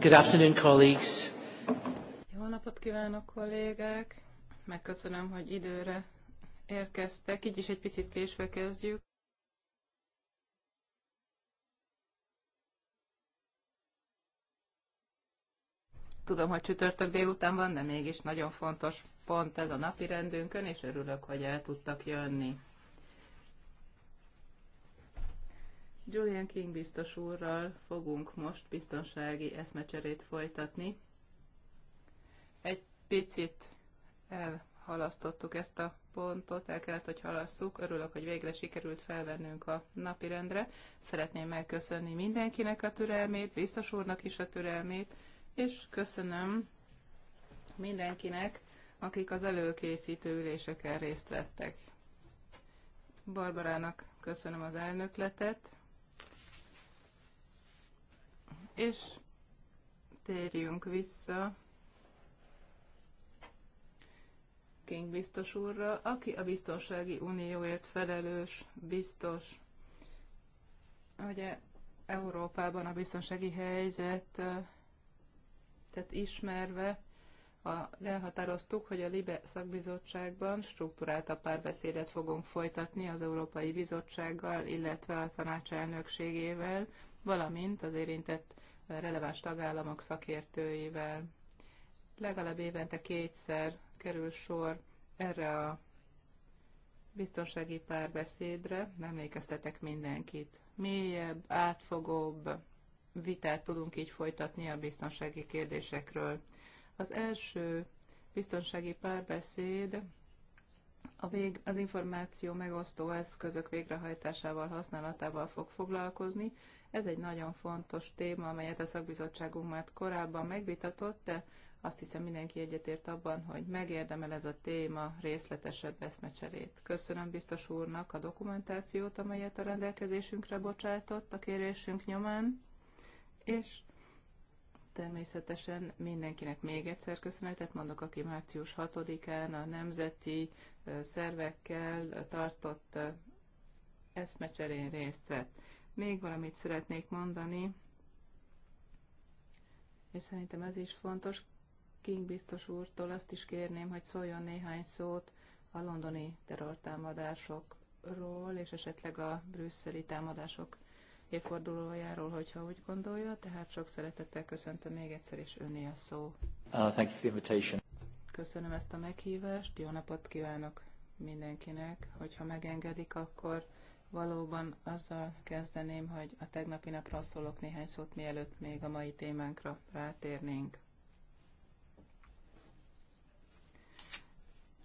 Good afternoon, colleagues. Jó napot kívánok, kollégák! Megköszönöm, hogy időre érkeztek, így is egy picit késve kezdjük. Tudom, hogy csütörtök délután van, de mégis nagyon fontos pont ez a napi rendünkön, és örülök, hogy el tudtak jönni. Julian King biztos úrral fogunk most biztonsági eszmecserét folytatni. Egy picit elhalasztottuk ezt a pontot, el kellett, hogy halasszuk. Örülök, hogy végre sikerült felvennünk a napi rendre. Szeretném megköszönni mindenkinek a türelmét, biztos úrnak is a türelmét, és köszönöm mindenkinek, akik az előkészítő üléseken részt vettek. Barbarának köszönöm az elnökletet, és térjünk vissza King biztos úrra, aki a biztonsági unióért felelős biztos. Ugye Európában a biztonsági helyzet, tehát ismerve, a, elhatároztuk, hogy a LIBE szakbizottságban struktúrált a párbeszédet fogunk folytatni az Európai Bizottsággal, illetve a tanács elnökségével valamint az érintett releváns tagállamok szakértőivel. Legalább évente kétszer kerül sor erre a biztonsági párbeszédre, emlékeztetek mindenkit. Mélyebb, átfogóbb vitát tudunk így folytatni a biztonsági kérdésekről. Az első biztonsági párbeszéd a vég, az információ megosztó eszközök végrehajtásával, használatával fog foglalkozni, ez egy nagyon fontos téma, amelyet a szakbizottságunk már korábban megvitatott, de azt hiszem mindenki egyetért abban, hogy megérdemel ez a téma részletesebb eszmecserét. Köszönöm biztos úrnak a dokumentációt, amelyet a rendelkezésünkre bocsátott a kérésünk nyomán, és természetesen mindenkinek még egyszer köszönetet mondok, aki március 6-án a nemzeti szervekkel tartott eszmecserén részt vett. Még valamit szeretnék mondani, és szerintem ez is fontos. King biztos úrtól azt is kérném, hogy szóljon néhány szót a londoni terrortámadásokról, és esetleg a brüsszeli támadások évfordulójáról, hogyha úgy gondolja. Tehát sok szeretettel köszöntöm még egyszer, és önné a szó. Uh, thank you for the invitation. Köszönöm ezt a meghívást, jó napot kívánok mindenkinek, hogyha megengedik, akkor Valóban azzal kezdeném, hogy a tegnapi napra szólok néhány szót, mielőtt még a mai témánkra rátérnénk.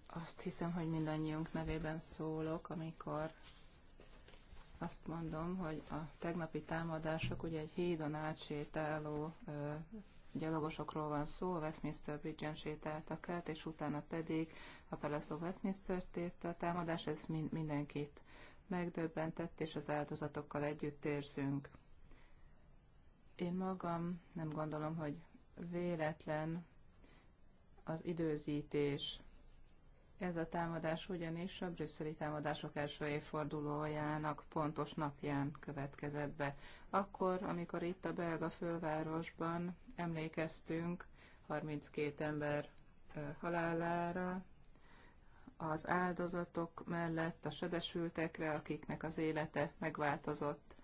Azt hiszem, hogy mindannyiunk nevében szólok, amikor azt mondom, hogy a tegnapi támadások, ugye egy hídon átsétáló ö, gyalogosokról van szó, a Westminster Bridge-en sétáltak át, és utána pedig a Palace of Westminster tért a támadás, ez mindenkit megdöbbentett, és az áldozatokkal együtt érzünk. Én magam nem gondolom, hogy véletlen az időzítés. Ez a támadás ugyanis a brüsszeli támadások első évfordulójának pontos napján következett be. Akkor, amikor itt a belga fővárosban emlékeztünk 32 ember halálára, az áldozatok mellett, a sebesültekre, akiknek az élete megváltozott,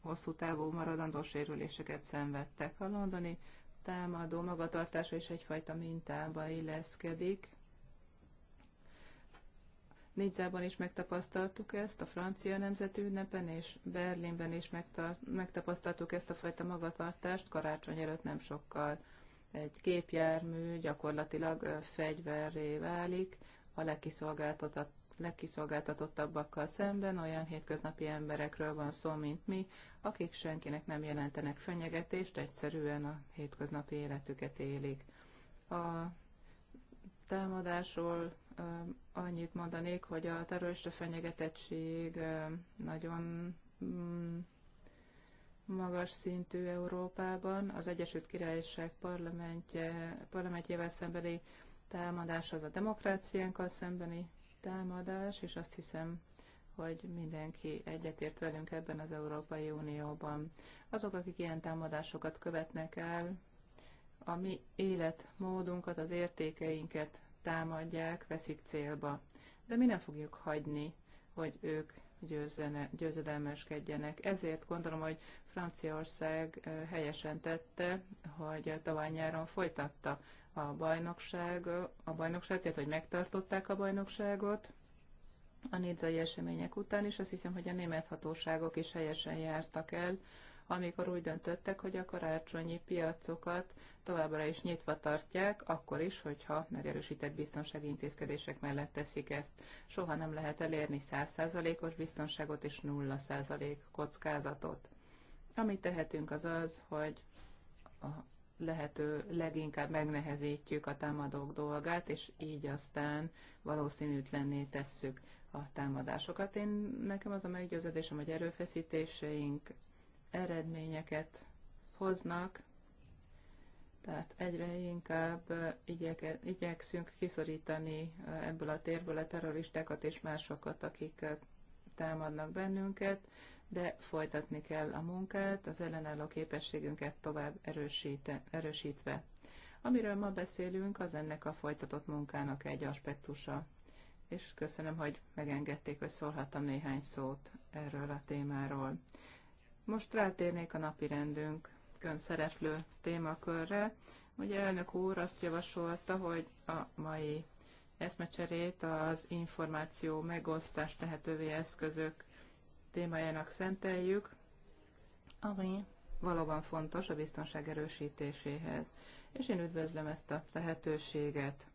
hosszú távú maradandó sérüléseket szenvedtek. A londoni támadó magatartása is egyfajta mintába illeszkedik. Nidzában is megtapasztaltuk ezt, a francia nemzeti ünnepen, és Berlinben is megtapasztaltuk ezt a fajta magatartást karácsony előtt nem sokkal. Egy képjármű gyakorlatilag fegyverré válik, a legkiszolgáltatott, legkiszolgáltatottabbakkal szemben, olyan hétköznapi emberekről van szó, mint mi, akik senkinek nem jelentenek fenyegetést, egyszerűen a hétköznapi életüket élik. A támadásról um, annyit mondanék, hogy a terrorista fenyegetettség um, nagyon mm, magas szintű Európában. Az Egyesült Királyság parlamentje, parlamentjével szembeni támadás az a demokráciánkkal szembeni támadás, és azt hiszem, hogy mindenki egyetért velünk ebben az Európai Unióban. Azok, akik ilyen támadásokat követnek el, a mi életmódunkat, az értékeinket támadják, veszik célba. De mi nem fogjuk hagyni, hogy ők győzene, győzedelmeskedjenek. Ezért gondolom, hogy Franciaország helyesen tette, hogy tavaly nyáron folytatta a bajnokság, a bajnokság, tehát hogy megtartották a bajnokságot a nédzai események után, és azt hiszem, hogy a német hatóságok is helyesen jártak el, amikor úgy döntöttek, hogy a karácsonyi piacokat továbbra is nyitva tartják, akkor is, hogyha megerősített biztonsági intézkedések mellett teszik ezt. Soha nem lehet elérni 100%-os biztonságot és 0% kockázatot. Amit tehetünk az az, hogy a lehető leginkább megnehezítjük a támadók dolgát, és így aztán valószínűtlenné tesszük a támadásokat. Én nekem az a meggyőződésem, hogy erőfeszítéseink eredményeket hoznak, tehát egyre inkább igyek, igyekszünk kiszorítani ebből a térből a terroristákat és másokat, akik támadnak bennünket, de folytatni kell a munkát, az ellenálló képességünket tovább erősíte, erősítve. Amiről ma beszélünk, az ennek a folytatott munkának egy aspektusa. És köszönöm, hogy megengedték, hogy szólhattam néhány szót erről a témáról. Most rátérnék a napi rendünkön szereplő témakörre. Ugye elnök úr azt javasolta, hogy a mai eszmecserét az információ megosztás lehetővé eszközök témájának szenteljük, ami valóban fontos a biztonság erősítéséhez. És én üdvözlöm ezt a lehetőséget.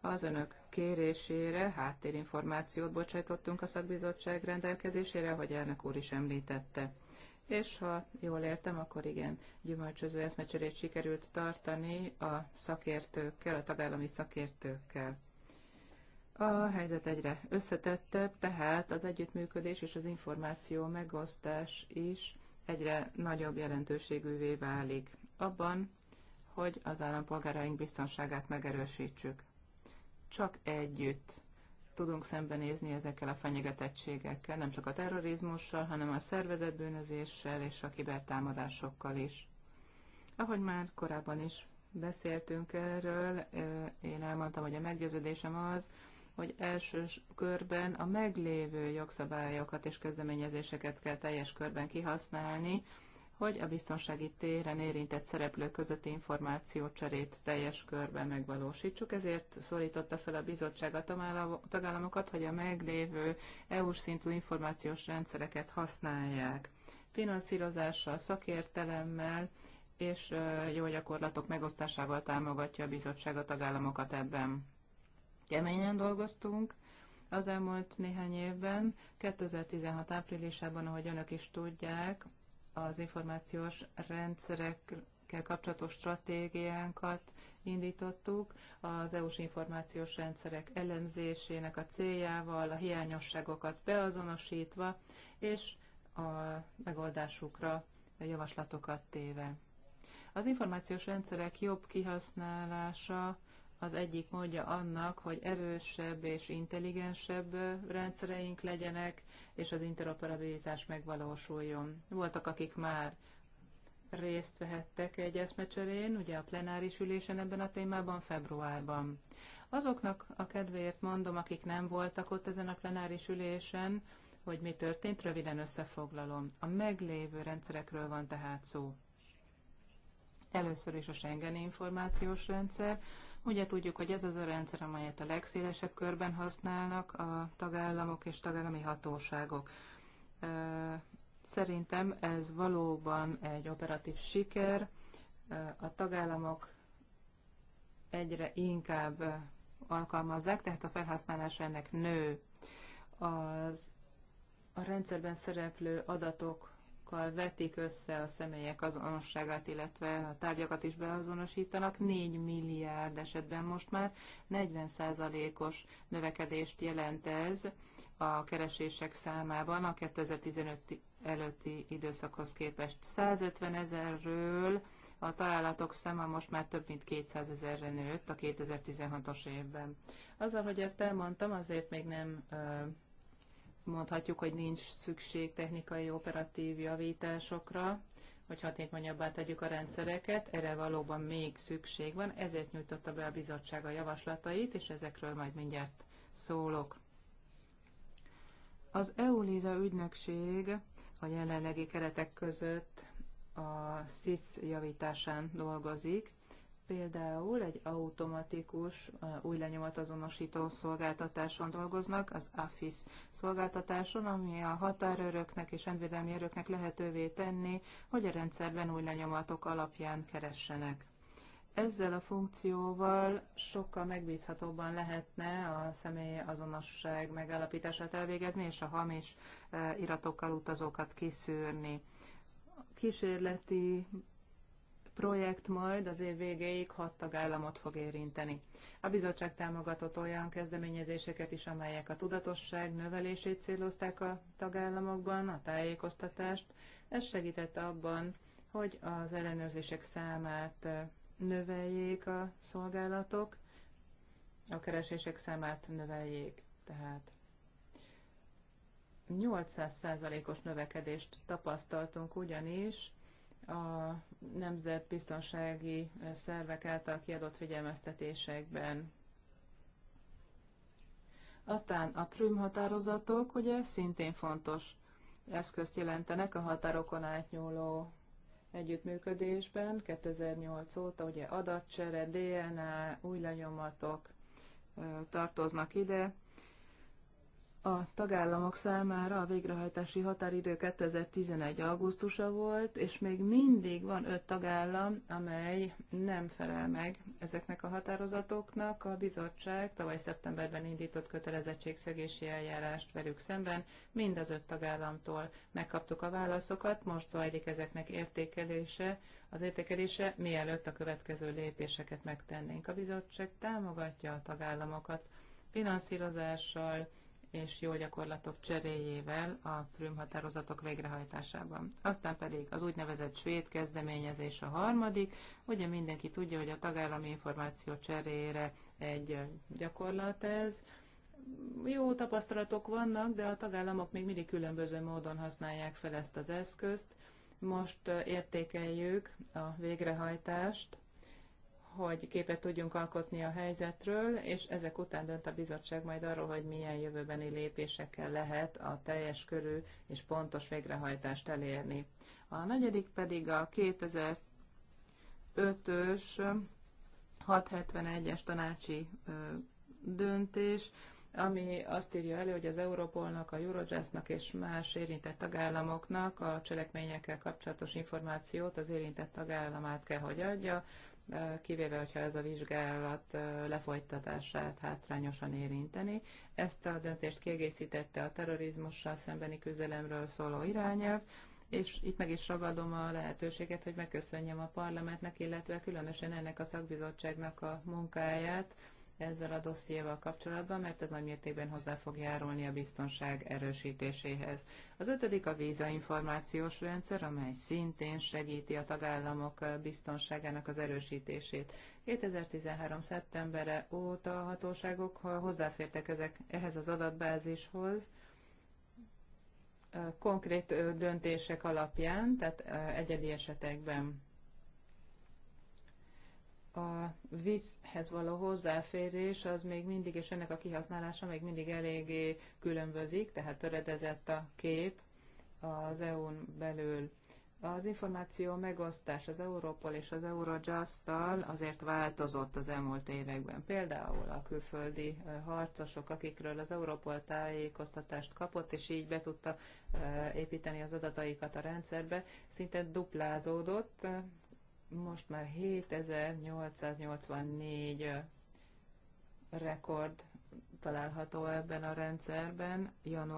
Az önök kérésére háttérinformációt bocsájtottunk a szakbizottság rendelkezésére, ahogy elnök úr is említette és ha jól értem, akkor igen, gyümölcsöző eszmecserét sikerült tartani a szakértőkkel, a tagállami szakértőkkel. A helyzet egyre összetettebb, tehát az együttműködés és az információ megosztás is egyre nagyobb jelentőségűvé válik abban, hogy az állampolgáraink biztonságát megerősítsük. Csak együtt tudunk szembenézni ezekkel a fenyegetettségekkel, nem csak a terrorizmussal, hanem a szervezett bűnözéssel és a kibertámadásokkal is. Ahogy már korábban is beszéltünk erről, én elmondtam, hogy a meggyőződésem az, hogy első körben a meglévő jogszabályokat és kezdeményezéseket kell teljes körben kihasználni, hogy a biztonsági téren érintett szereplők közötti információcserét teljes körben megvalósítsuk. Ezért szólította fel a bizottság a tagállamokat, hogy a meglévő EU-s szintű információs rendszereket használják. Finanszírozással, szakértelemmel és jó gyakorlatok megosztásával támogatja a bizottság a tagállamokat ebben. Keményen dolgoztunk, az elmúlt néhány évben, 2016 áprilisában, ahogy önök is tudják, az információs rendszerekkel kapcsolatos stratégiánkat indítottuk, az EU-s információs rendszerek elemzésének a céljával, a hiányosságokat beazonosítva, és a megoldásukra javaslatokat téve. Az információs rendszerek jobb kihasználása az egyik módja annak, hogy erősebb és intelligensebb rendszereink legyenek, és az interoperabilitás megvalósuljon. Voltak, akik már részt vehettek egy eszmecserén, ugye a plenáris ülésen ebben a témában februárban. Azoknak a kedvéért mondom, akik nem voltak ott ezen a plenáris ülésen, hogy mi történt, röviden összefoglalom. A meglévő rendszerekről van tehát szó. Először is a Schengen információs rendszer, Ugye tudjuk, hogy ez az a rendszer, amelyet a legszélesebb körben használnak a tagállamok és tagállami hatóságok. Szerintem ez valóban egy operatív siker. A tagállamok egyre inkább alkalmazzák, tehát a felhasználás ennek nő. Az a rendszerben szereplő adatok tárgyakkal vetik össze a személyek azonosságát, illetve a tárgyakat is beazonosítanak. 4 milliárd esetben most már 40%-os növekedést jelent ez a keresések számában a 2015 előtti időszakhoz képest. 150 ezerről a találatok száma most már több mint 200 ezerre nőtt a 2016-os évben. Azzal, hogy ezt elmondtam, azért még nem mondhatjuk, hogy nincs szükség technikai operatív javításokra, hogy hatékonyabbá tegyük a rendszereket, erre valóban még szükség van, ezért nyújtotta be a bizottság a javaslatait, és ezekről majd mindjárt szólok. Az EULISA ügynökség a jelenlegi keretek között a SIS javításán dolgozik, például egy automatikus új lenyomatazonosító szolgáltatáson dolgoznak, az AFIS szolgáltatáson, ami a határőröknek és rendvédelmi erőknek lehetővé tenni, hogy a rendszerben új lenyomatok alapján keressenek. Ezzel a funkcióval sokkal megbízhatóbban lehetne a személy azonosság megállapítását elvégezni, és a hamis iratokkal utazókat kiszűrni. Kísérleti projekt majd az év végéig hat tagállamot fog érinteni. A bizottság támogatott olyan kezdeményezéseket is, amelyek a tudatosság növelését célozták a tagállamokban, a tájékoztatást. Ez segített abban, hogy az ellenőrzések számát növeljék a szolgálatok, a keresések számát növeljék. Tehát 800%-os növekedést tapasztaltunk ugyanis a nemzetbiztonsági szervek által kiadott figyelmeztetésekben. Aztán a Prüm határozatok ugye szintén fontos eszközt jelentenek a határokon átnyúló együttműködésben 2008 óta, ugye adatcsere, DNA, új lenyomatok tartoznak ide, a tagállamok számára a végrehajtási határidő 2011. augusztusa volt, és még mindig van öt tagállam, amely nem felel meg ezeknek a határozatoknak. A bizottság tavaly szeptemberben indított kötelezettségszegési eljárást velük szemben, mind az öt tagállamtól megkaptuk a válaszokat, most zajlik ezeknek értékelése, az értékelése, mielőtt a következő lépéseket megtennénk. A bizottság támogatja a tagállamokat finanszírozással, és jó gyakorlatok cseréjével a Prüm határozatok végrehajtásában. Aztán pedig az úgynevezett svéd kezdeményezés a harmadik. Ugye mindenki tudja, hogy a tagállami információ cserére egy gyakorlat ez. Jó tapasztalatok vannak, de a tagállamok még mindig különböző módon használják fel ezt az eszközt. Most értékeljük a végrehajtást, hogy képet tudjunk alkotni a helyzetről, és ezek után dönt a bizottság majd arról, hogy milyen jövőbeni lépésekkel lehet a teljes körű és pontos végrehajtást elérni. A negyedik pedig a 2005-ös 671-es tanácsi döntés, ami azt írja elő, hogy az Európolnak, a Eurojustnak és más érintett tagállamoknak a cselekményekkel kapcsolatos információt az érintett tagállam át kell, hogy adja, kivéve, hogyha ez a vizsgálat lefolytatását hátrányosan érinteni. Ezt a döntést kiegészítette a terrorizmussal szembeni küzdelemről szóló irányelv, és itt meg is ragadom a lehetőséget, hogy megköszönjem a parlamentnek, illetve különösen ennek a szakbizottságnak a munkáját, ezzel a dossziéval kapcsolatban, mert ez nagy mértékben hozzá fog járulni a biztonság erősítéséhez. Az ötödik a vízainformációs rendszer, amely szintén segíti a tagállamok biztonságának az erősítését. 2013. szeptembere óta a hatóságok hozzáfértek ezek, ehhez az adatbázishoz, konkrét döntések alapján, tehát egyedi esetekben a vízhez való hozzáférés az még mindig, és ennek a kihasználása még mindig eléggé különbözik, tehát töredezett a kép az EU-n belül. Az információ megosztás az Európol és az Eurojust-tal azért változott az elmúlt években. Például a külföldi harcosok, akikről az Europol tájékoztatást kapott, és így be tudta építeni az adataikat a rendszerbe, szinte duplázódott most már 7884 rekord található ebben a rendszerben,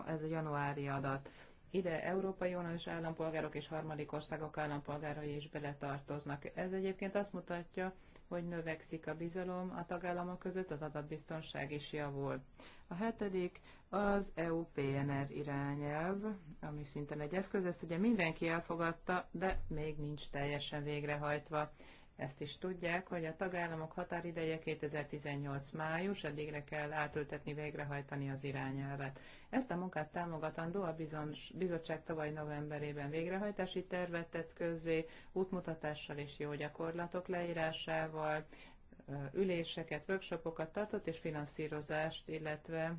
ez a januári adat. Ide Európai Uniós állampolgárok és harmadik országok állampolgárai is beletartoznak. Ez egyébként azt mutatja, hogy növekszik a bizalom a tagállamok között, az adatbiztonság is javul. A hetedik az EU PNR irányelv, ami szinte egy eszköz, ezt ugye mindenki elfogadta, de még nincs teljesen végrehajtva. Ezt is tudják, hogy a tagállamok határideje 2018 május, eddigre kell átültetni, végrehajtani az irányelvet. Ezt a munkát támogatandó a bizottság tavaly novemberében végrehajtási tervet tett közzé, útmutatással és jó gyakorlatok leírásával, üléseket, workshopokat tartott, és finanszírozást, illetve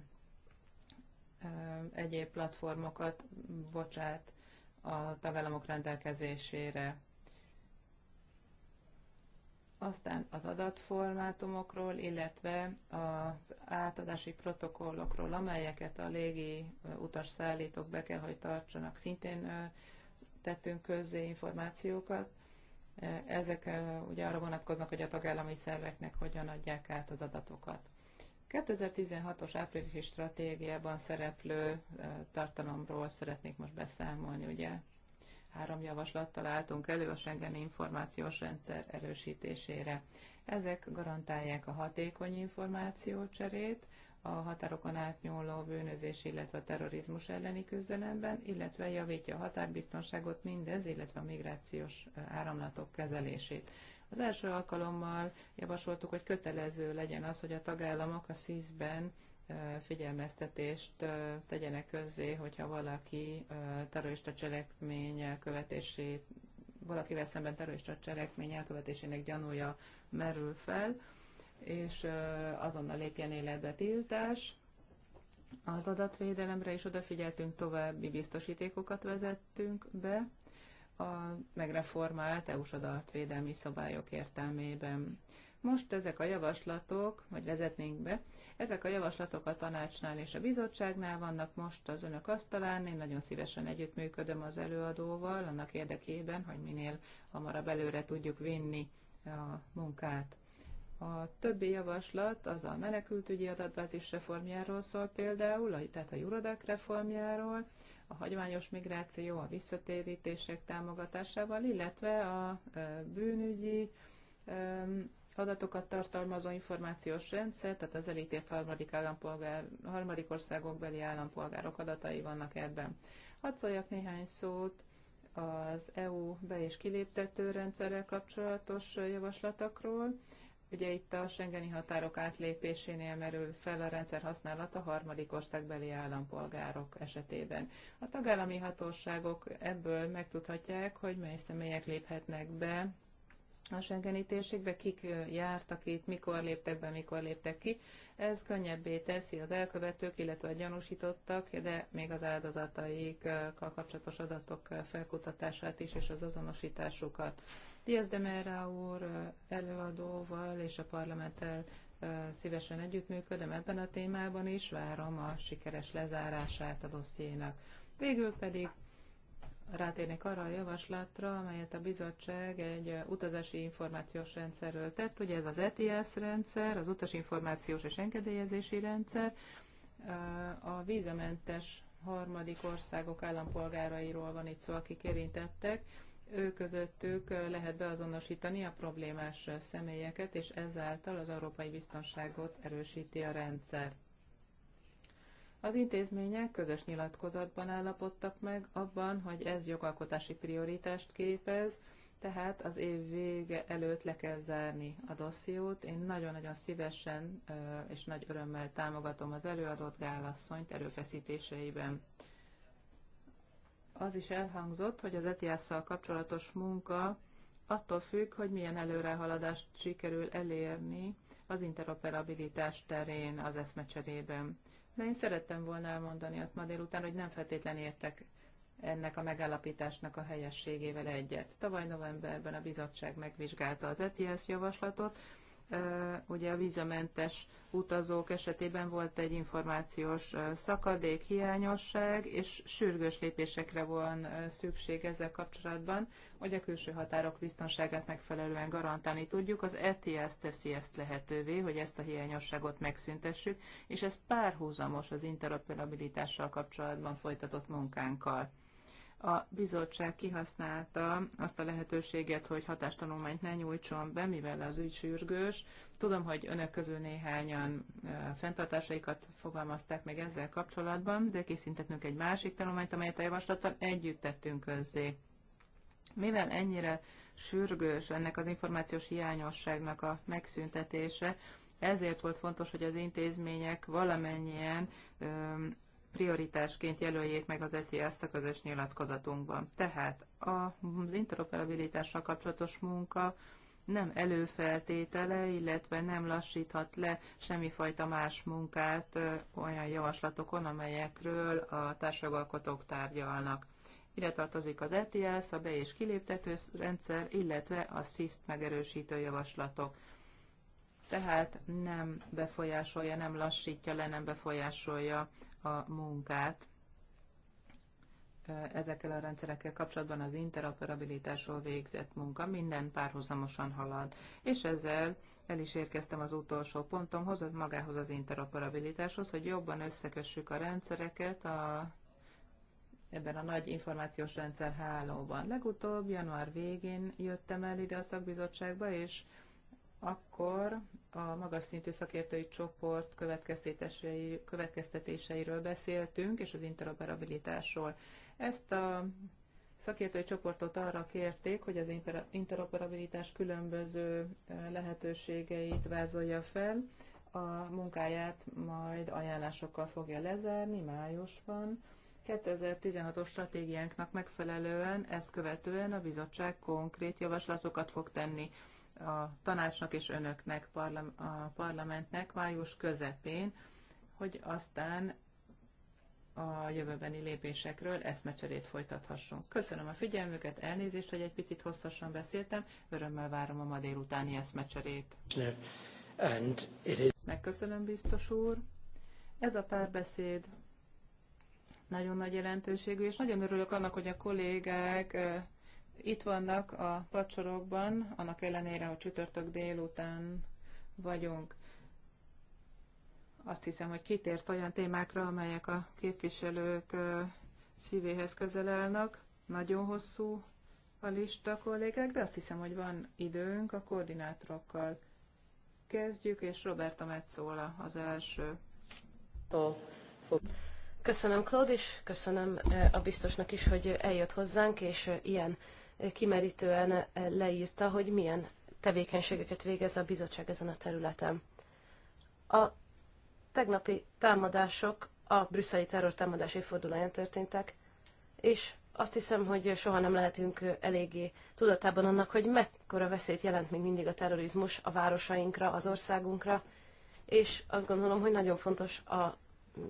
egyéb platformokat bocsát a tagállamok rendelkezésére aztán az adatformátumokról, illetve az átadási protokollokról, amelyeket a légi utasszállítók be kell, hogy tartsanak, szintén tettünk közzé információkat. Ezek ugye arra vonatkoznak, hogy a tagállami szerveknek hogyan adják át az adatokat. 2016-os áprilisi stratégiában szereplő tartalomról szeretnék most beszámolni, ugye Három javaslattal álltunk elő a Schengeni információs rendszer erősítésére. Ezek garantálják a hatékony információcserét, a határokon átnyúló bűnözés, illetve a terrorizmus elleni küzdelemben, illetve javítja a határbiztonságot mindez, illetve a migrációs áramlatok kezelését. Az első alkalommal javasoltuk, hogy kötelező legyen az, hogy a tagállamok a SZIS-ben figyelmeztetést tegyenek közzé, hogyha valaki terrorista cselekmény elkövetését, valakivel szemben terrorista cselekmény elkövetésének gyanúja merül fel, és azonnal lépjen életbe tiltás. Az adatvédelemre is odafigyeltünk, további biztosítékokat vezettünk be a megreformált EU-s adatvédelmi szabályok értelmében most ezek a javaslatok, vagy vezetnénk be, ezek a javaslatok a tanácsnál és a bizottságnál vannak most az önök asztalán. Én nagyon szívesen együttműködöm az előadóval annak érdekében, hogy minél hamarabb előre tudjuk vinni a munkát. A többi javaslat az a menekültügyi adatbázis reformjáról szól például, tehát a juradák reformjáról, a hagyományos migráció, a visszatérítések támogatásával, illetve a bűnügyi adatokat tartalmazó információs rendszer, tehát az elítélt harmadik, állampolgár, harmadik országok beli állampolgárok adatai vannak ebben. Hadd szóljak néhány szót az EU be- és kiléptető rendszerrel kapcsolatos javaslatokról. Ugye itt a Schengeni határok átlépésénél merül fel a rendszer használata harmadik országbeli állampolgárok esetében. A tagállami hatóságok ebből megtudhatják, hogy mely személyek léphetnek be a Schengeni térségbe, kik jártak itt, mikor léptek be, mikor léptek ki. Ez könnyebbé teszi az elkövetők, illetve a gyanúsítottak, de még az áldozataikkal kapcsolatos adatok felkutatását is, és az azonosításukat. Diaz de Mera úr előadóval és a parlamenttel szívesen együttműködöm ebben a témában is, várom a sikeres lezárását a dossziénak. Végül pedig rátérnék arra a javaslatra, amelyet a bizottság egy utazási információs rendszerről tett. Ugye ez az ETS rendszer, az információs és engedélyezési rendszer, a vízamentes harmadik országok állampolgárairól van itt szó, akik érintettek, ő közöttük lehet beazonosítani a problémás személyeket, és ezáltal az európai biztonságot erősíti a rendszer. Az intézmények közös nyilatkozatban állapodtak meg abban, hogy ez jogalkotási prioritást képez, tehát az év vége előtt le kell zárni a dossziót. Én nagyon-nagyon szívesen és nagy örömmel támogatom az előadott gálasszonyt erőfeszítéseiben. Az is elhangzott, hogy az etias kapcsolatos munka attól függ, hogy milyen előrehaladást sikerül elérni az interoperabilitás terén az eszmecserében de én szerettem volna elmondani azt ma délután, hogy nem feltétlen értek ennek a megállapításnak a helyességével egyet. Tavaly novemberben a bizottság megvizsgálta az ETS javaslatot, ugye a vízamentes utazók esetében volt egy információs szakadék, hiányosság, és sürgős lépésekre van szükség ezzel kapcsolatban, hogy a külső határok biztonságát megfelelően garantálni tudjuk. Az ETS teszi ezt lehetővé, hogy ezt a hiányosságot megszüntessük, és ez párhuzamos az interoperabilitással kapcsolatban folytatott munkánkkal a bizottság kihasználta azt a lehetőséget, hogy hatástanulmányt ne nyújtson be, mivel az ügy sürgős. Tudom, hogy önök közül néhányan fenntartásaikat fogalmazták meg ezzel kapcsolatban, de készítettünk egy másik tanulmányt, amelyet a javaslattal együtt tettünk közzé. Mivel ennyire sürgős ennek az információs hiányosságnak a megszüntetése, ezért volt fontos, hogy az intézmények valamennyien prioritásként jelöljék meg az ETS-t a közös nyilatkozatunkban. Tehát az interoperabilitással kapcsolatos munka nem előfeltétele, illetve nem lassíthat le semmifajta más munkát olyan javaslatokon, amelyekről a társjogalkotók tárgyalnak. Ide tartozik az ETS, a be- és kiléptető rendszer, illetve a SZISZT megerősítő javaslatok tehát nem befolyásolja, nem lassítja le, nem befolyásolja a munkát. Ezekkel a rendszerekkel kapcsolatban az interoperabilitásról végzett munka minden párhuzamosan halad, és ezzel el is érkeztem az utolsó pontomhoz, az magához az interoperabilitáshoz, hogy jobban összekössük a rendszereket a, ebben a nagy információs rendszer hálóban. Legutóbb, január végén jöttem el ide a szakbizottságba, és akkor a magas szintű szakértői csoport következtetéseiről beszéltünk, és az interoperabilitásról. Ezt a szakértői csoportot arra kérték, hogy az interoperabilitás különböző lehetőségeit vázolja fel, a munkáját majd ajánlásokkal fogja lezárni májusban. 2016-os stratégiánknak megfelelően ezt követően a bizottság konkrét javaslatokat fog tenni a tanácsnak és önöknek, a parlamentnek május közepén, hogy aztán a jövőbeni lépésekről eszmecserét folytathassunk. Köszönöm a figyelmüket, elnézést, hogy egy picit hosszasan beszéltem, örömmel várom a ma délutáni eszmecserét. Megköszönöm, biztos úr. Ez a párbeszéd nagyon nagy jelentőségű, és nagyon örülök annak, hogy a kollégák itt vannak a kacsorokban, annak ellenére, hogy csütörtök délután vagyunk. Azt hiszem, hogy kitért olyan témákra, amelyek a képviselők szívéhez közel állnak. Nagyon hosszú a lista, kollégák, de azt hiszem, hogy van időnk a koordinátorokkal. Kezdjük, és Roberta Metzola az első. Köszönöm, Claude, és köszönöm a biztosnak is, hogy eljött hozzánk, és ilyen kimerítően leírta, hogy milyen tevékenységeket végez a bizottság ezen a területen. A tegnapi támadások a brüsszeli terrortámadás évfordulóján történtek, és azt hiszem, hogy soha nem lehetünk eléggé tudatában annak, hogy mekkora veszélyt jelent még mindig a terrorizmus a városainkra, az országunkra, és azt gondolom, hogy nagyon fontos a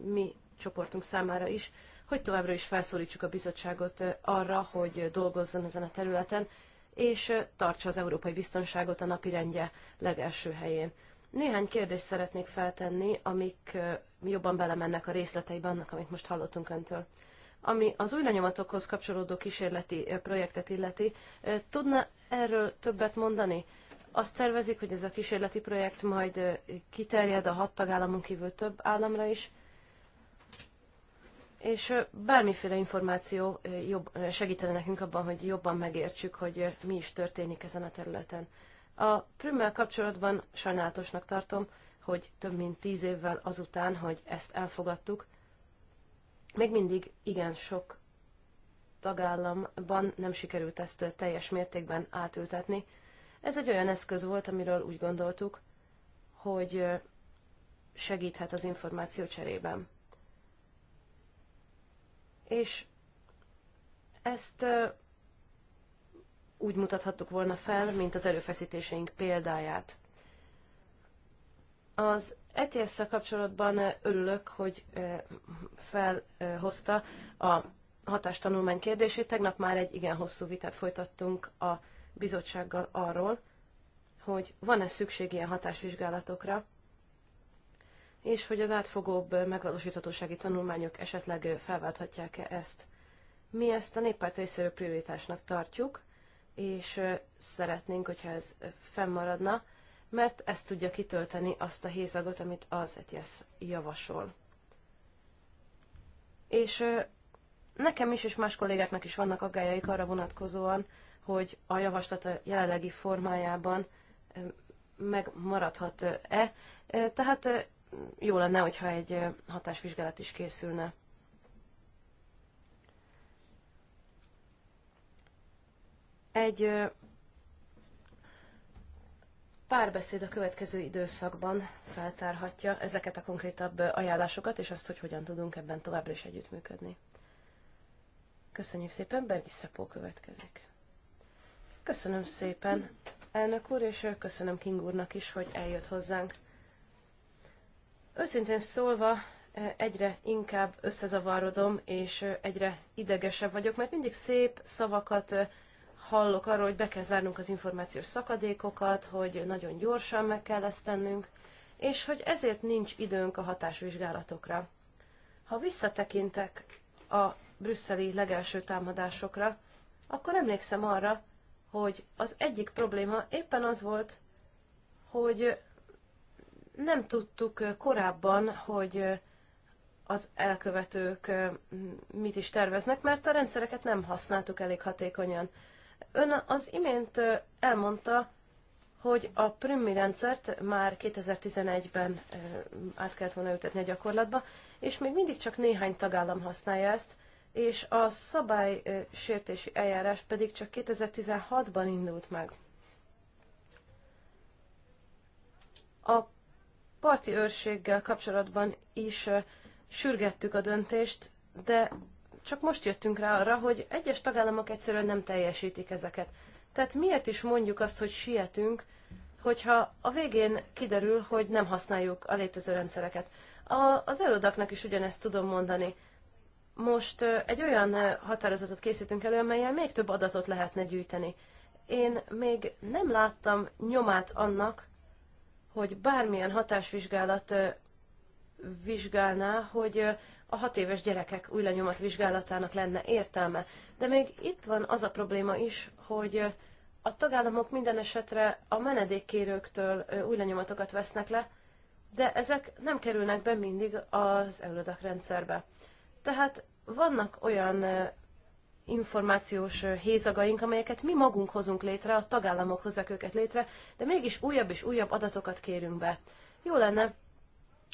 mi csoportunk számára is, hogy továbbra is felszólítsuk a bizottságot arra, hogy dolgozzon ezen a területen, és tartsa az európai biztonságot a napirendje legelső helyén. Néhány kérdést szeretnék feltenni, amik jobban belemennek a részleteibe annak, amit most hallottunk öntől. Ami az új lenyomatokhoz kapcsolódó kísérleti projektet illeti, tudna erről többet mondani? Azt tervezik, hogy ez a kísérleti projekt majd kiterjed a hat tagállamon kívül több államra is, és bármiféle információ jobb, segítene nekünk abban, hogy jobban megértsük, hogy mi is történik ezen a területen. A Prümmel kapcsolatban sajnálatosnak tartom, hogy több mint tíz évvel azután, hogy ezt elfogadtuk, még mindig igen sok tagállamban nem sikerült ezt teljes mértékben átültetni. Ez egy olyan eszköz volt, amiről úgy gondoltuk, hogy segíthet az információ cserében és ezt úgy mutathattuk volna fel, mint az erőfeszítéseink példáját. Az ets kapcsolatban örülök, hogy felhozta a hatástanulmány kérdését. Tegnap már egy igen hosszú vitát folytattunk a bizottsággal arról, hogy van-e szükség ilyen hatásvizsgálatokra, és hogy az átfogóbb megvalósíthatósági tanulmányok esetleg felválthatják-e ezt. Mi ezt a néppárt részéről prioritásnak tartjuk, és szeretnénk, hogyha ez fennmaradna, mert ez tudja kitölteni azt a hézagot, amit az ETS javasol. És nekem is és más kollégáknak is vannak aggájaik arra vonatkozóan, hogy a javaslat a jelenlegi formájában megmaradhat-e. Tehát jó lenne, hogyha egy hatásvizsgálat is készülne. Egy párbeszéd a következő időszakban feltárhatja ezeket a konkrétabb ajánlásokat, és azt, hogy hogyan tudunk ebben továbbra is együttműködni. Köszönjük szépen, Bergis Szepó következik. Köszönöm szépen, elnök úr, és köszönöm King úrnak is, hogy eljött hozzánk. Őszintén szólva, e, egyre inkább összezavarodom, és e, egyre idegesebb vagyok, mert mindig szép szavakat e, hallok arról, hogy be kell zárnunk az információs szakadékokat, hogy nagyon gyorsan meg kell ezt tennünk, és hogy ezért nincs időnk a hatásvizsgálatokra. Ha visszatekintek a brüsszeli legelső támadásokra, akkor emlékszem arra, hogy az egyik probléma éppen az volt, hogy nem tudtuk korábban, hogy az elkövetők mit is terveznek, mert a rendszereket nem használtuk elég hatékonyan. Ön az imént elmondta, hogy a Prümmi rendszert már 2011-ben át kellett volna ültetni a gyakorlatba, és még mindig csak néhány tagállam használja ezt, és a szabálysértési eljárás pedig csak 2016-ban indult meg. A parti őrséggel kapcsolatban is sürgettük a döntést, de csak most jöttünk rá arra, hogy egyes tagállamok egyszerűen nem teljesítik ezeket. Tehát miért is mondjuk azt, hogy sietünk, hogyha a végén kiderül, hogy nem használjuk a létező rendszereket. A, az elődaknak is ugyanezt tudom mondani. Most egy olyan határozatot készítünk elő, amelyel még több adatot lehetne gyűjteni. Én még nem láttam nyomát annak, hogy bármilyen hatásvizsgálat vizsgálná, hogy a hat éves gyerekek új lenyomat vizsgálatának lenne értelme. De még itt van az a probléma is, hogy a tagállamok minden esetre a menedékkérőktől új lenyomatokat vesznek le, de ezek nem kerülnek be mindig az előadak rendszerbe. Tehát vannak olyan információs hézagaink, amelyeket mi magunk hozunk létre, a tagállamok hozzák őket létre, de mégis újabb és újabb adatokat kérünk be. Jó lenne,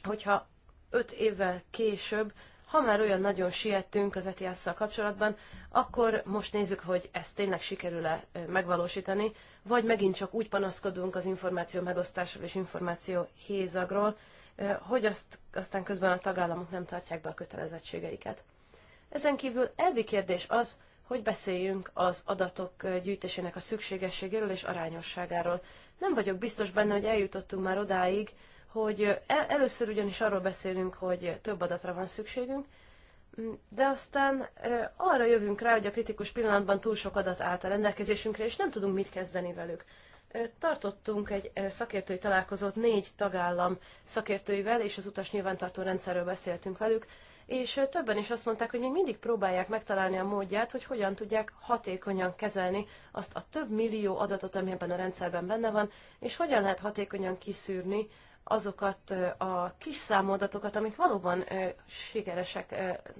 hogyha öt évvel később, ha már olyan nagyon siettünk az etias kapcsolatban, akkor most nézzük, hogy ezt tényleg sikerül-e megvalósítani, vagy megint csak úgy panaszkodunk az információ megosztásról és információ hézagról, hogy azt aztán közben a tagállamok nem tartják be a kötelezettségeiket. Ezen kívül elvi kérdés az, hogy beszéljünk az adatok gyűjtésének a szükségességéről és arányosságáról. Nem vagyok biztos benne, hogy eljutottunk már odáig, hogy e- először ugyanis arról beszélünk, hogy több adatra van szükségünk, de aztán e, arra jövünk rá, hogy a kritikus pillanatban túl sok adat állt a rendelkezésünkre, és nem tudunk mit kezdeni velük. E, tartottunk egy szakértői találkozót négy tagállam szakértőivel, és az utas nyilvántartó rendszerről beszéltünk velük, és többen is azt mondták, hogy még mindig próbálják megtalálni a módját, hogy hogyan tudják hatékonyan kezelni azt a több millió adatot, ami ebben a rendszerben benne van, és hogyan lehet hatékonyan kiszűrni azokat a kis számú adatokat, amik valóban sikeresek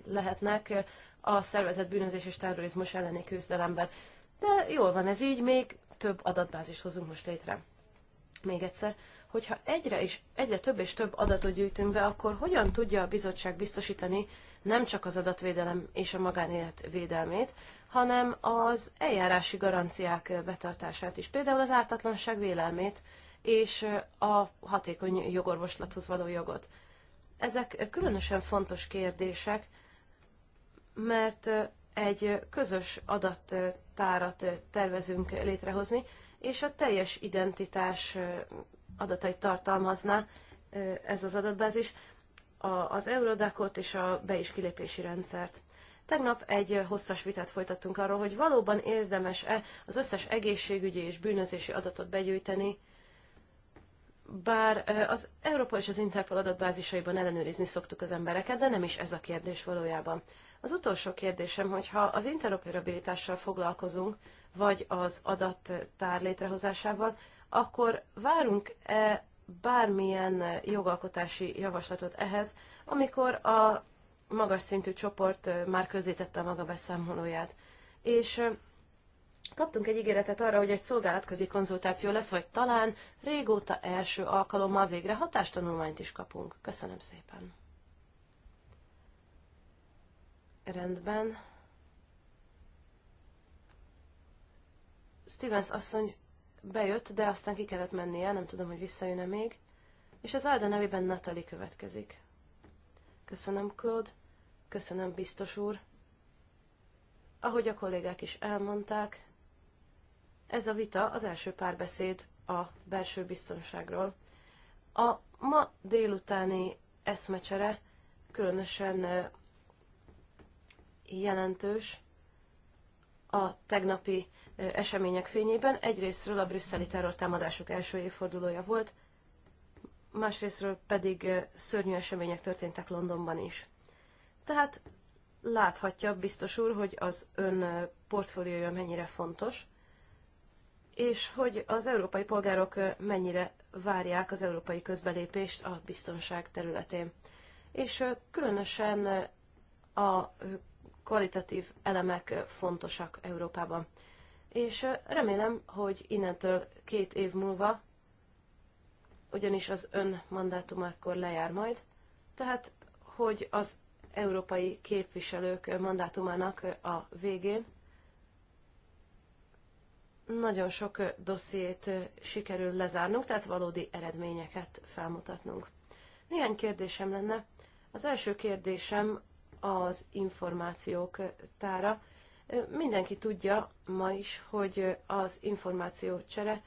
lehetnek a szervezet bűnözés és terrorizmus elleni küzdelemben. De jól van ez így, még több adatbázis hozunk most létre. Még egyszer, hogyha egyre, és, egyre több és több adatot gyűjtünk be, akkor hogyan tudja a bizottság biztosítani nem csak az adatvédelem és a magánélet védelmét, hanem az eljárási garanciák betartását is, például az ártatlanság vélelmét és a hatékony jogorvoslathoz való jogot. Ezek különösen fontos kérdések, mert egy közös adattárat tervezünk létrehozni, és a teljes identitás adatait tartalmazna ez az adatbázis, az Eurodacot és a be- és kilépési rendszert. Tegnap egy hosszas vitát folytattunk arról, hogy valóban érdemes-e az összes egészségügyi és bűnözési adatot begyűjteni, bár az Európa és az Interpol adatbázisaiban ellenőrizni szoktuk az embereket, de nem is ez a kérdés valójában. Az utolsó kérdésem, hogy ha az interoperabilitással foglalkozunk, vagy az adattár létrehozásával, akkor várunk-e bármilyen jogalkotási javaslatot ehhez, amikor a magas szintű csoport már közzétette a maga beszámolóját. És kaptunk egy ígéretet arra, hogy egy szolgálatközi konzultáció lesz, vagy talán régóta első alkalommal végre hatástanulmányt is kapunk. Köszönöm szépen. Rendben. Stevens asszony bejött, de aztán ki kellett mennie, nem tudom, hogy visszajön-e még. És az Alda nevében Natali következik. Köszönöm, Claude. Köszönöm, biztos úr. Ahogy a kollégák is elmondták, ez a vita az első párbeszéd a belső biztonságról. A ma délutáni eszmecsere különösen jelentős, a tegnapi események fényében. Egyrésztről a brüsszeli terrortámadások első évfordulója volt, másrésztről pedig szörnyű események történtek Londonban is. Tehát láthatja biztos úr, hogy az ön portfóliója mennyire fontos, és hogy az európai polgárok mennyire várják az európai közbelépést a biztonság területén. És különösen a kvalitatív elemek fontosak Európában. És remélem, hogy innentől két év múlva, ugyanis az ön mandátum akkor lejár majd, tehát hogy az európai képviselők mandátumának a végén nagyon sok dossziét sikerül lezárnunk, tehát valódi eredményeket felmutatnunk. Néhány kérdésem lenne. Az első kérdésem az információk tára. Mindenki tudja ma is, hogy az információcsere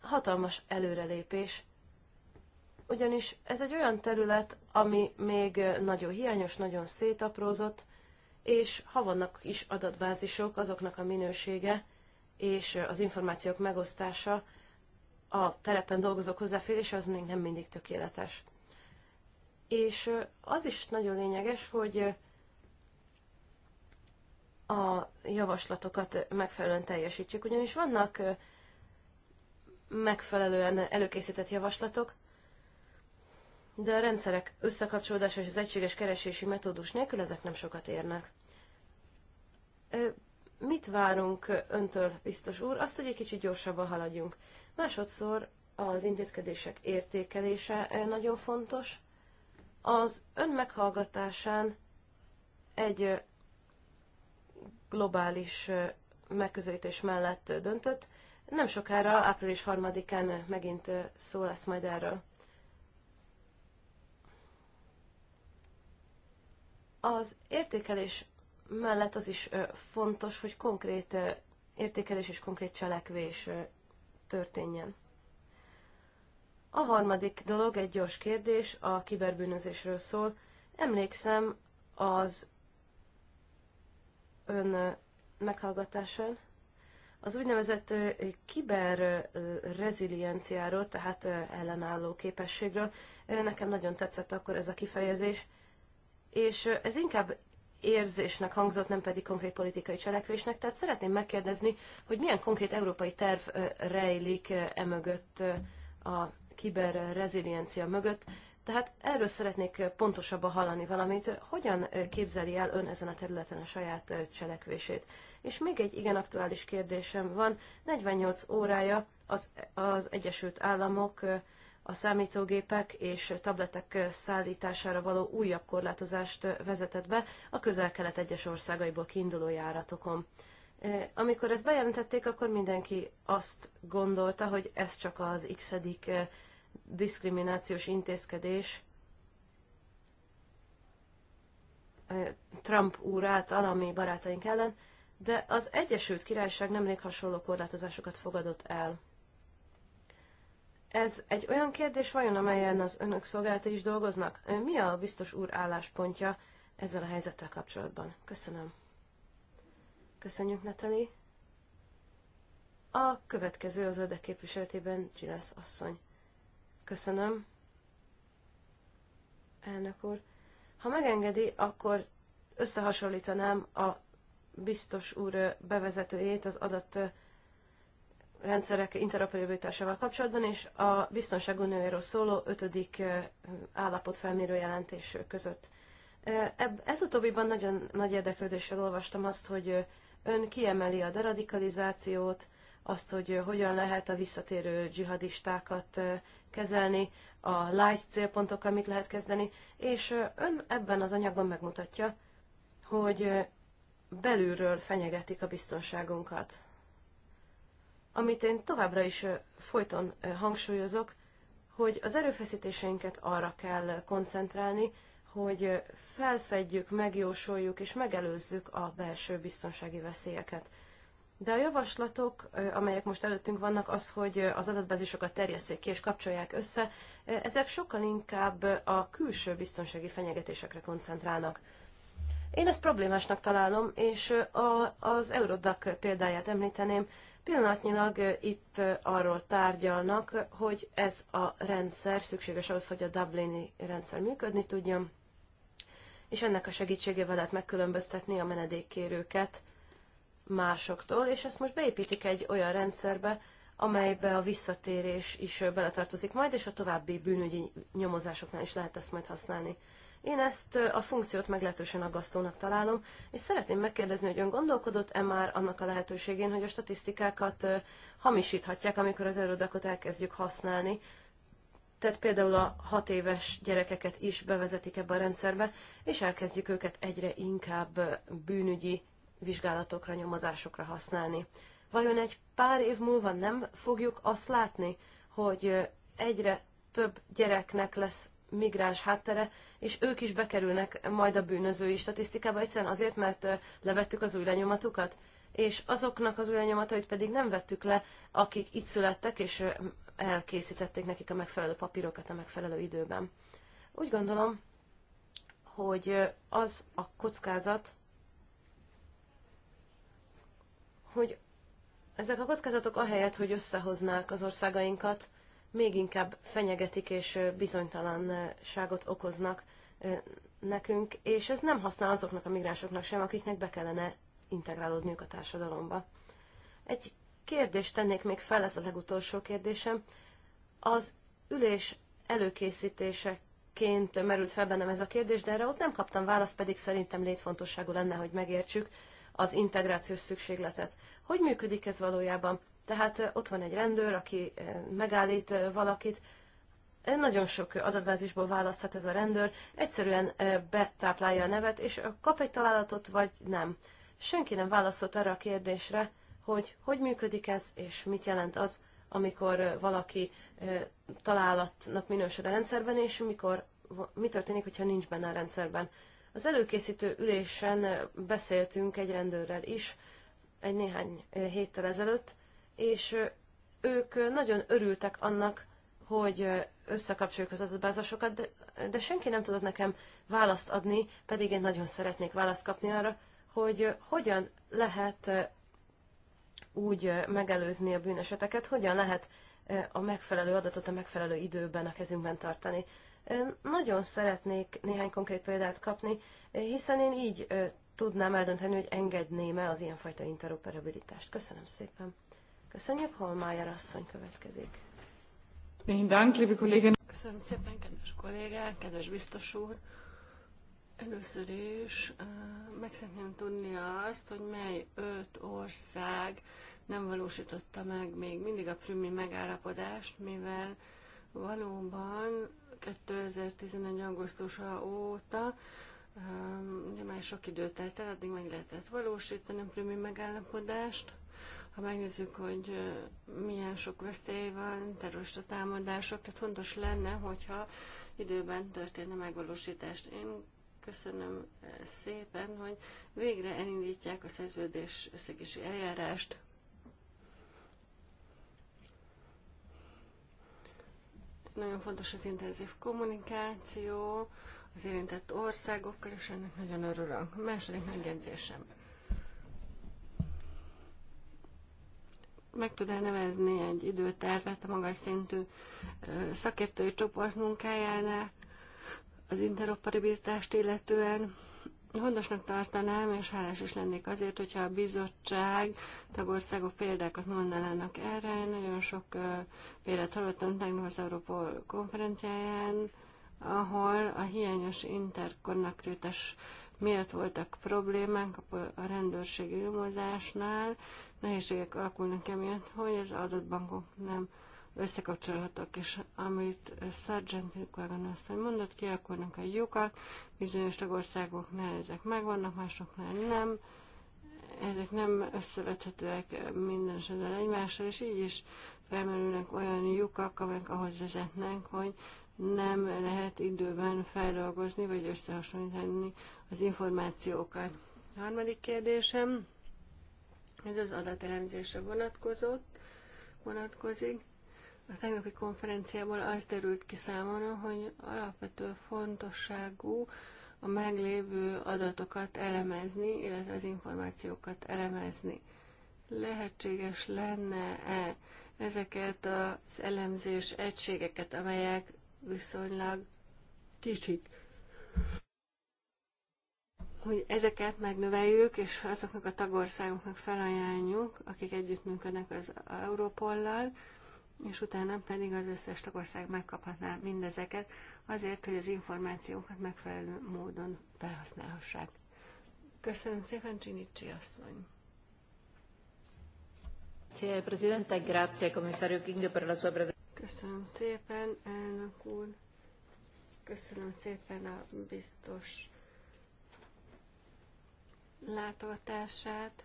hatalmas előrelépés, ugyanis ez egy olyan terület, ami még nagyon hiányos, nagyon szétaprózott, és ha vannak is adatbázisok, azoknak a minősége és az információk megosztása a telepen dolgozók hozzáférés az még nem mindig tökéletes. És az is nagyon lényeges, hogy a javaslatokat megfelelően teljesítsük, ugyanis vannak megfelelően előkészített javaslatok, de a rendszerek összekapcsolódása és az egységes keresési metódus nélkül ezek nem sokat érnek. Mit várunk öntől, biztos úr? Azt, hogy egy kicsit gyorsabban haladjunk. Másodszor az intézkedések értékelése nagyon fontos – az ön meghallgatásán egy globális megközelítés mellett döntött. Nem sokára, április harmadikán megint szó lesz majd erről. Az értékelés mellett az is fontos, hogy konkrét értékelés és konkrét cselekvés történjen. A harmadik dolog egy gyors kérdés, a kiberbűnözésről szól. Emlékszem az ön meghallgatásán az úgynevezett kiberrezilienciáról, tehát ellenálló képességről. Nekem nagyon tetszett akkor ez a kifejezés, és ez inkább érzésnek hangzott, nem pedig konkrét politikai cselekvésnek. Tehát szeretném megkérdezni, hogy milyen konkrét európai terv rejlik emögött a kiberreziliencia mögött. Tehát erről szeretnék pontosabban hallani valamit. Hogyan képzeli el ön ezen a területen a saját cselekvését? És még egy igen aktuális kérdésem van. 48 órája az, az Egyesült Államok a számítógépek és tabletek szállítására való újabb korlátozást vezetett be a közel-kelet egyes országaiból kiinduló járatokon. E, amikor ezt bejelentették, akkor mindenki azt gondolta, hogy ez csak az x diszkriminációs intézkedés Trump úr által, ami barátaink ellen, de az Egyesült Királyság nemrég hasonló korlátozásokat fogadott el. Ez egy olyan kérdés vajon, amelyen az önök szolgálata is dolgoznak? Mi a biztos úr álláspontja ezzel a helyzettel kapcsolatban? Köszönöm. Köszönjük, Natalie. A következő az ördek képviseletében Gilles asszony. Köszönöm. Elnök úr. Ha megengedi, akkor összehasonlítanám a biztos úr bevezetőjét az adat rendszerek interoperabilitásával kapcsolatban, és a biztonságú nőjéről szóló ötödik állapot felmérő jelentés között. Ez utóbbiban nagyon nagy érdeklődéssel olvastam azt, hogy ön kiemeli a deradikalizációt, azt, hogy hogyan lehet a visszatérő dzsihadistákat kezelni, a light célpontokkal mit lehet kezdeni, és ön ebben az anyagban megmutatja, hogy belülről fenyegetik a biztonságunkat. Amit én továbbra is folyton hangsúlyozok, hogy az erőfeszítéseinket arra kell koncentrálni, hogy felfedjük, megjósoljuk és megelőzzük a belső biztonsági veszélyeket. De a javaslatok, amelyek most előttünk vannak, az, hogy az adatbázisokat terjesszék ki és kapcsolják össze, ezek sokkal inkább a külső biztonsági fenyegetésekre koncentrálnak. Én ezt problémásnak találom, és a, az Eurodac példáját említeném. Pillanatnyilag itt arról tárgyalnak, hogy ez a rendszer szükséges ahhoz, hogy a Dublini rendszer működni tudjon, és ennek a segítségével lehet megkülönböztetni a menedékkérőket – másoktól, és ezt most beépítik egy olyan rendszerbe, amelybe a visszatérés is beletartozik majd, és a további bűnügyi nyomozásoknál is lehet ezt majd használni. Én ezt a funkciót meglehetősen aggasztónak találom, és szeretném megkérdezni, hogy ön gondolkodott-e már annak a lehetőségén, hogy a statisztikákat hamisíthatják, amikor az erődakot elkezdjük használni, tehát például a hat éves gyerekeket is bevezetik ebbe a rendszerbe, és elkezdjük őket egyre inkább bűnügyi vizsgálatokra, nyomozásokra használni. Vajon egy pár év múlva nem fogjuk azt látni, hogy egyre több gyereknek lesz migráns háttere, és ők is bekerülnek majd a bűnözői statisztikába, egyszerűen azért, mert levettük az új lenyomatukat, és azoknak az új lenyomatait pedig nem vettük le, akik itt születtek, és elkészítették nekik a megfelelő papírokat a megfelelő időben. Úgy gondolom, hogy az a kockázat, hogy ezek a kockázatok ahelyett, hogy összehoznák az országainkat, még inkább fenyegetik és bizonytalanságot okoznak nekünk, és ez nem használ azoknak a migránsoknak sem, akiknek be kellene integrálódniuk a társadalomba. Egy kérdést tennék még fel, ez a legutolsó kérdésem. Az ülés előkészítéseként merült fel bennem ez a kérdés, de erre ott nem kaptam választ, pedig szerintem létfontosságú lenne, hogy megértsük, az integrációs szükségletet. Hogy működik ez valójában? Tehát ott van egy rendőr, aki megállít valakit, nagyon sok adatbázisból választhat ez a rendőr, egyszerűen betáplálja a nevet, és kap egy találatot, vagy nem. Senki nem válaszolt arra a kérdésre, hogy hogy működik ez, és mit jelent az, amikor valaki találatnak minősül a rendszerben, és mikor, mi történik, hogyha nincs benne a rendszerben. Az előkészítő ülésen beszéltünk egy rendőrrel is, egy néhány héttel ezelőtt, és ők nagyon örültek annak, hogy összekapcsoljuk az adatbázisokat, de, de senki nem tudott nekem választ adni, pedig én nagyon szeretnék választ kapni arra, hogy hogyan lehet úgy megelőzni a bűneseteket, hogyan lehet a megfelelő adatot a megfelelő időben a kezünkben tartani. Nagyon szeretnék néhány konkrét példát kapni, hiszen én így tudnám eldönteni, hogy engedném-e az ilyenfajta interoperabilitást. Köszönöm szépen. Köszönjük, Holmájer asszony következik. Köszönöm szépen, kedves kollégák, kedves biztos úr. Először is meg szeretném tudni azt, hogy mely öt ország nem valósította meg még mindig a prümi megállapodást, mivel valóban 2011. augusztusa óta um, ugye már sok időt telt el, addig meg lehetett valósítani a prémium megállapodást. Ha megnézzük, hogy uh, milyen sok veszély van, terrorista támadások, tehát fontos lenne, hogyha időben történne megvalósítást. Én köszönöm uh, szépen, hogy végre elindítják a szerződés összegési eljárást. Nagyon fontos az intenzív kommunikáció az érintett országokkal, és ennek nagyon örülök. A második megjegyzésem. Meg tud-e nevezni egy időtervet a magas szintű szakértői csoport munkájánál az interoperabilitást illetően, Hondosnak tartanám, és hálás is lennék azért, hogyha a bizottság, tagországok példákat mondanának erre. Én nagyon sok példát hallottam tegnap az Európol konferenciáján, ahol a hiányos interkonnektivitás miért voltak problémák a rendőrségi nyomozásnál, nehézségek alakulnak emiatt, hogy az adott bankok nem összekapcsolhatok. és amit Sargent Nikolagan aztán mondott, kialakulnak a lyukak, bizonyos tagországoknál ezek megvannak, másoknál nem, ezek nem összevethetőek minden esetben egymással, és így is felmerülnek olyan lyukak, amelyek ahhoz vezetnek, hogy nem lehet időben feldolgozni, vagy összehasonlítani az információkat. A harmadik kérdésem, ez az adatelemzésre vonatkozott, vonatkozik. A tegnapi konferenciából az derült ki számomra, hogy alapvető fontosságú a meglévő adatokat elemezni, illetve az információkat elemezni. Lehetséges lenne-e ezeket az elemzés egységeket, amelyek viszonylag kicsik, hogy ezeket megnöveljük, és azoknak a tagországoknak felajánljuk, akik együttműködnek az Európollal, és utána pedig az összes tagország megkaphatná mindezeket azért, hogy az információkat megfelelő módon felhasználhassák. Köszönöm szépen, Csinicsi asszony! Köszönöm szépen, elnök úr! Köszönöm szépen a biztos látogatását.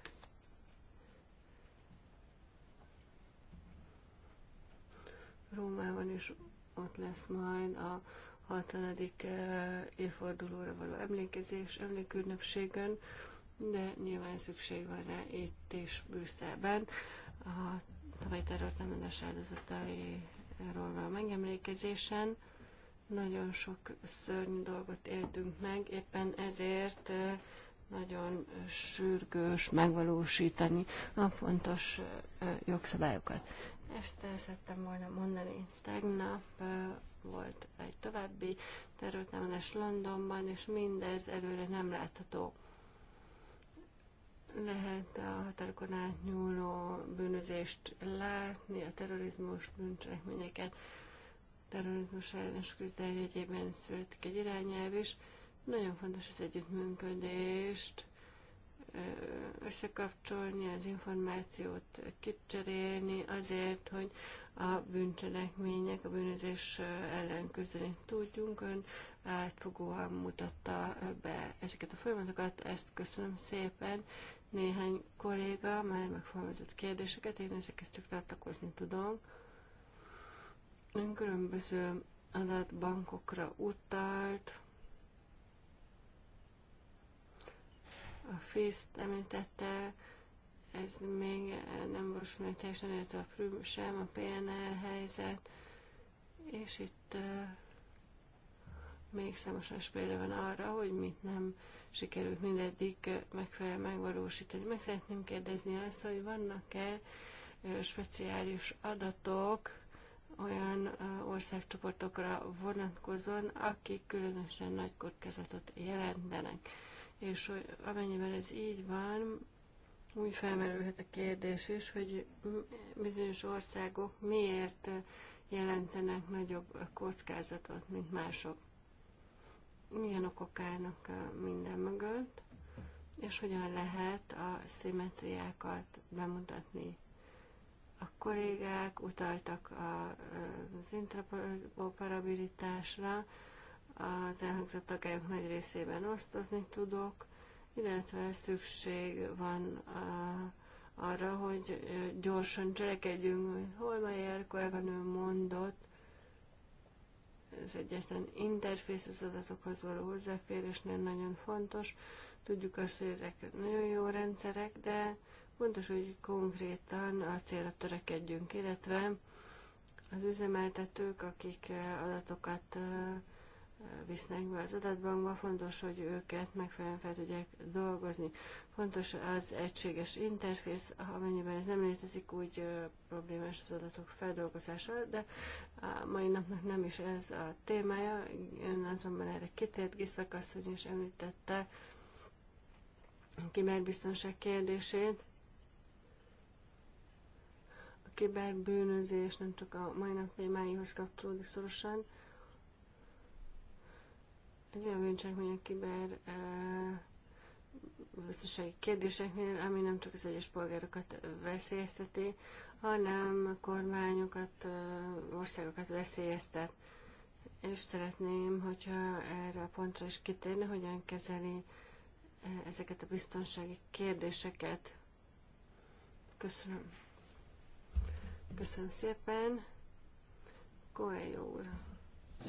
Rómában is ott lesz majd a 60. Eh, évfordulóra való emlékezés, emlékünnepségen, de nyilván szükség van rá itt és Brüsszelben. A tavaly terrortámadás áldozatairól való megemlékezésen nagyon sok szörnyű dolgot éltünk meg, éppen ezért eh, nagyon sürgős megvalósítani a fontos eh, jogszabályokat. Ezt el szerettem volna mondani. Tegnap volt egy további terültámadás Londonban, és mindez előre nem látható. Lehet a határokon átnyúló bűnözést látni, a terrorizmus bűncselekményeket, terrorizmus ellenes küzdelmi egyében születik egy irányelv is. Nagyon fontos az együttműködést összekapcsolni, az információt kicserélni azért, hogy a bűncselekmények, a bűnözés ellen küzdeni tudjunk. Ön átfogóan mutatta be ezeket a folyamatokat, ezt köszönöm szépen. Néhány kolléga már megfogalmazott kérdéseket, én ezekhez csak tartakozni tudom. Ön különböző adatbankokra utalt, a fészt említette, ez még nem valósul még teljesen, illetve a Prüm sem, a PNR helyzet, és itt uh, még számos példa van arra, hogy mit nem sikerült mindeddig megfelelően megvalósítani. Meg szeretném kérdezni azt, hogy vannak-e speciális adatok olyan országcsoportokra vonatkozóan, akik különösen nagy kockázatot jelentenek és hogy amennyiben ez így van, úgy felmerülhet a kérdés is, hogy bizonyos országok miért jelentenek nagyobb kockázatot, mint mások. Milyen okok állnak minden mögött, és hogyan lehet a szimmetriákat bemutatni. A kollégák utaltak az interoperabilitásra, az elhangzott aggályok nagy részében osztozni tudok, illetve szükség van a, arra, hogy gyorsan cselekedjünk, hogy hol korábban ő mondott, az egyetlen interfész az adatokhoz való hozzáférésnél nagyon fontos. Tudjuk azt, hogy ezek nagyon jó rendszerek, de fontos, hogy konkrétan a célra törekedjünk, illetve az üzemeltetők, akik adatokat visznek be az adatbankba, fontos, hogy őket megfelelően fel tudják dolgozni. Fontos az egységes interfész, amennyiben ez nem létezik, úgy problémás az adatok feldolgozása, de a mai napnak nem is ez a témája. Ön azonban erre kitért, Giszlek asszony is említette a kiberbiztonság kérdését. A kiberbűnözés nem csak a mai nap témáihoz kapcsolódik szorosan, egy olyan bűncselekmény a kiber biztonsági kérdéseknél, ami nem csak az egyes polgárokat veszélyezteti, hanem kormányokat, országokat veszélyeztet. És szeretném, hogyha erre a pontra is kitérne, hogyan kezeli ezeket a biztonsági kérdéseket. Köszönöm. Köszönöm szépen. Koelyó úr.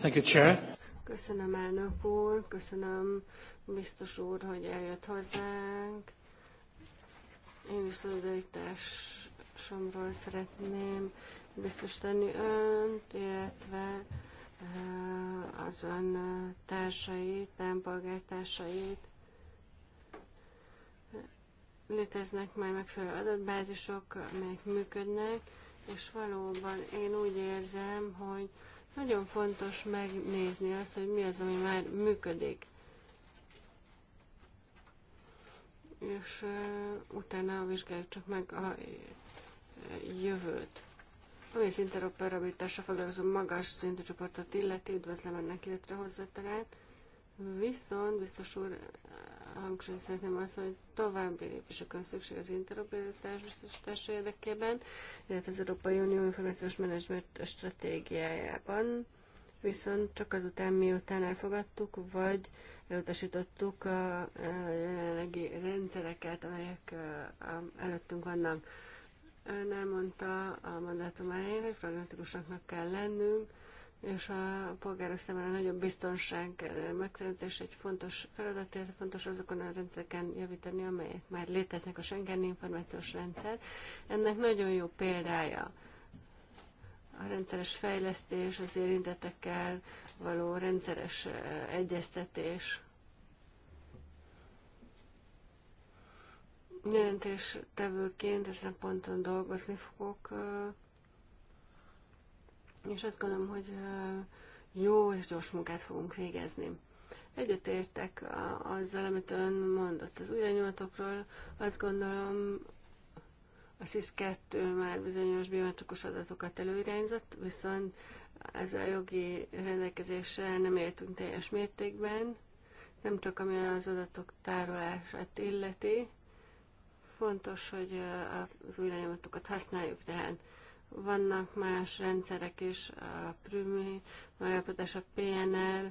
Thank you, Chair. Köszönöm, elnök úr, köszönöm, biztos úr, hogy eljött hozzánk. Én is szolidaritásomról szeretném tenni önt, illetve eh, az ön társait, állampolgártársait. Léteznek már megfelelő adatbázisok, amelyek működnek, és valóban én úgy érzem, hogy nagyon fontos megnézni azt, hogy mi az, ami már működik. És uh, utána vizsgáljuk csak meg a uh, jövőt. Ami az interoperabilitásra foglalkozó magas szintű csoportot illeti, üdvözlöm ennek létrehozzatalát. Viszont biztos úr hangsúlyozni szeretném azt, hogy további lépésekön szükség az interoperabilitás biztosítása érdekében, illetve az Európai Unió információs menedzsment stratégiájában. Viszont csak azután, miután elfogadtuk, vagy elutasítottuk a jelenlegi rendszereket, amelyek előttünk vannak. Ön elmondta a mandátum elején, hogy pragmatikusaknak kell lennünk, és a polgárok számára nagyobb biztonság eh, megteremtés egy fontos feladat, illetve fontos azokon a rendszereken javítani, amelyek már léteznek a Schengen információs rendszer. Ennek nagyon jó példája a rendszeres fejlesztés, az érintetekkel való rendszeres eh, egyeztetés. Jelentéstevőként ezen a ponton dolgozni fogok. Eh, és azt gondolom, hogy jó és gyors munkát fogunk végezni. Egyetértek azzal, amit ön mondott az újranyomatokról. Azt gondolom, a SZIS-2 már bizonyos biometrikus adatokat előirányzott, viszont ez a jogi rendelkezésre nem értünk teljes mértékben, nem csak ami az adatok tárolását illeti. Fontos, hogy az új használjuk, tehát vannak más rendszerek is, a Prümi, megállapodás a PNR,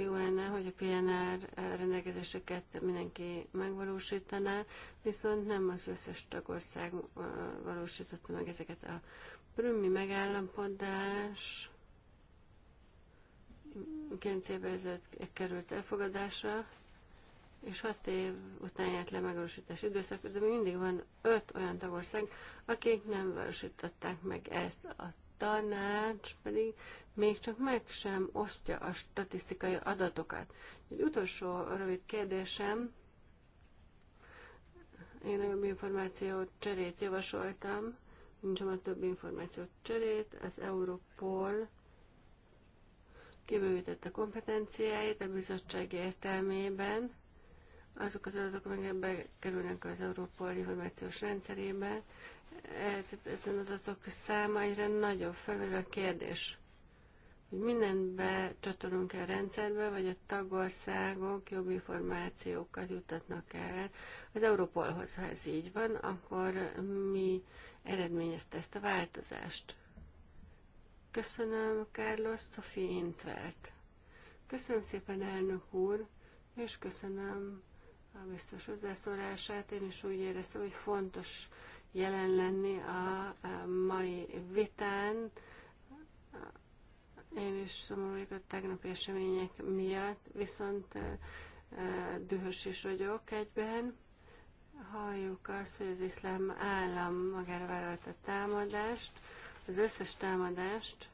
jó lenne, hogy a PNR rendelkezéseket mindenki megvalósítaná, viszont nem az összes tagország valósította meg ezeket a Prümi megállapodás. 9 évvel ezelőtt került elfogadásra, és hat év után járt le megvalósítás időszak, de még mindig van öt olyan tagország, akik nem valósították meg ezt. A tanács pedig még csak meg sem osztja a statisztikai adatokat. Egy utolsó rövid kérdésem, én nagyobb információ cserét javasoltam, nincs a több információ cserét, az Europol kibővítette kompetenciáit a bizottság értelmében, azok az adatok, amelyek bekerülnek az európai információs rendszerébe, ez ezen adatok száma egyre nagyobb. felül a kérdés, hogy mindent becsatolunk el rendszerbe, vagy a tagországok jobb információkat juttatnak el az Európolhoz. Ha ez így van, akkor mi eredményezte ezt a változást? Köszönöm, Carlos Sofi Intvert. Köszönöm szépen, elnök úr, és köszönöm a biztos hozzászólását. Én is úgy éreztem, hogy fontos jelen lenni a mai vitán. Én is szomorú vagyok a tegnapi események miatt, viszont dühös is vagyok egyben. Halljuk azt, hogy az iszlám állam magára vállalta támadást, az összes támadást.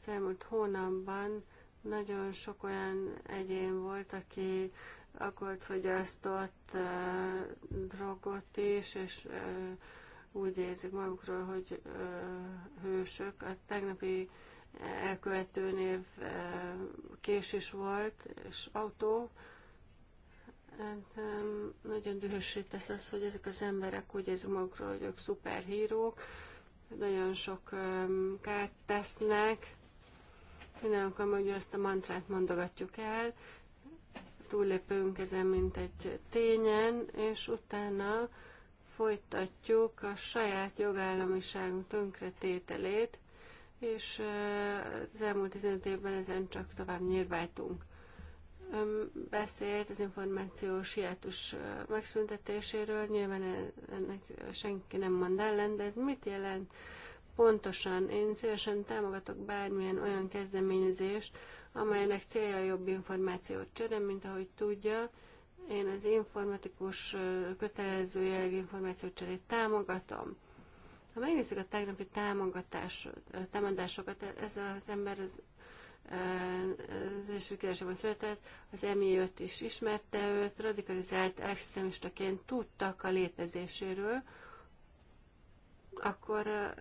Az elmúlt hónapban nagyon sok olyan egyén volt, aki akkor fogyasztott uh, drogot is, és uh, úgy érzik magukról, hogy uh, hősök. A tegnapi név uh, is volt, és autó. Hát, um, nagyon dühösít tesz az, hogy ezek az emberek úgy érzik magukról, hogy ők szuperhírók, nagyon sok um, kárt tesznek, minden alkalommal ezt a mantrát mondogatjuk el, túllépünk ezen, mint egy tényen, és utána folytatjuk a saját jogállamiságunk tönkretételét, és eh, az elmúlt 15 évben ezen csak tovább nyírváltunk. Ön beszélt az információs hiátus eh, megszüntetéséről, nyilván e-, ennek senki nem mond ellen, de ez mit jelent? Pontosan én szívesen támogatok bármilyen olyan kezdeményezést, amelynek célja a jobb információt csere, mint ahogy tudja, én az informatikus kötelező jellegű cserét támogatom. Ha megnézzük a tegnapi támogatás, támadásokat, ez az ember az, az első kérdésében született, az emi 5 is ismerte őt, radikalizált extremistaként tudtak a létezéséről, akkor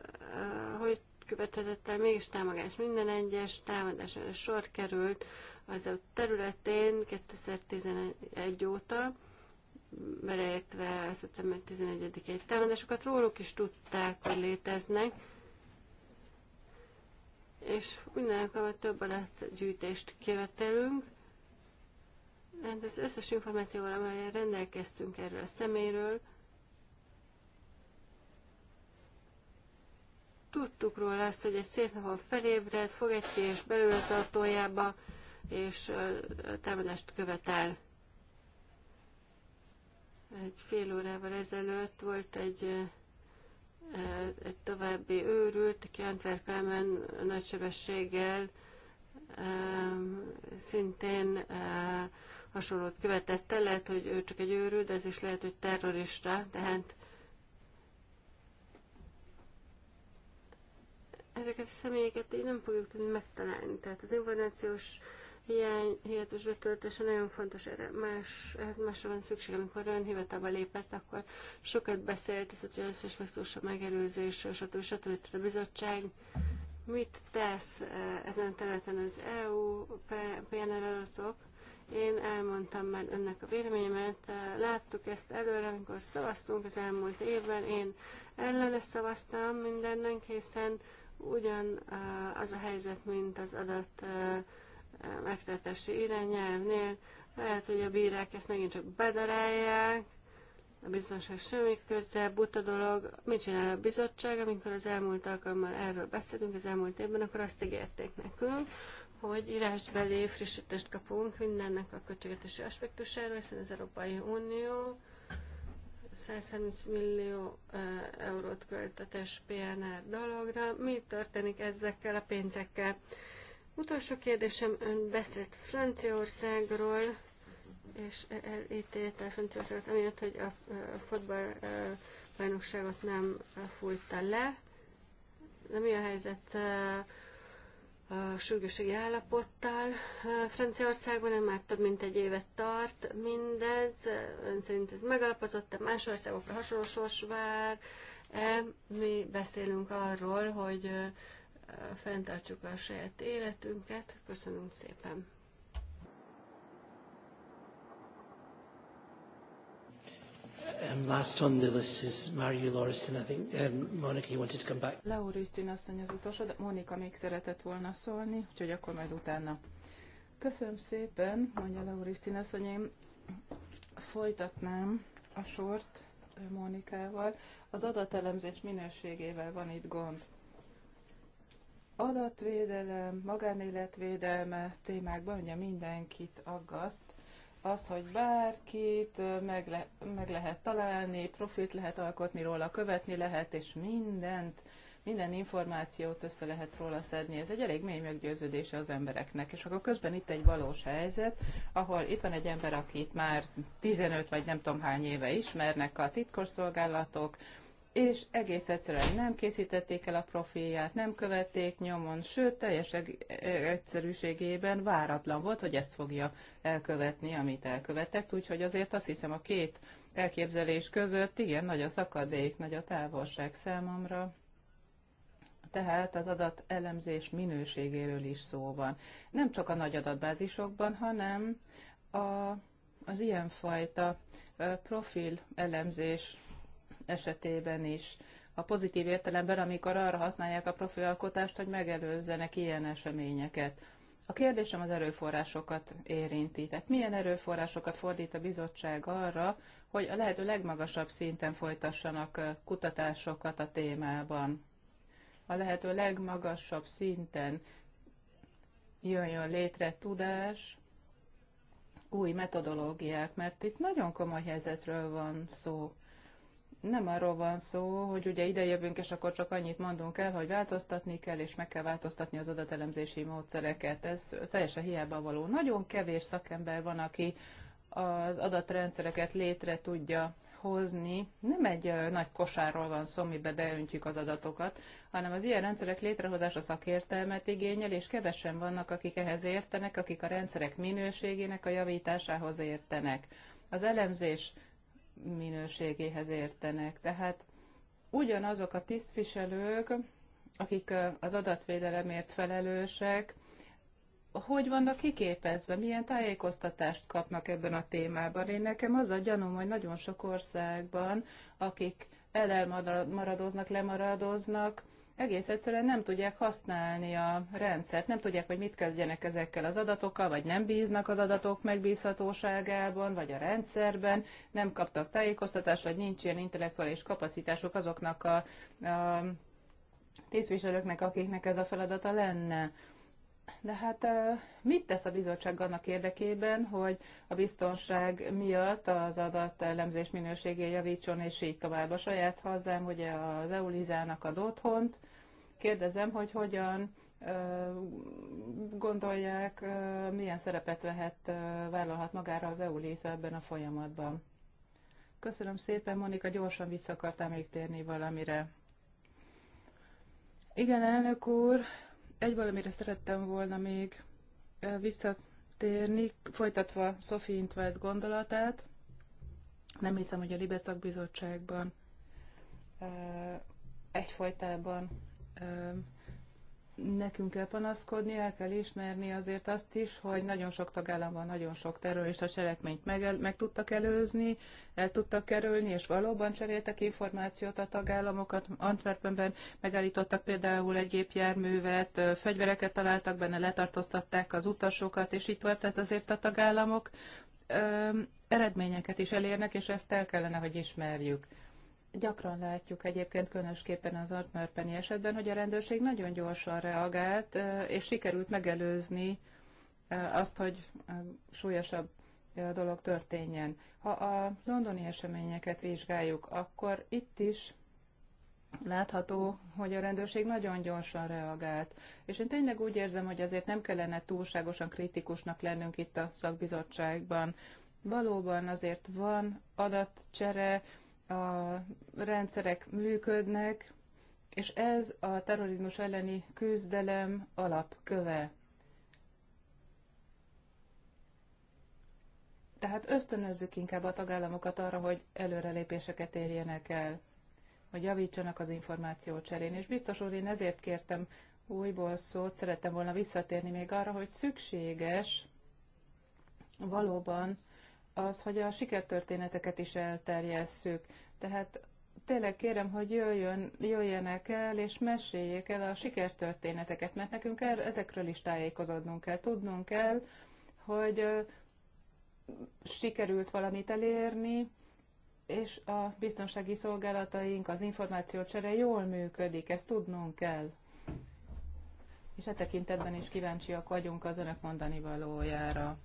hogy elkövetettel mégis támadás minden egyes támadásra sor került az a területén 2011 óta, beleértve szeptember 11-i támadásokat, róluk is tudták, hogy léteznek, és minden alkalommal több gyűjtést követelünk, Hát az összes információval, amelyen rendelkeztünk erről a szeméről, Tudtuk róla azt, hogy egy szép napon felébred, fog egy és belül a tartójába, és támadást követel. Egy fél órával ezelőtt volt egy, egy további őrült, aki Antwerpenben nagy sebességgel szintén hasonlót követett el, lehet, hogy ő csak egy őrült, de ez is lehet, hogy terrorista, tehát ezeket a személyeket így nem fogjuk tudni megtalálni. Tehát az információs hiány, hihetős betöltése nagyon fontos, erre más, ehhez másra van szükség. Amikor olyan hivatalba lépett, akkor sokat beszélt a szociális aspektus, a stb. stb. stb. A bizottság mit tesz eh, ezen a területen az EU PNR adatok? Én elmondtam már önnek a véleményemet, eh, láttuk ezt előre, amikor szavaztunk az elmúlt évben, én ellene szavaztam mindennek, hiszen Ugyan eh, az a helyzet, mint az adat eh, megtartási irányelvnél, lehet, hogy a bírák ezt megint csak bedarálják, a biztonság semmi köze, buta dolog. Mit csinál a bizottság, amikor az elmúlt alkalommal erről beszélünk, az elmúlt évben, akkor azt ígérték nekünk, hogy írásbeli frissítést kapunk mindennek a költségetési aspektusáról, hiszen az Európai Unió 130 millió eurót költött PNR dologra. Mi történik ezekkel a pénzekkel? Utolsó kérdésem, ön beszélt Franciaországról, és elítélte e- Franciaországot, amiatt, hogy a futballbajnokságot nem fújta le. De mi a helyzet a sürgősségi állapottal. Franciaországban nem már több mint egy évet tart mindez. Ön szerint ez megalapozott Más országokra hasonló sors vár -e? Mi beszélünk arról, hogy fenntartjuk a saját életünket. Köszönöm szépen! Um, last on the list is Mario Lauristin. I think um, Monica, you wanted to come back. Lauristin asszony az utolsó, de Monika még szeretett volna szólni, úgyhogy akkor majd utána. Köszönöm szépen, mondja Lauristin asszony, én folytatnám a sort Monikával. Az adatelemzés minőségével van itt gond. Adatvédelem, magánéletvédelme témákban ugye mindenkit aggaszt, az, hogy bárkit meg, le, meg lehet találni, profilt lehet alkotni róla, követni lehet, és mindent, minden információt össze lehet róla szedni. Ez egy elég mély meggyőződése az embereknek. És akkor közben itt egy valós helyzet, ahol itt van egy ember, akit már 15 vagy nem tudom hány éve ismernek a titkosszolgálatok, és egész egyszerűen nem készítették el a profilját, nem követték nyomon, sőt, teljes egyszerűségében váratlan volt, hogy ezt fogja elkövetni, amit elkövetett, úgyhogy azért azt hiszem a két elképzelés között igen nagy a szakadék, nagy a távolság számomra. Tehát az adat elemzés minőségéről is szó van. Nem csak a nagy adatbázisokban, hanem a, az ilyenfajta profil elemzés esetében is. A pozitív értelemben, amikor arra használják a profilalkotást, hogy megelőzzenek ilyen eseményeket. A kérdésem az erőforrásokat érinti. Tehát milyen erőforrásokat fordít a bizottság arra, hogy a lehető legmagasabb szinten folytassanak kutatásokat a témában? A lehető legmagasabb szinten jöjjön létre tudás, új metodológiák, mert itt nagyon komoly helyzetről van szó nem arról van szó, hogy ugye ide jövünk, és akkor csak annyit mondunk el, hogy változtatni kell, és meg kell változtatni az adatelemzési módszereket. Ez teljesen hiába való. Nagyon kevés szakember van, aki az adatrendszereket létre tudja hozni. Nem egy nagy kosárról van szó, mibe beöntjük az adatokat, hanem az ilyen rendszerek létrehozása szakértelmet igényel, és kevesen vannak, akik ehhez értenek, akik a rendszerek minőségének a javításához értenek. Az elemzés minőségéhez értenek. Tehát ugyanazok a tisztviselők, akik az adatvédelemért felelősek, hogy vannak kiképezve, milyen tájékoztatást kapnak ebben a témában. Én nekem az a gyanúm, hogy nagyon sok országban, akik elmaradoznak, lemaradoznak, egész egyszerűen nem tudják használni a rendszert, nem tudják, hogy mit kezdjenek ezekkel az adatokkal, vagy nem bíznak az adatok megbízhatóságában, vagy a rendszerben, nem kaptak tájékoztatást, vagy nincs ilyen intellektuális kapacitásuk azoknak a, a tisztviselőknek, akiknek ez a feladata lenne. De hát mit tesz a bizottság annak érdekében, hogy a biztonság miatt az adat elemzés minőségé javítson, és így tovább a saját hazám, ugye az Eulizának ad otthont. Kérdezem, hogy hogyan gondolják, milyen szerepet vehet, vállalhat magára az Eulisa ebben a folyamatban. Köszönöm szépen, Monika, gyorsan vissza akartál még térni valamire. Igen, elnök úr, egy valamire szerettem volna még eh, visszatérni, folytatva Sophie Intveld gondolatát. Nem hiszem, hogy a Libe Bizottságban eh, egyfolytában eh, nekünk kell panaszkodni, el kell ismerni azért azt is, hogy nagyon sok tagállamban nagyon sok terrorista cselekményt meg, meg tudtak előzni, el tudtak kerülni, és valóban cseréltek információt a tagállamokat. Antwerpenben megállítottak például egy gépjárművet, fegyvereket találtak benne, letartóztatták az utasokat, és itt volt, tehát azért a tagállamok ö, eredményeket is elérnek, és ezt el kellene, hogy ismerjük. Gyakran látjuk egyébként, különösképpen az Antwerpeni esetben, hogy a rendőrség nagyon gyorsan reagált, és sikerült megelőzni azt, hogy súlyosabb dolog történjen. Ha a londoni eseményeket vizsgáljuk, akkor itt is látható, hogy a rendőrség nagyon gyorsan reagált. És én tényleg úgy érzem, hogy azért nem kellene túlságosan kritikusnak lennünk itt a szakbizottságban. Valóban azért van adatcsere, a rendszerek működnek, és ez a terrorizmus elleni küzdelem alapköve. Tehát ösztönözzük inkább a tagállamokat arra, hogy előrelépéseket érjenek el, hogy javítsanak az információ cserén. És biztos úr, én ezért kértem újból szót, szerettem volna visszatérni még arra, hogy szükséges valóban az, hogy a sikertörténeteket is elterjesszük. Tehát tényleg kérem, hogy jöjjön, jöjjenek el, és meséljék el a sikertörténeteket, mert nekünk el, er-, ezekről is tájékozódnunk kell, tudnunk kell, hogy sikerült valamit elérni, és a biztonsági szolgálataink, az információcsere jól működik, ezt tudnunk kell. És e tekintetben is kíváncsiak vagyunk az önök mondani valójára.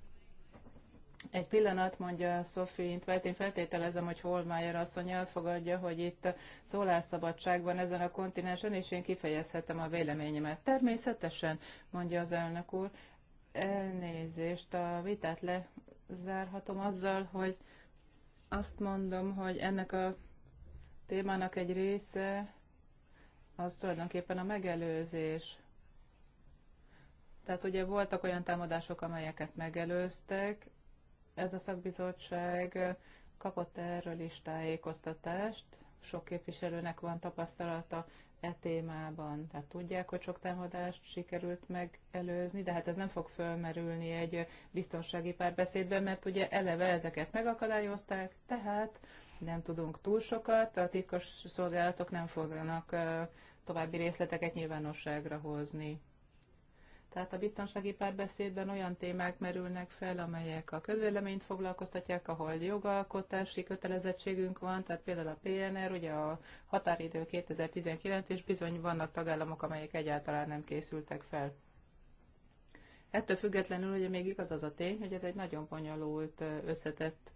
Egy pillanat, mondja Sophie Intvelt, én feltételezem, hogy Holmeyer asszony elfogadja, hogy itt van ezen a kontinensen, és én kifejezhetem a véleményemet. Természetesen, mondja az elnök úr. Elnézést, a vitát lezárhatom azzal, hogy azt mondom, hogy ennek a témának egy része az tulajdonképpen a megelőzés. Tehát ugye voltak olyan támadások, amelyeket megelőztek, ez a szakbizottság kapott erről is tájékoztatást, sok képviselőnek van tapasztalata e témában. Tehát tudják, hogy sok támadást sikerült megelőzni, de hát ez nem fog fölmerülni egy biztonsági párbeszédben, mert ugye eleve ezeket megakadályozták, tehát nem tudunk túl sokat, a titkos szolgálatok nem fognak további részleteket nyilvánosságra hozni. Tehát a biztonsági párbeszédben olyan témák merülnek fel, amelyek a közvéleményt foglalkoztatják, ahol jogalkotási kötelezettségünk van, tehát például a PNR, ugye a határidő 2019, és bizony vannak tagállamok, amelyek egyáltalán nem készültek fel. Ettől függetlenül ugye még igaz az a tény, hogy ez egy nagyon bonyolult, összetett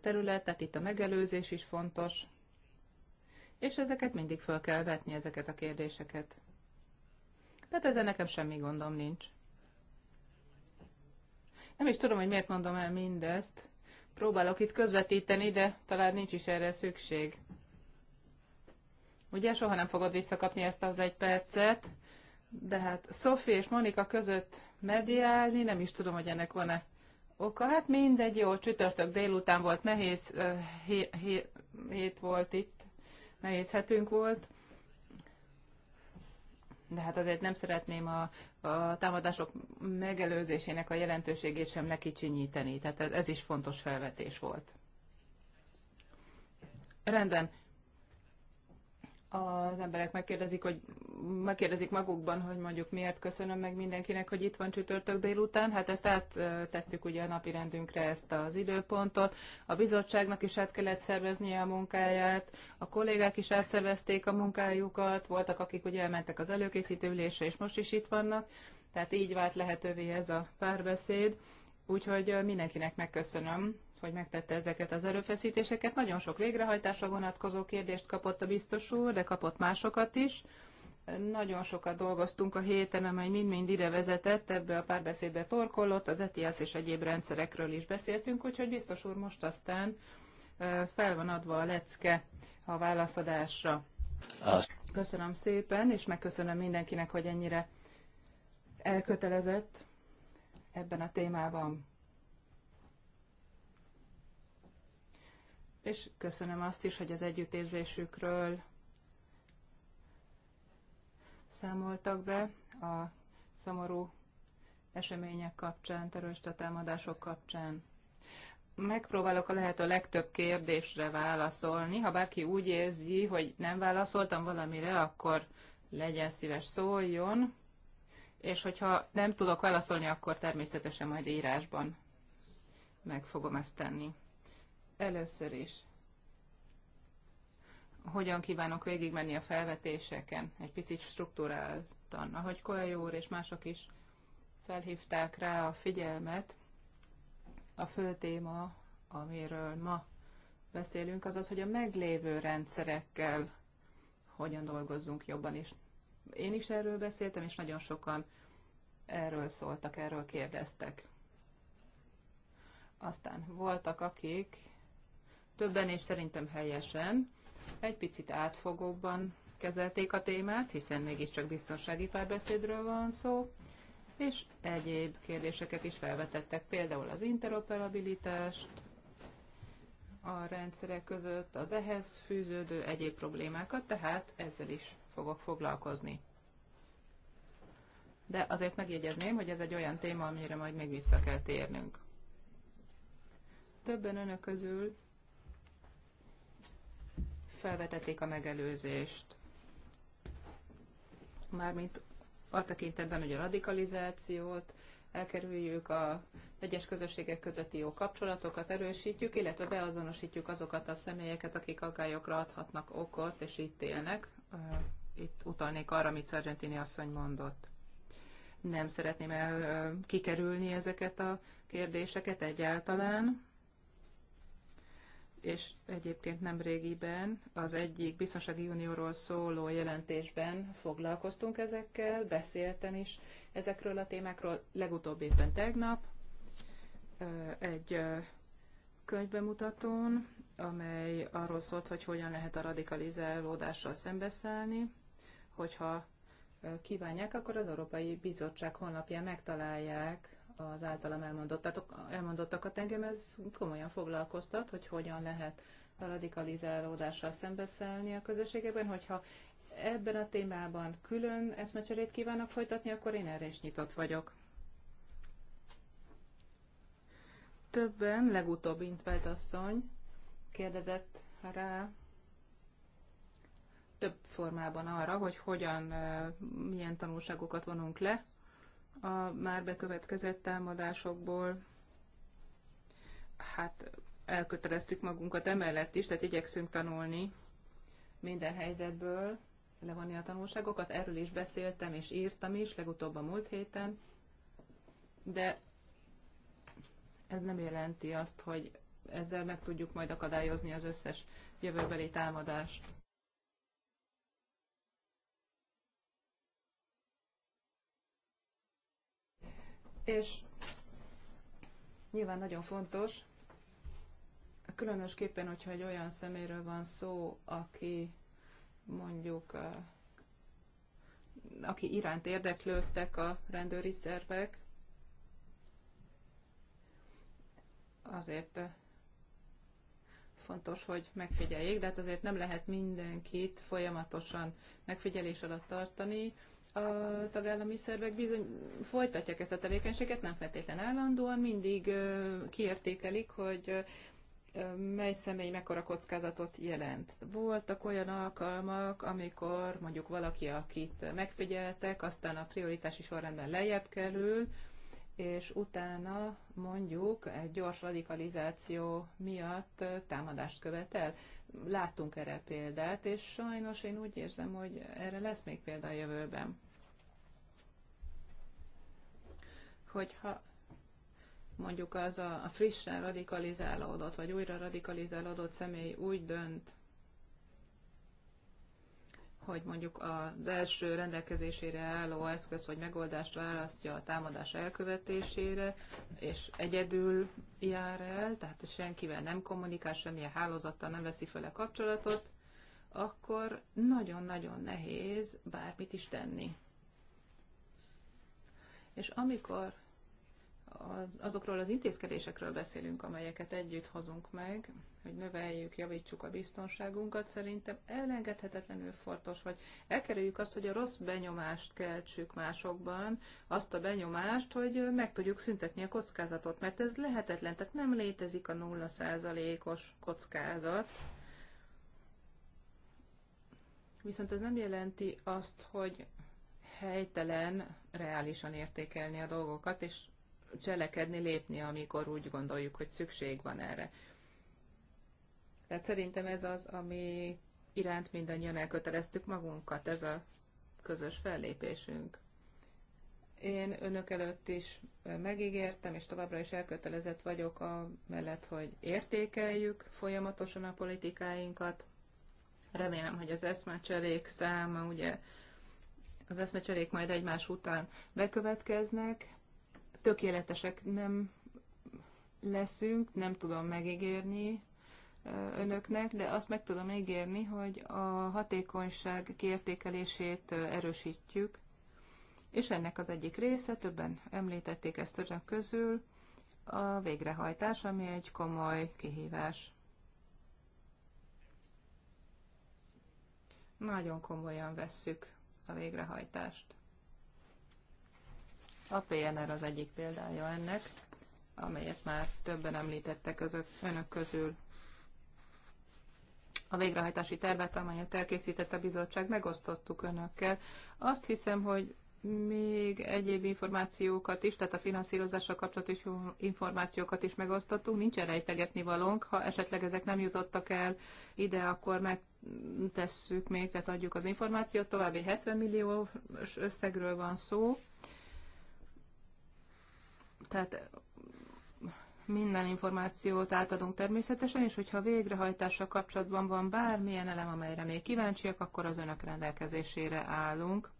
terület, tehát itt a megelőzés is fontos, és ezeket mindig fel kell vetni, ezeket a kérdéseket. Tehát ezzel nekem semmi gondom nincs. Nem is tudom, hogy miért mondom el mindezt. Próbálok itt közvetíteni, de talán nincs is erre szükség. Ugye soha nem fogod visszakapni ezt az egy percet, de hát Sophie és Monika között mediálni, nem is tudom, hogy ennek van-e oka. Hát mindegy, jó, csütörtök délután volt, nehéz hét volt itt, nehéz hetünk volt de hát azért nem szeretném a, a támadások megelőzésének a jelentőségét sem lekicsinyíteni. Tehát ez, ez is fontos felvetés volt. Rendben, az emberek megkérdezik, hogy megkérdezik magukban, hogy mondjuk miért köszönöm meg mindenkinek, hogy itt van csütörtök délután. Hát ezt áttettük ugye a napi rendünkre ezt az időpontot. A bizottságnak is át kellett szerveznie a munkáját, a kollégák is átszervezték a munkájukat, voltak akik ugye elmentek az előkészítő ülésre, és most is itt vannak. Tehát így vált lehetővé ez a párbeszéd. Úgyhogy mindenkinek megköszönöm hogy megtette ezeket az erőfeszítéseket. Nagyon sok végrehajtásra vonatkozó kérdést kapott a biztos úr, de kapott másokat is. Nagyon sokat dolgoztunk a héten, amely mind-mind ide vezetett, ebbe a párbeszédbe torkollott, az ETIAS és egyéb rendszerekről is beszéltünk, úgyhogy biztos úr most aztán fel van adva a lecke a válaszadásra. Köszönöm szépen, és megköszönöm mindenkinek, hogy ennyire elkötelezett ebben a témában. és köszönöm azt is, hogy az együttérzésükről számoltak be a szomorú események kapcsán, terörista támadások kapcsán. Megpróbálok a lehető legtöbb kérdésre válaszolni. Ha bárki úgy érzi, hogy nem válaszoltam valamire, akkor legyen szíves, szóljon. És hogyha nem tudok válaszolni, akkor természetesen majd írásban meg fogom ezt tenni. Először is, hogyan kívánok végigmenni a felvetéseken, egy picit struktúráltan. Ahogy Koelyó úr és mások is felhívták rá a figyelmet, a fő téma, amiről ma beszélünk, az az, hogy a meglévő rendszerekkel hogyan dolgozzunk jobban is. Én is erről beszéltem, és nagyon sokan erről szóltak, erről kérdeztek. Aztán voltak, akik többen, és szerintem helyesen, egy picit átfogóbban kezelték a témát, hiszen mégiscsak biztonsági párbeszédről van szó, és egyéb kérdéseket is felvetettek, például az interoperabilitást, a rendszerek között, az ehhez fűződő egyéb problémákat, tehát ezzel is fogok foglalkozni. De azért megjegyezném, hogy ez egy olyan téma, amire majd még vissza kell térnünk. Többen önök közül felvetették a megelőzést. Mármint a tekintetben, hogy a radikalizációt elkerüljük, a egyes közösségek közötti jó kapcsolatokat erősítjük, illetve beazonosítjuk azokat a személyeket, akik aggályokra adhatnak okot, és itt élnek. Itt utalnék arra, amit Sargentini asszony mondott. Nem szeretném el kikerülni ezeket a kérdéseket egyáltalán, és egyébként nem régiben az egyik biztonsági unióról szóló jelentésben foglalkoztunk ezekkel, beszéltem is ezekről a témákról legutóbb éppen tegnap egy könyvbemutatón, amely arról szólt, hogy hogyan lehet a radikalizálódással szembeszállni, hogyha kívánják, akkor az Európai Bizottság honlapján megtalálják az általam elmondottakat. Engem ez komolyan foglalkoztat, hogy hogyan lehet a radikalizálódással szembeszállni a közösségekben, hogyha ebben a témában külön eszmecserét kívánok folytatni, akkor én erre is nyitott vagyok. Többen, legutóbb Intvelt asszony kérdezett rá több formában arra, hogy hogyan, eh, milyen tanulságokat vonunk le a már bekövetkezett támadásokból, hát elköteleztük magunkat emellett is, tehát igyekszünk tanulni minden helyzetből, levonni a tanulságokat. Erről is beszéltem és írtam is, legutóbb a múlt héten, de ez nem jelenti azt, hogy ezzel meg tudjuk majd akadályozni az összes jövőbeli támadást. És nyilván nagyon fontos, különösképpen, hogyha egy olyan szeméről van szó, aki mondjuk aki iránt érdeklődtek a rendőri szervek, azért fontos, hogy megfigyeljék, de hát azért nem lehet mindenkit folyamatosan megfigyelés alatt tartani a tagállami szervek bizony folytatják ezt a tevékenységet, nem feltétlen állandóan, mindig kiértékelik, hogy mely személy mekkora kockázatot jelent. Voltak olyan alkalmak, amikor mondjuk valaki, akit megfigyeltek, aztán a prioritási sorrendben lejjebb kerül, és utána mondjuk egy gyors radikalizáció miatt támadást követel. Láttunk erre példát, és sajnos én úgy érzem, hogy erre lesz még példa a jövőben. Hogyha mondjuk az a, frissen radikalizálódott, vagy újra radikalizálódott személy úgy dönt, hogy mondjuk az első rendelkezésére álló eszköz, hogy megoldást választja a támadás elkövetésére, és egyedül jár el, tehát senkivel nem kommunikál, semmilyen hálózattal nem veszi fel a kapcsolatot, akkor nagyon-nagyon nehéz bármit is tenni. És amikor azokról az intézkedésekről beszélünk, amelyeket együtt hozunk meg, hogy növeljük, javítsuk a biztonságunkat, szerintem elengedhetetlenül fontos, vagy elkerüljük azt, hogy a rossz benyomást keltsük másokban, azt a benyomást, hogy meg tudjuk szüntetni a kockázatot, mert ez lehetetlen, tehát nem létezik a nulla százalékos kockázat. Viszont ez nem jelenti azt, hogy helytelen reálisan értékelni a dolgokat, és cselekedni, lépni, amikor úgy gondoljuk, hogy szükség van erre. Tehát szerintem ez az, ami iránt mindannyian elköteleztük magunkat, ez a közös fellépésünk. Én önök előtt is megígértem, és továbbra is elkötelezett vagyok a mellett, hogy értékeljük folyamatosan a politikáinkat. Remélem, hogy az eszmecserék száma, ugye az eszmecserék majd egymás után bekövetkeznek, tökéletesek nem leszünk, nem tudom megígérni önöknek, de azt meg tudom ígérni, hogy a hatékonyság kiértékelését erősítjük, és ennek az egyik része, többen említették ezt önök közül, a végrehajtás, ami egy komoly kihívás. Nagyon komolyan vesszük a végrehajtást. A PNR az egyik példája ennek, amelyet már többen említettek az önök közül. A végrehajtási tervet, amelyet elkészített a bizottság, megosztottuk önökkel. Azt hiszem, hogy még egyéb információkat is, tehát a finanszírozással kapcsolatos információkat is megosztottunk, nincsen rejtegetni valónk, ha esetleg ezek nem jutottak el ide, akkor megtesszük még, tehát adjuk az információt, további 70 milliós összegről van szó, tehát minden információt átadunk természetesen, és hogyha végrehajtással kapcsolatban van bármilyen elem, amelyre még kíváncsiak, akkor az önök rendelkezésére állunk.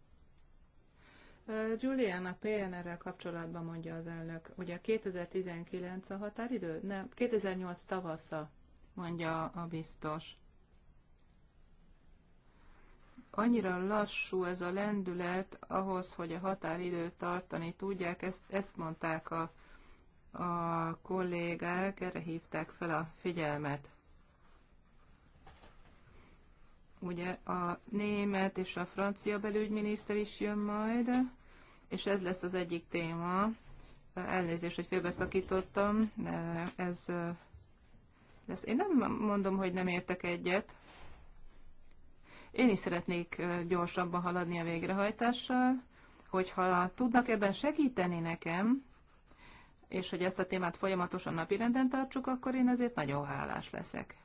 Julian, a PNR-rel kapcsolatban mondja az elnök, ugye 2019 a határidő? Nem, 2008 tavasza, mondja a biztos annyira lassú ez a lendület ahhoz, hogy a határidőt tartani tudják, ezt, ezt mondták a, a kollégák, erre hívták fel a figyelmet. Ugye a német és a francia belügyminiszter is jön majd, és ez lesz az egyik téma. Elnézést, hogy félbeszakítottam, ez lesz. Én nem mondom, hogy nem értek egyet, én is szeretnék gyorsabban haladni a végrehajtással, hogyha tudnak ebben segíteni nekem, és hogy ezt a témát folyamatosan napirenden tartsuk, akkor én ezért nagyon hálás leszek.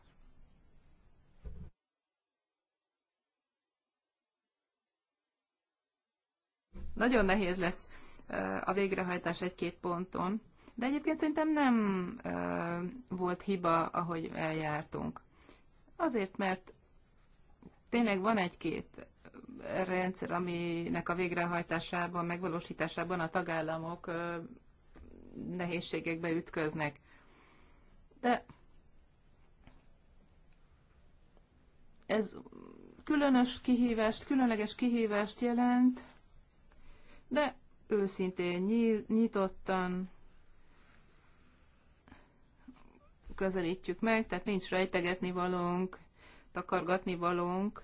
Nagyon nehéz lesz a végrehajtás egy-két ponton, de egyébként szerintem nem volt hiba, ahogy eljártunk. Azért, mert tényleg van egy-két rendszer, aminek a végrehajtásában, megvalósításában a tagállamok nehézségekbe ütköznek. De ez különös kihívást, különleges kihívást jelent, de őszintén, nyitottan közelítjük meg, tehát nincs rejtegetni valónk, takargatni valónk,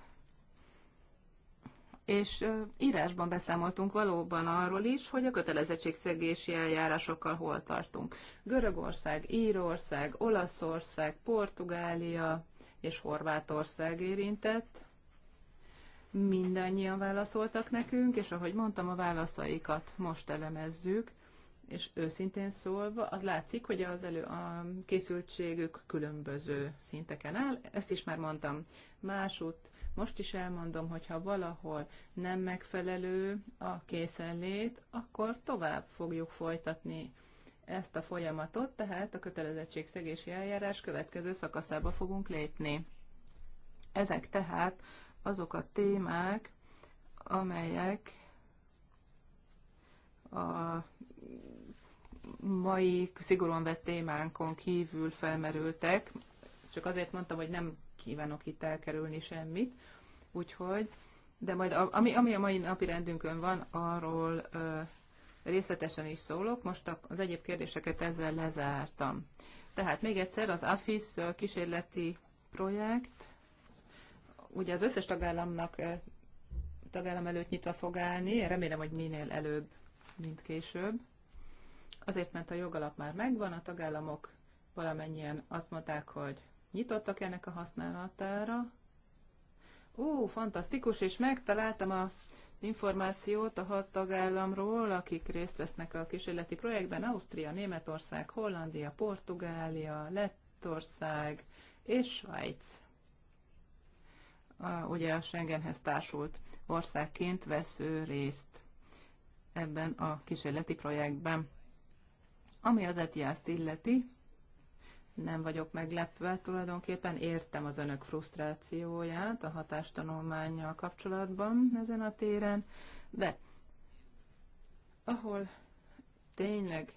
és írásban beszámoltunk valóban arról is, hogy a kötelezettségszegési eljárásokkal hol tartunk. Görögország, Írország, Olaszország, Portugália és Horvátország érintett. Mindannyian válaszoltak nekünk, és ahogy mondtam, a válaszaikat most elemezzük – és őszintén szólva, az látszik, hogy az elő a készültségük különböző szinteken áll. Ezt is már mondtam másút, most is elmondom, hogy ha valahol nem megfelelő a készenlét, akkor tovább fogjuk folytatni ezt a folyamatot, tehát a kötelezettségszegési eljárás következő szakaszába fogunk lépni. Ezek tehát azok a témák, amelyek a mai szigorúan vett témánkon kívül felmerültek, csak azért mondtam, hogy nem kívánok itt elkerülni semmit, úgyhogy, de majd a, ami, ami a mai napi rendünkön van, arról ö, részletesen is szólok, most az egyéb kérdéseket ezzel lezártam. Tehát még egyszer az AFIS kísérleti projekt, ugye az összes tagállamnak tagállam előtt nyitva fog állni, remélem, hogy minél előbb, mint később. Azért, mert a jogalap már megvan, a tagállamok valamennyien azt mondták, hogy nyitottak ennek a használatára. Ó, fantasztikus, és megtaláltam a információt a hat tagállamról, akik részt vesznek a kísérleti projektben, Ausztria, Németország, Hollandia, Portugália, Lettország és Svájc. A, ugye a Schengenhez társult országként vesző részt ebben a kísérleti projektben. Ami az etiázt illeti, nem vagyok meglepve, tulajdonképpen értem az önök frusztrációját a hatástanulmányjal kapcsolatban ezen a téren, de ahol tényleg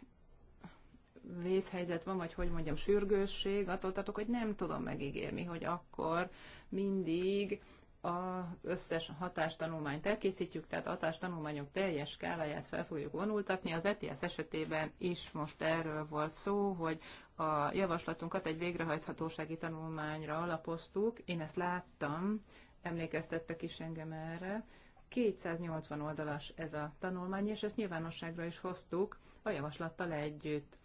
vészhelyzet van, vagy hogy mondjam, sürgősség, attól tartok, hogy nem tudom megígérni, hogy akkor mindig az összes hatástanulmányt elkészítjük, tehát a hatástanulmányok teljes skáláját fel fogjuk vonultatni. Az ETS esetében is most erről volt szó, hogy a javaslatunkat egy végrehajthatósági tanulmányra alapoztuk. Én ezt láttam, emlékeztettek is engem erre. 280 oldalas ez a tanulmány, és ezt nyilvánosságra is hoztuk a javaslattal együtt.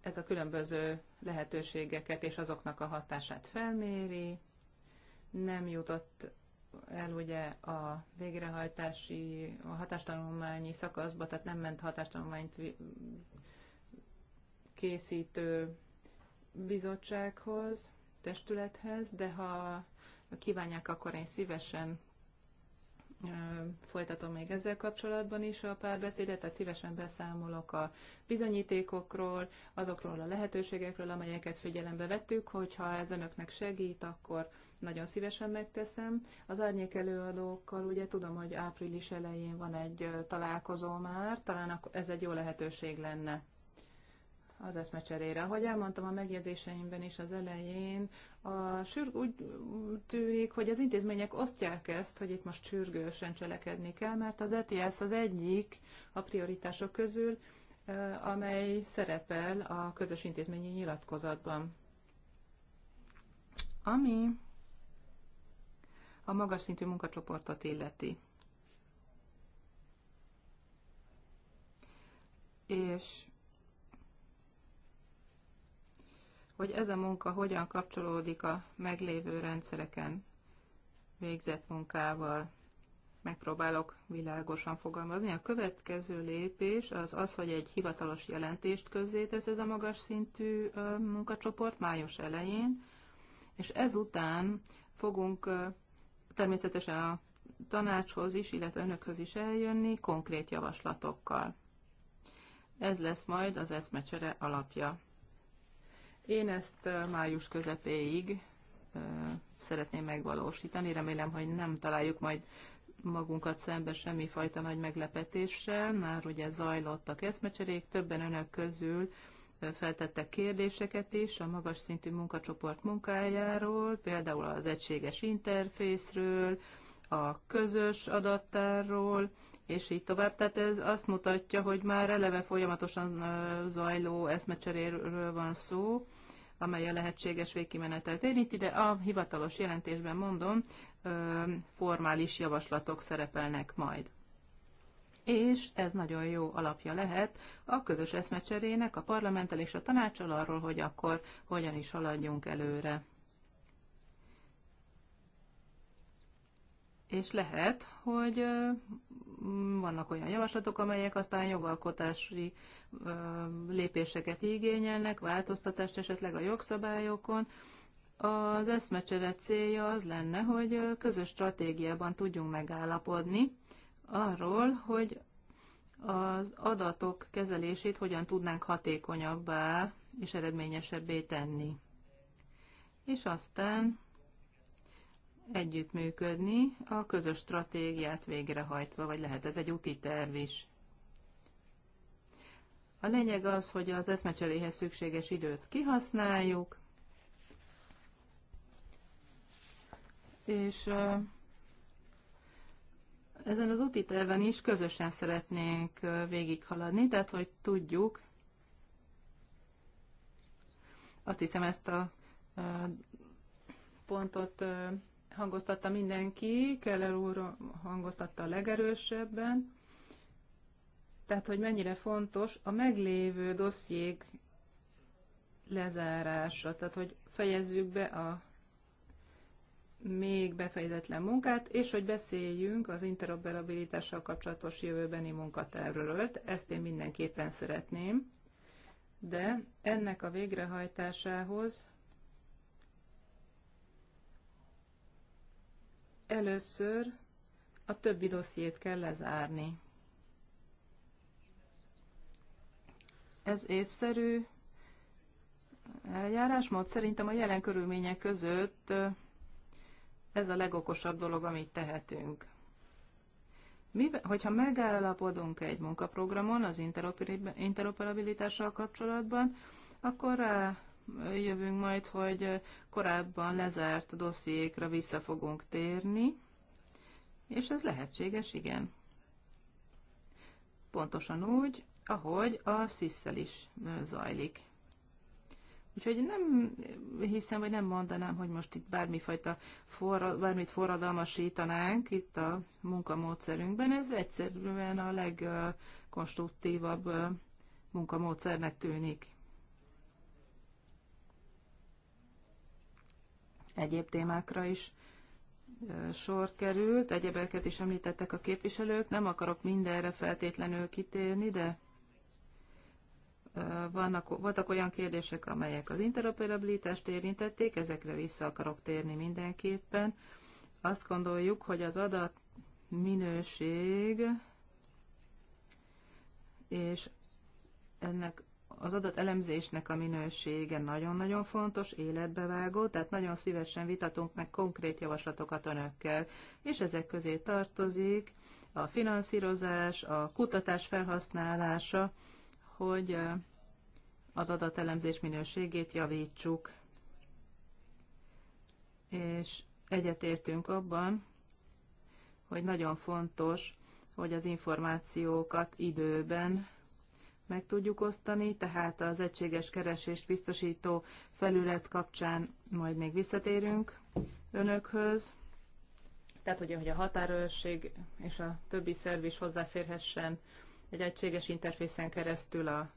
Ez a különböző lehetőségeket és azoknak a hatását felméri, nem jutott el ugye a végrehajtási, a hatástanulmányi szakaszba, tehát nem ment hatástanulmányt készítő bizottsághoz, testülethez, de ha kívánják, akkor én szívesen folytatom még ezzel kapcsolatban is a párbeszédet, tehát szívesen beszámolok a bizonyítékokról, azokról a lehetőségekről, amelyeket figyelembe vettük, hogyha ez önöknek segít, akkor nagyon szívesen megteszem. Az árnyék előadókkal ugye tudom, hogy április elején van egy találkozó már, talán ez egy jó lehetőség lenne az eszmecserére. Ahogy elmondtam a megjegyzéseimben is az elején, a sürg úgy tűnik, hogy az intézmények osztják ezt, hogy itt most sürgősen cselekedni kell, mert az ETS az egyik a prioritások közül, amely szerepel a közös intézményi nyilatkozatban. Ami a magas szintű munkacsoportot illeti. És hogy ez a munka hogyan kapcsolódik a meglévő rendszereken végzett munkával. Megpróbálok világosan fogalmazni. A következő lépés az az, hogy egy hivatalos jelentést közzétesz ez a magas szintű munkacsoport május elején, és ezután fogunk természetesen a tanácshoz is, illetve önökhöz is eljönni konkrét javaslatokkal. Ez lesz majd az eszmecsere alapja. Én ezt május közepéig szeretném megvalósítani. Remélem, hogy nem találjuk majd magunkat szembe semmifajta nagy meglepetéssel, már ugye zajlottak eszmecserék, többen önök közül feltettek kérdéseket is a magas szintű munkacsoport munkájáról, például az egységes interfészről, a közös adattárról, és így tovább. Tehát ez azt mutatja, hogy már eleve folyamatosan zajló eszmecseréről van szó, amely a lehetséges végkimenetelt érint. Ide a hivatalos jelentésben mondom, formális javaslatok szerepelnek majd és ez nagyon jó alapja lehet a közös eszmecserének a parlamenttel és a tanácsal arról, hogy akkor hogyan is haladjunk előre. És lehet, hogy vannak olyan javaslatok, amelyek aztán jogalkotási lépéseket igényelnek, változtatást esetleg a jogszabályokon. Az eszmecsere célja az lenne, hogy közös stratégiában tudjunk megállapodni, arról, hogy az adatok kezelését hogyan tudnánk hatékonyabbá és eredményesebbé tenni. És aztán együttműködni a közös stratégiát végrehajtva, vagy lehet ez egy úti terv is. A lényeg az, hogy az eszmecseréhez szükséges időt kihasználjuk, és ezen az úti terven is közösen szeretnénk végighaladni, tehát hogy tudjuk, azt hiszem ezt a pontot hangoztatta mindenki, Keller úr hangoztatta a legerősebben, tehát hogy mennyire fontos a meglévő dossziék lezárása, tehát hogy fejezzük be a még befejezetlen munkát, és hogy beszéljünk az interoperabilitással kapcsolatos jövőbeni munkatervről. Ezt én mindenképpen szeretném, de ennek a végrehajtásához először a többi dossziét kell lezárni. Ez észszerű eljárásmód szerintem a jelen körülmények között ez a legokosabb dolog, amit tehetünk. Mivel, hogyha megállapodunk egy munkaprogramon az interoperabilitással kapcsolatban, akkor rá eh, jövünk majd, hogy korábban lezárt dossziékra vissza fogunk térni, és ez lehetséges, igen. Pontosan úgy, ahogy a sziszel is eh, zajlik. Úgyhogy nem hiszem, vagy nem mondanám, hogy most itt bármifajta forra, bármit forradalmasítanánk itt a munkamódszerünkben. Ez egyszerűen a legkonstruktívabb munkamódszernek tűnik. Egyéb témákra is sor került, egyebeket is említettek a képviselők, nem akarok mindenre feltétlenül kitérni, de vannak, voltak olyan kérdések, amelyek az interoperabilitást érintették, ezekre vissza akarok térni mindenképpen. Azt gondoljuk, hogy az adat minőség és ennek az adat elemzésnek a minősége nagyon-nagyon fontos, életbevágó, tehát nagyon szívesen vitatunk meg konkrét javaslatokat önökkel, és ezek közé tartozik a finanszírozás, a kutatás felhasználása, hogy az adatelemzés minőségét javítsuk. És egyetértünk abban, hogy nagyon fontos, hogy az információkat időben meg tudjuk osztani, tehát az egységes keresést biztosító felület kapcsán majd még visszatérünk önökhöz. Tehát, hogy a határőrség és a többi szerv is hozzáférhessen egy egységes interfészen keresztül a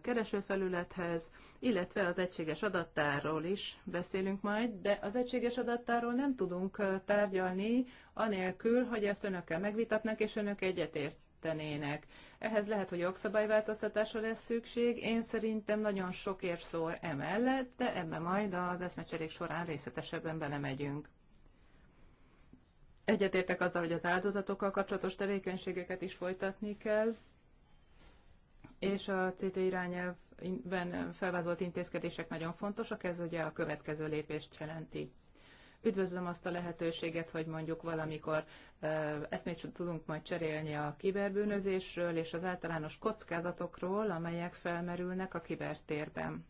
keresőfelülethez, illetve az egységes adattárról is beszélünk majd, de az egységes adattárról nem tudunk tárgyalni, anélkül, hogy ezt önökkel megvitatnak, és önök egyetért tenének. Ehhez lehet, hogy jogszabályváltoztatásra lesz szükség. Én szerintem nagyon sok ér szór emellett, de ebbe majd az eszmecserék során részletesebben belemegyünk. Egyetértek azzal, hogy az áldozatokkal kapcsolatos tevékenységeket is folytatni kell, és a CT irányelvben felvázolt intézkedések nagyon fontosak, ez ugye a következő lépést jelenti. Üdvözlöm azt a lehetőséget, hogy mondjuk valamikor eszmét tudunk majd cserélni a kiberbűnözésről és az általános kockázatokról, amelyek felmerülnek a kibertérben.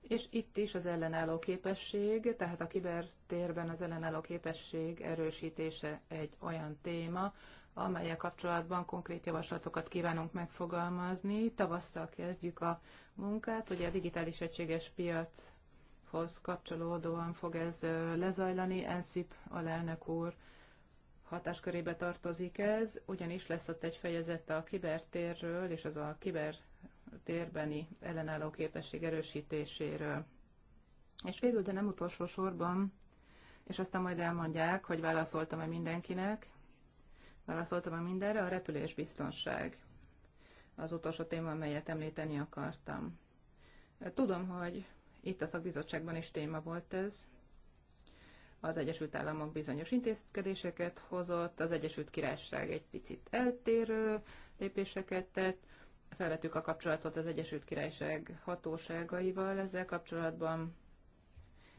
És itt is az ellenálló képesség, tehát a kibertérben az ellenálló képesség erősítése egy olyan téma, amelyek kapcsolatban konkrét javaslatokat kívánunk megfogalmazni. Tavasszal kezdjük a munkát, ugye a digitális egységes piachoz kapcsolódóan fog ez lezajlani. Enszip alelnök úr hatáskörébe tartozik ez, ugyanis lesz ott egy fejezete a kibertérről és az a kibertérbeni ellenálló képesség erősítéséről. És végül, de nem utolsó sorban, és aztán majd elmondják, hogy válaszoltam-e mindenkinek, válaszoltam a mindenre, a biztonság. az utolsó téma, amelyet említeni akartam. Tudom, hogy itt a szakbizottságban is téma volt ez. Az Egyesült Államok bizonyos intézkedéseket hozott, az Egyesült Királyság egy picit eltérő lépéseket tett, felvettük a kapcsolatot az Egyesült Királyság hatóságaival ezzel kapcsolatban,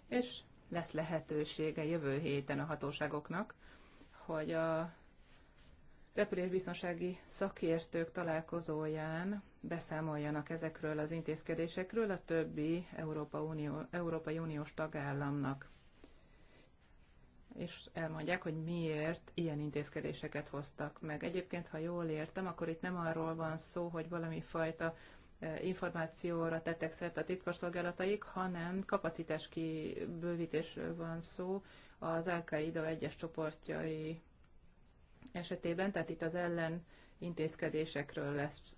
és lesz lehetősége jövő héten a hatóságoknak, hogy a repülésbiztonsági szakértők találkozóján beszámoljanak ezekről az intézkedésekről a többi Európa Unió, Európai Uniós tagállamnak és elmondják, hogy miért ilyen intézkedéseket hoztak meg. Egyébként, ha jól értem, akkor itt nem arról van szó, hogy valami fajta e, információra tettek szert a titkosszolgálataik, hanem kapacitás kibővítésről van szó az al egyes csoportjai esetében, tehát itt az ellen intézkedésekről lesz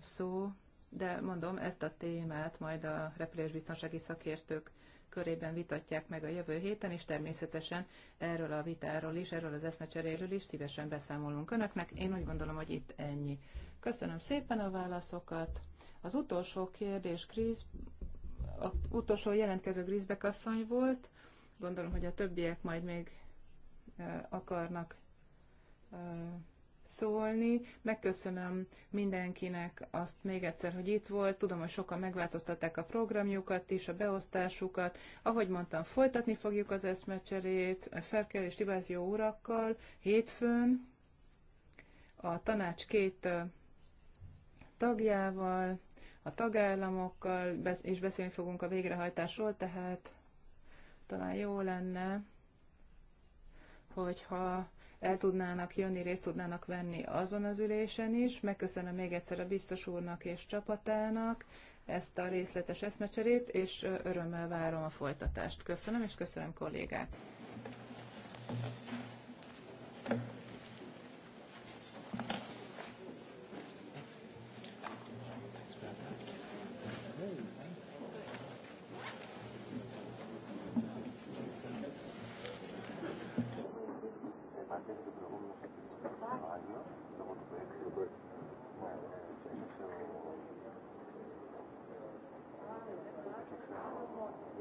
szó, de mondom, ezt a témát majd a repülésbiztonsági szakértők körében vitatják meg a jövő héten, és természetesen erről a vitáról is, erről az eszmecseréről is szívesen beszámolunk Önöknek. Én úgy gondolom, hogy itt ennyi. Köszönöm szépen a válaszokat. Az utolsó kérdés, Krisz, a utolsó jelentkező Griszbek asszony volt. Gondolom, hogy a többiek majd még akarnak szólni. Megköszönöm mindenkinek azt még egyszer, hogy itt volt. Tudom, hogy sokan megváltoztatták a programjukat is, a beosztásukat. Ahogy mondtam, folytatni fogjuk az eszmecserét Ferkel és Tibázió urakkal hétfőn a tanács két tagjával, a tagállamokkal, és beszélni fogunk a végrehajtásról, tehát talán jó lenne, hogyha el tudnának jönni, részt tudnának venni azon az ülésen is. Megköszönöm még egyszer a biztos úrnak és csapatának ezt a részletes eszmecserét, és örömmel várom a folytatást. Köszönöm, és köszönöm kollégák!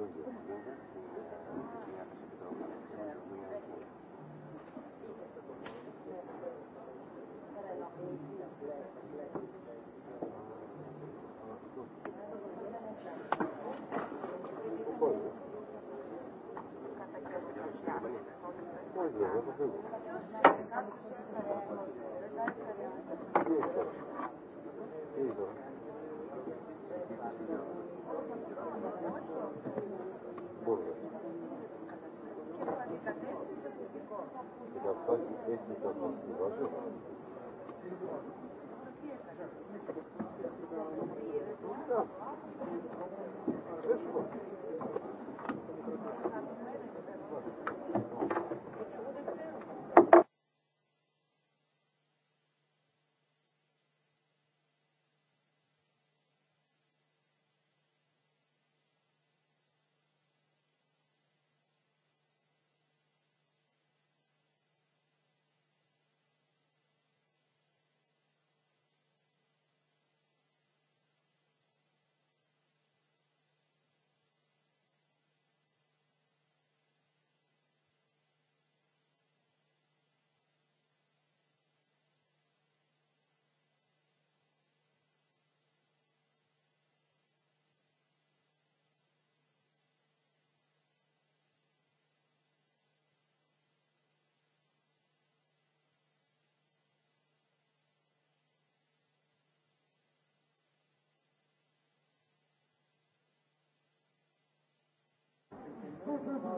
Köszönöm. Techniker von Courage.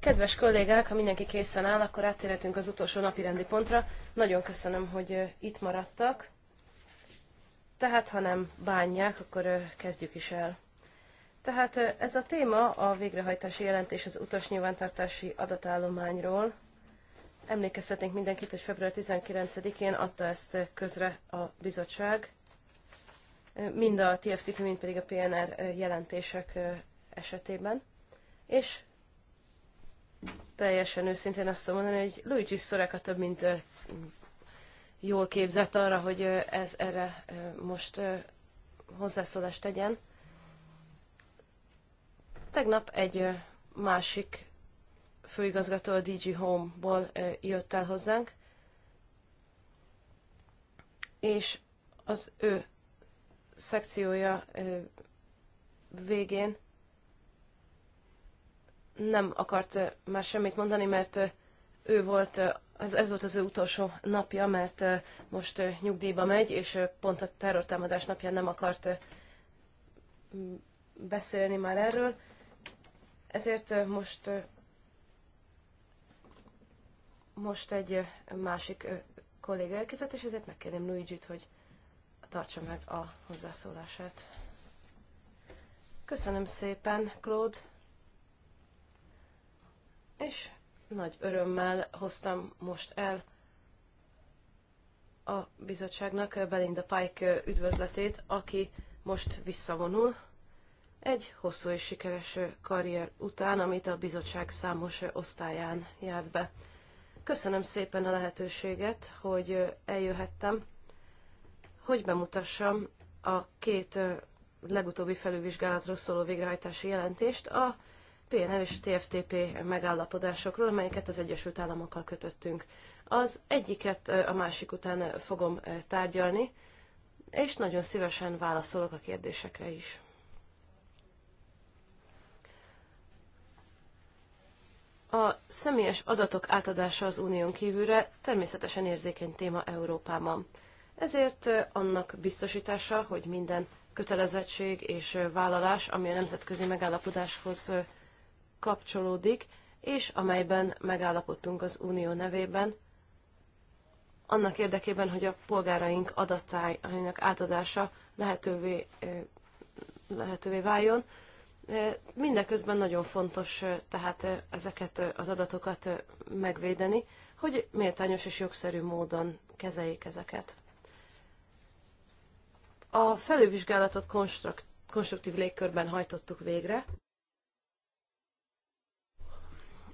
Kedves kollégák, ha mindenki készen áll, akkor áttérhetünk az utolsó napi rendi pontra. Nagyon köszönöm, hogy itt maradtak. Tehát, ha nem bánják, akkor kezdjük is el. Tehát ez a téma a végrehajtási jelentés az utas nyilvántartási adatállományról. Emlékeztetnénk mindenkit, hogy február 19-én adta ezt közre a bizottság mind a TFTP, mind pedig a PNR jelentések esetében. És teljesen őszintén azt tudom mondani, hogy Luigi Szoreka több mint jól képzett arra, hogy ez erre most hozzászólást tegyen. Tegnap egy másik főigazgató a DG Home-ból jött el hozzánk, és az ő szekciója végén nem akart már semmit mondani, mert ő volt, ez, ez volt az ő utolsó napja, mert most nyugdíjba megy, és pont a terrortámadás napján nem akart beszélni már erről. Ezért most most egy másik kolléga elkezdett, és ezért megkérném Luigi-t, hogy tartsa meg a hozzászólását. Köszönöm szépen, Claude. És nagy örömmel hoztam most el a bizottságnak Belinda Pike üdvözletét, aki most visszavonul egy hosszú és sikeres karrier után, amit a bizottság számos osztályán járt be. Köszönöm szépen a lehetőséget, hogy eljöhettem hogy bemutassam a két legutóbbi felülvizsgálatról szóló végrehajtási jelentést a PNL és a TFTP megállapodásokról, amelyeket az Egyesült Államokkal kötöttünk. Az egyiket a másik után fogom tárgyalni, és nagyon szívesen válaszolok a kérdésekre is. A személyes adatok átadása az unión kívülre természetesen érzékeny téma Európában. Ezért annak biztosítása, hogy minden kötelezettség és vállalás, ami a nemzetközi megállapodáshoz kapcsolódik, és amelyben megállapodtunk az Unió nevében, annak érdekében, hogy a polgáraink adatáinak átadása lehetővé, lehetővé váljon. Mindeközben nagyon fontos tehát ezeket az adatokat megvédeni, hogy méltányos és jogszerű módon kezeljék ezeket. A felülvizsgálatot konstruktív légkörben hajtottuk végre.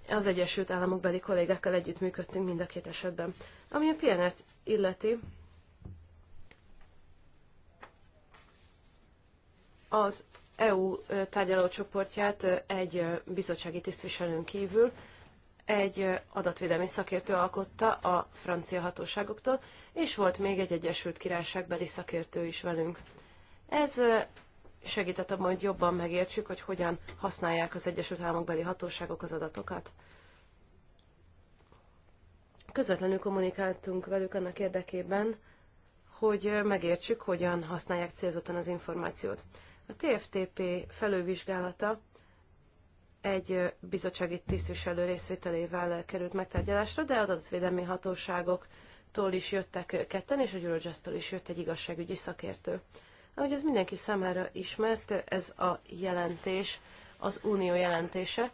Az Egyesült Államok beli kollégákkal együttműködtünk mind a két esetben. Ami a PNR-t illeti, az EU tárgyalócsoportját egy bizottsági tisztviselőn kívül egy adatvédelmi szakértő alkotta a francia hatóságoktól, és volt még egy Egyesült Királyságbeli szakértő is velünk. Ez segített abban, hogy jobban megértsük, hogy hogyan használják az Egyesült Államokbeli hatóságok az adatokat. Közvetlenül kommunikáltunk velük annak érdekében, hogy megértsük, hogyan használják célzottan az információt. A TFTP felővizsgálata egy bizottsági tisztviselő részvételével került megtárgyalásra, de az adatvédelmi hatóságoktól is jöttek ketten, és a eurojust is jött egy igazságügyi szakértő. Ahogy ez mindenki számára ismert, ez a jelentés az unió jelentése,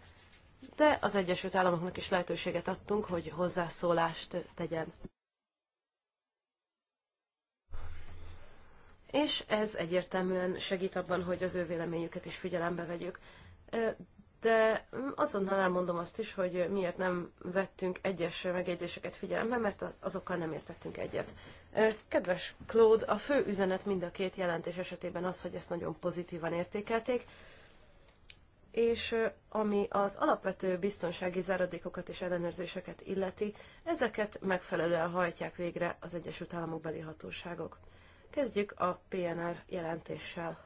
de az Egyesült Államoknak is lehetőséget adtunk, hogy hozzászólást tegyen. És ez egyértelműen segít abban, hogy az ő véleményüket is figyelembe vegyük de mm, azonnal elmondom azt is, hogy miért nem vettünk egyes megjegyzéseket figyelembe, mert azokkal nem értettünk egyet. Kedves Claude, a fő üzenet mind a két jelentés esetében az, hogy ezt nagyon pozitívan értékelték, és ami az alapvető biztonsági záradékokat és ellenőrzéseket illeti, ezeket megfelelően hajtják végre az Egyesült Államok beli hatóságok. Kezdjük a PNR jelentéssel.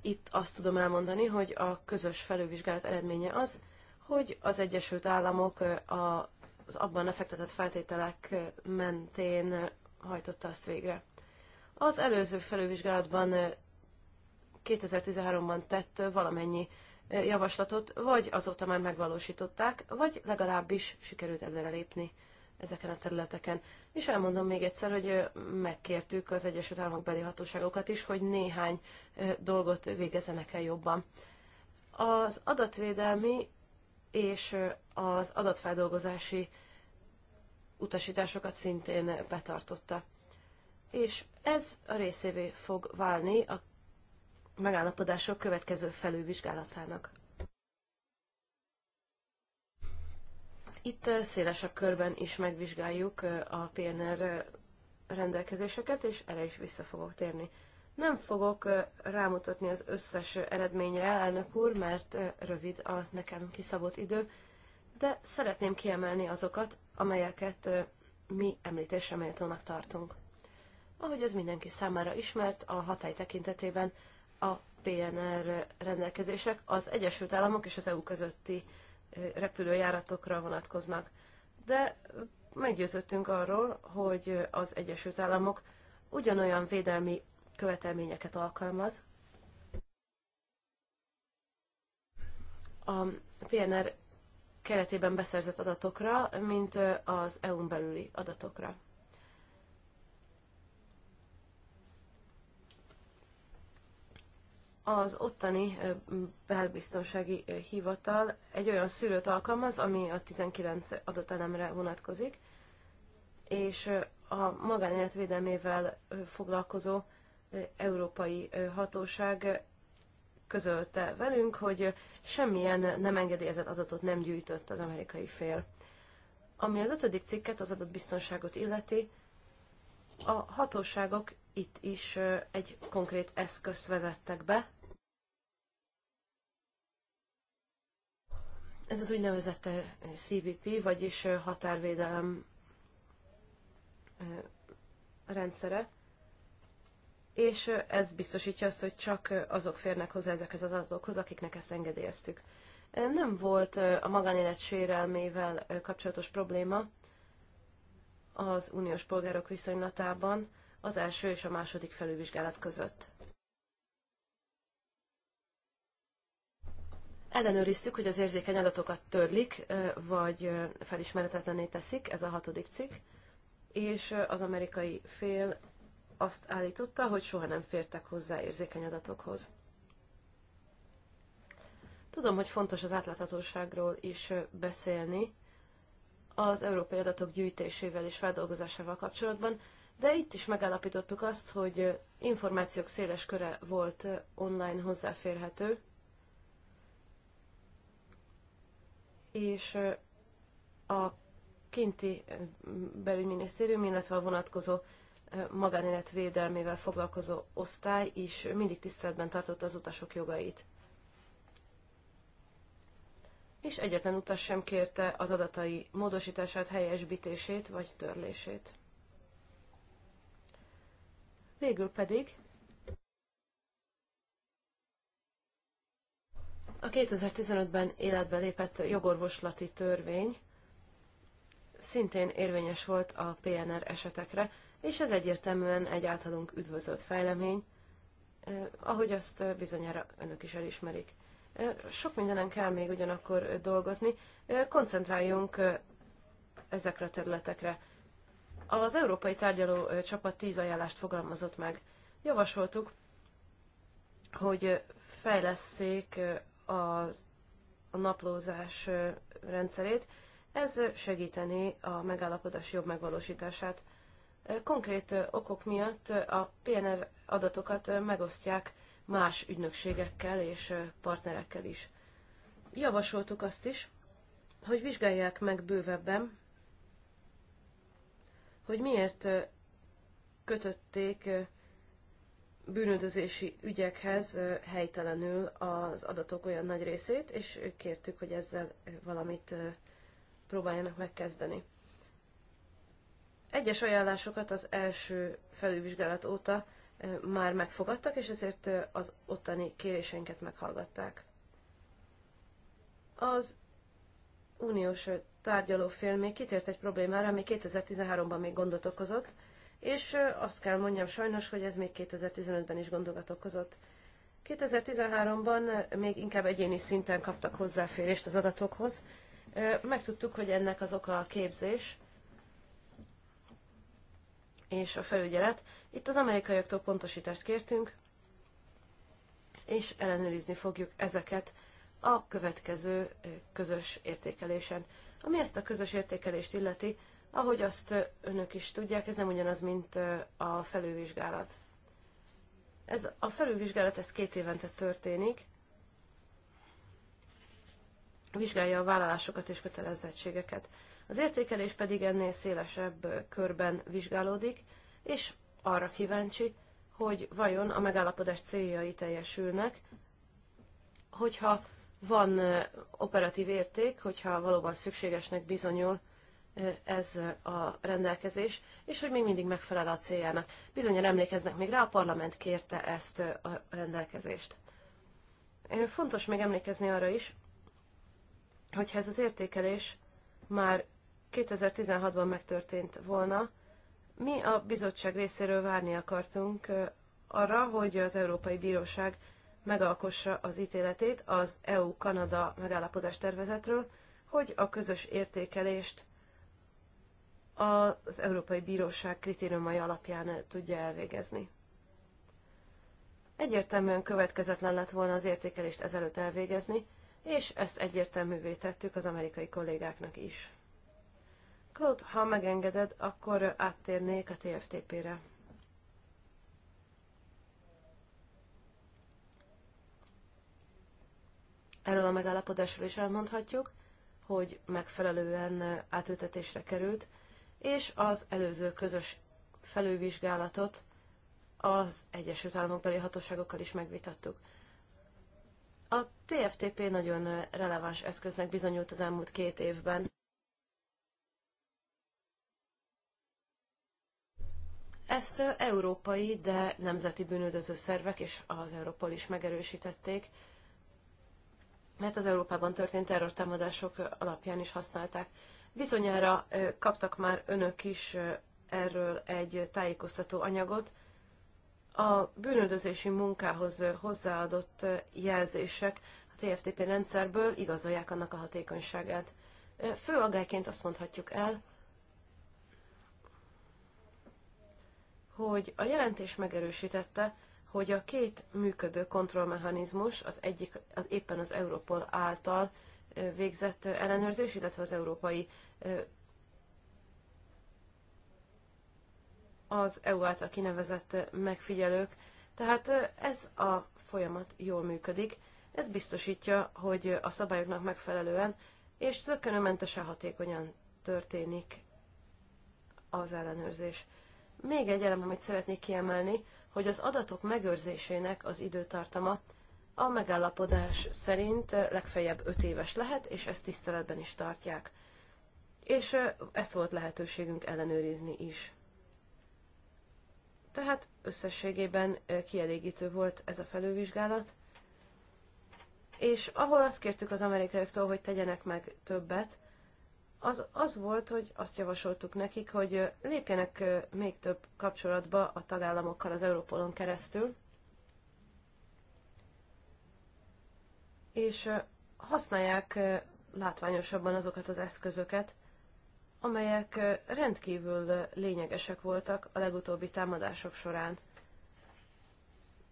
Itt azt tudom elmondani, hogy a közös felülvizsgálat eredménye az, hogy az Egyesült Államok az abban lefektetett feltételek mentén hajtotta azt végre. Az előző felülvizsgálatban 2013-ban tett valamennyi javaslatot, vagy azóta már megvalósították, vagy legalábbis sikerült előrelépni. lépni ezeken a területeken. És elmondom még egyszer, hogy megkértük az Egyesült Államok beli hatóságokat is, hogy néhány dolgot végezzenek el jobban. Az adatvédelmi és az adatfeldolgozási utasításokat szintén betartotta. És ez a részévé fog válni a megállapodások következő felülvizsgálatának. Itt szélesebb körben is megvizsgáljuk a PNR rendelkezéseket, és erre is vissza fogok térni. Nem fogok rámutatni az összes eredményre, elnök úr, mert rövid a nekem kiszabott idő, de szeretném kiemelni azokat, amelyeket mi említésre méltónak tartunk. Ahogy ez mindenki számára ismert, a hatály tekintetében a PNR rendelkezések az Egyesült Államok és az EU közötti repülőjáratokra vonatkoznak. De meggyőződtünk arról, hogy az Egyesült Államok ugyanolyan védelmi követelményeket alkalmaz. A PNR keretében beszerzett adatokra, mint az EU-n belüli adatokra. az ottani belbiztonsági hivatal egy olyan szűrőt alkalmaz, ami a 19 adott elemre vonatkozik, és a magánélet védelmével foglalkozó európai hatóság közölte velünk, hogy semmilyen nem engedélyezett adatot nem gyűjtött az amerikai fél. Ami az ötödik cikket, az adatbiztonságot illeti, a hatóságok itt is egy konkrét eszközt vezettek be, Ez az úgynevezett eh, CBP, vagyis eh, határvédelem eh, rendszere, és ez biztosítja azt, hogy csak azok férnek hozzá ezekhez az adatokhoz, akiknek ezt engedélyeztük. Nem volt a magánélet sérelmével kapcsolatos probléma az uniós polgárok viszonylatában az első és a második felülvizsgálat között. Ellenőriztük, hogy az érzékeny adatokat törlik, vagy felismeretetlené teszik, ez a hatodik cikk, és az amerikai fél azt állította, hogy soha nem fértek hozzá érzékeny adatokhoz. Tudom, hogy fontos az átláthatóságról is beszélni az európai adatok gyűjtésével és feldolgozásával kapcsolatban, de itt is megállapítottuk azt, hogy információk széles köre volt online hozzáférhető, és a kinti belügyminisztérium, illetve a vonatkozó magánélet védelmével foglalkozó osztály is mindig tiszteletben tartotta az utasok jogait. És egyetlen utas sem kérte az adatai módosítását, helyesbítését vagy törlését. Végül pedig A 2015-ben életbe lépett jogorvoslati törvény szintén érvényes volt a PNR esetekre, és ez egyértelműen egy általunk üdvözölt fejlemény, ahogy azt bizonyára önök is elismerik. Sok mindenen kell még ugyanakkor dolgozni, koncentráljunk ezekre a területekre. Az európai tárgyaló csapat tíz ajánlást fogalmazott meg. Javasoltuk, hogy fejlesszék a, a naplózás rendszerét, ez segíteni a megállapodás jobb megvalósítását. Konkrét okok miatt a PNR adatokat megosztják más ügynökségekkel és partnerekkel is. Javasoltuk azt is, hogy vizsgálják meg bővebben, hogy miért kötötték bűnöldözési ügyekhez helytelenül az adatok olyan nagy részét, és kértük, hogy ezzel valamit próbáljanak megkezdeni. Egyes ajánlásokat az első felülvizsgálat óta már megfogadtak, és ezért az ottani kéréseinket meghallgatták. Az uniós tárgyalófél még kitért egy problémára, ami 2013-ban még gondot okozott, és azt kell mondjam sajnos, hogy ez még 2015-ben is gondokat okozott. 2013-ban még inkább egyéni szinten kaptak hozzáférést az adatokhoz. Megtudtuk, hogy ennek az oka a képzés és a felügyelet. Itt az amerikaiaktól pontosítást kértünk, és ellenőrizni fogjuk ezeket a következő közös értékelésen. Ami ezt a közös értékelést illeti, ahogy azt önök is tudják, ez nem ugyanaz, mint a felülvizsgálat. Ez, a felülvizsgálat ez két évente történik, vizsgálja a vállalásokat és kötelezettségeket. Az értékelés pedig ennél szélesebb körben vizsgálódik, és arra kíváncsi, hogy vajon a megállapodás céljai teljesülnek, hogyha van operatív érték, hogyha valóban szükségesnek bizonyul ez a rendelkezés, és hogy még mindig megfelel a céljának. Bizonyára emlékeznek még rá, a parlament kérte ezt a rendelkezést. Fontos még emlékezni arra is, hogyha ez az értékelés már 2016-ban megtörtént volna, mi a bizottság részéről várni akartunk arra, hogy az Európai Bíróság megalkossa az ítéletét az EU-Kanada megállapodás tervezetről, hogy a közös értékelést az Európai Bíróság kritériumai alapján tudja elvégezni. Egyértelműen következetlen lett volna az értékelést ezelőtt elvégezni, és ezt egyértelművé tettük az amerikai kollégáknak is. Claude, ha megengeded, akkor áttérnék a TFTP-re. Erről a megállapodásról is elmondhatjuk, hogy megfelelően átültetésre került, és az előző közös felülvizsgálatot az Egyesült Államok beli hatóságokkal is megvitattuk. A TFTP nagyon releváns eszköznek bizonyult az elmúlt két évben. Ezt európai, de nemzeti bűnöldöző szervek és az Európol is megerősítették, mert az Európában történt terrortámadások alapján is használták. Bizonyára kaptak már önök is erről egy tájékoztató anyagot. A bűnöldözési munkához hozzáadott jelzések a TFTP rendszerből igazolják annak a hatékonyságát. Fő azt mondhatjuk el, hogy a jelentés megerősítette, hogy a két működő kontrollmechanizmus, az egyik az éppen az Europol által végzett ellenőrzés, illetve az európai az EU által kinevezett megfigyelők. Tehát ez a folyamat jól működik. Ez biztosítja, hogy a szabályoknak megfelelően és zökkenőmentesen hatékonyan történik az ellenőrzés. Még egy elem, amit szeretnék kiemelni, hogy az adatok megőrzésének az időtartama a megállapodás szerint legfeljebb 5 éves lehet, és ezt tiszteletben is tartják. És ezt volt lehetőségünk ellenőrizni is. Tehát összességében kielégítő volt ez a felülvizsgálat, és ahol azt kértük az amerikaiaktól, hogy tegyenek meg többet, az, az volt, hogy azt javasoltuk nekik, hogy lépjenek még több kapcsolatba a tagállamokkal az Európolon keresztül, és használják látványosabban azokat az eszközöket, amelyek rendkívül lényegesek voltak a legutóbbi támadások során.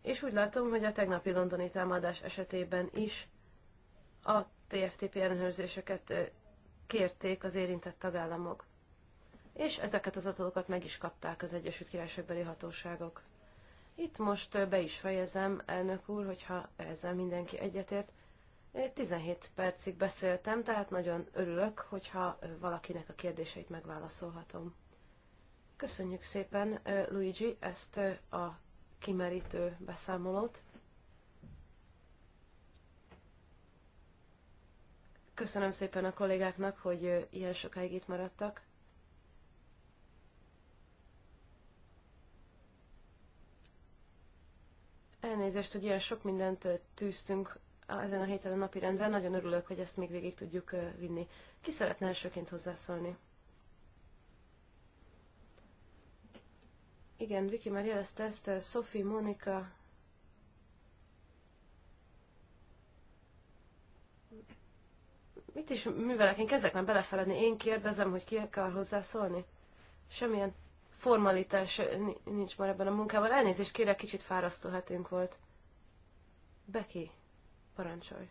És úgy látom, hogy a tegnapi londoni támadás esetében is a TFTP ellenőrzéseket kérték az érintett tagállamok. És ezeket az adatokat meg is kapták az Egyesült Királyságbeli hatóságok. Itt most be is fejezem, elnök úr, hogyha ezzel mindenki egyetért, 17 percig beszéltem, tehát nagyon örülök, hogyha valakinek a kérdéseit megválaszolhatom. Köszönjük szépen, Luigi, ezt a kimerítő beszámolót. Köszönöm szépen a kollégáknak, hogy ilyen sokáig itt maradtak. Elnézést, hogy ilyen sok mindent tűztünk ezen a héten a napi rendre. Nagyon örülök, hogy ezt még végig tudjuk vinni. Ki szeretne elsőként hozzászólni? Igen, Viki már jelezte ezt, Sophie, Monika, mit is művelek? Én kezdek már belefeledni. Én kérdezem, hogy ki akar hozzászólni? Semmilyen formalitás nincs már ebben a munkában. Elnézést kérek, kicsit fárasztó hetünk volt. Beki. Parancsolj.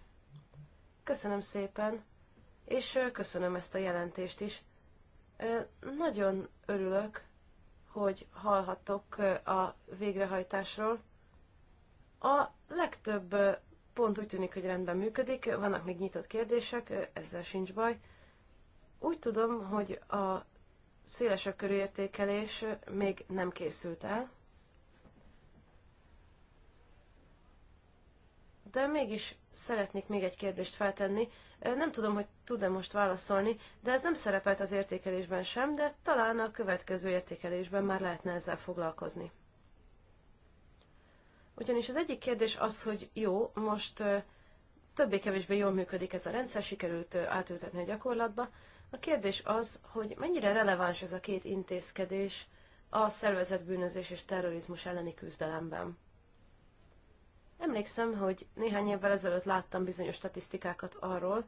Köszönöm szépen, és köszönöm ezt a jelentést is. Nagyon örülök, hogy hallhattok a végrehajtásról. A legtöbb pont úgy tűnik, hogy rendben működik, vannak még nyitott kérdések, ezzel sincs baj. Úgy tudom, hogy a szélesebb körű értékelés még nem készült el, de mégis szeretnék még egy kérdést feltenni. Nem tudom, hogy tud-e most válaszolni, de ez nem szerepelt az értékelésben sem, de talán a következő értékelésben már lehetne ezzel foglalkozni. Ugyanis az egyik kérdés az, hogy jó, most többé-kevésbé jól működik ez a rendszer, sikerült átültetni a gyakorlatba. A kérdés az, hogy mennyire releváns ez a két intézkedés a szervezetbűnözés és terrorizmus elleni küzdelemben. Emlékszem, hogy néhány évvel ezelőtt láttam bizonyos statisztikákat arról,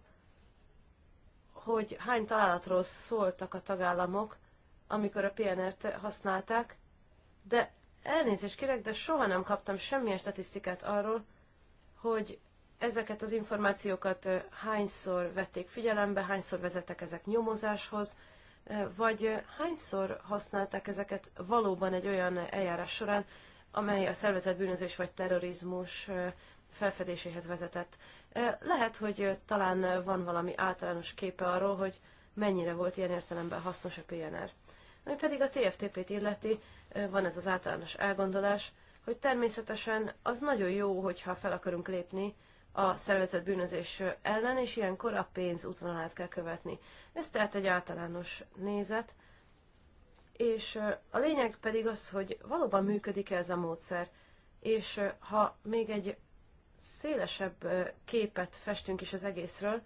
hogy hány találatról szóltak a tagállamok, amikor a PNR-t használták, de elnézést kérek, de soha nem kaptam semmilyen statisztikát arról, hogy ezeket az információkat hányszor vették figyelembe, hányszor vezettek ezek nyomozáshoz, vagy hányszor használták ezeket valóban egy olyan eljárás során, amely a szervezett bűnözés vagy terrorizmus felfedéséhez vezetett. Lehet, hogy talán van valami általános képe arról, hogy mennyire volt ilyen értelemben hasznos a PNR. Ami pedig a TFTP-t illeti, van ez az általános elgondolás, hogy természetesen az nagyon jó, hogyha fel akarunk lépni a szervezett bűnözés ellen, és ilyenkor a pénz útvonalát kell követni. Ez tehát egy általános nézet, és a lényeg pedig az, hogy valóban működik ez a módszer. És ha még egy szélesebb képet festünk is az egészről,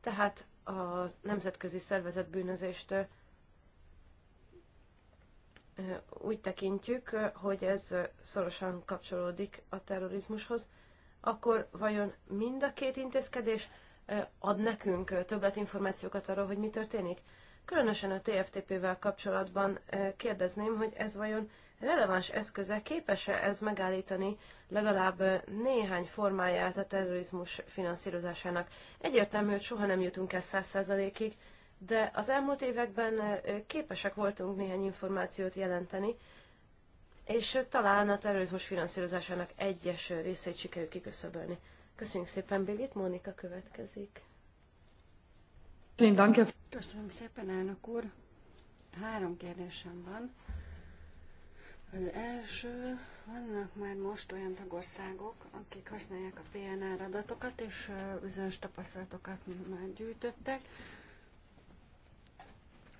tehát a nemzetközi szervezet bűnözést úgy tekintjük, hogy ez szorosan kapcsolódik a terrorizmushoz, akkor vajon mind a két intézkedés ad nekünk többet információkat arról, hogy mi történik? Különösen a TFTP-vel kapcsolatban eh, kérdezném, hogy ez vajon releváns eszköze képes-e ez megállítani legalább eh, néhány formáját a terrorizmus finanszírozásának. Egyértelmű, hogy soha nem jutunk el száz százalékig, de az elmúlt években eh, képesek voltunk néhány információt jelenteni, és talán a terrorizmus finanszírozásának egyes részét sikerül kiköszöbölni. Köszönjük szépen, Birgit. Mónika következik. Köszönöm szépen, elnök úr. Három kérdésem van. Az első, vannak már most olyan tagországok, akik használják a PNR adatokat, és bizonyos tapasztalatokat már gyűjtöttek.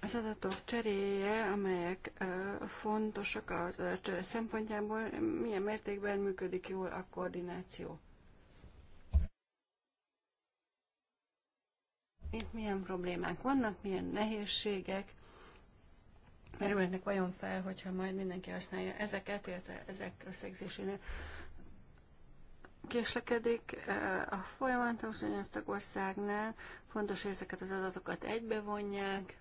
Az adatok cseréje, amelyek fontosak az adatcsere szempontjából, milyen mértékben működik jól a koordináció? látni, milyen problémák vannak, milyen nehézségek, merülnek vajon fel, hogyha majd mindenki használja ezeket, illetve ezek összegzésénél késlekedik eh, a folyamat bizonyos tagországnál. Fontos, hogy ezeket az adatokat egybevonják,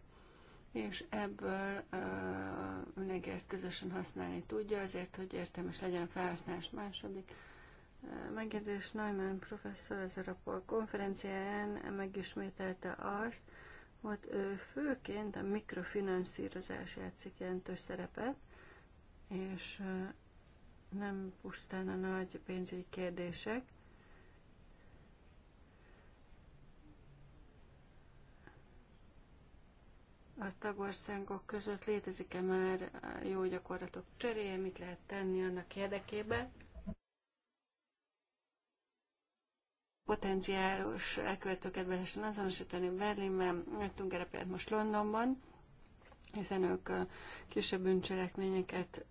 és ebből uh, mindenki ezt közösen használni tudja, azért, hogy értelmes legyen a felhasználás második megjegyzés Neumann professzor az Europol konferenciáján megismételte azt, hogy ő főként a mikrofinanszírozás játszik jelentős szerepet, és nem pusztán a nagy pénzügyi kérdések. A tagországok között létezik-e már jó gyakorlatok cseréje, mit lehet tenni annak érdekében, potenciális elkövetőket be lehessen azonosítani Berlinben, láttunk erre például most Londonban, hiszen ők kisebb bűncselekményeket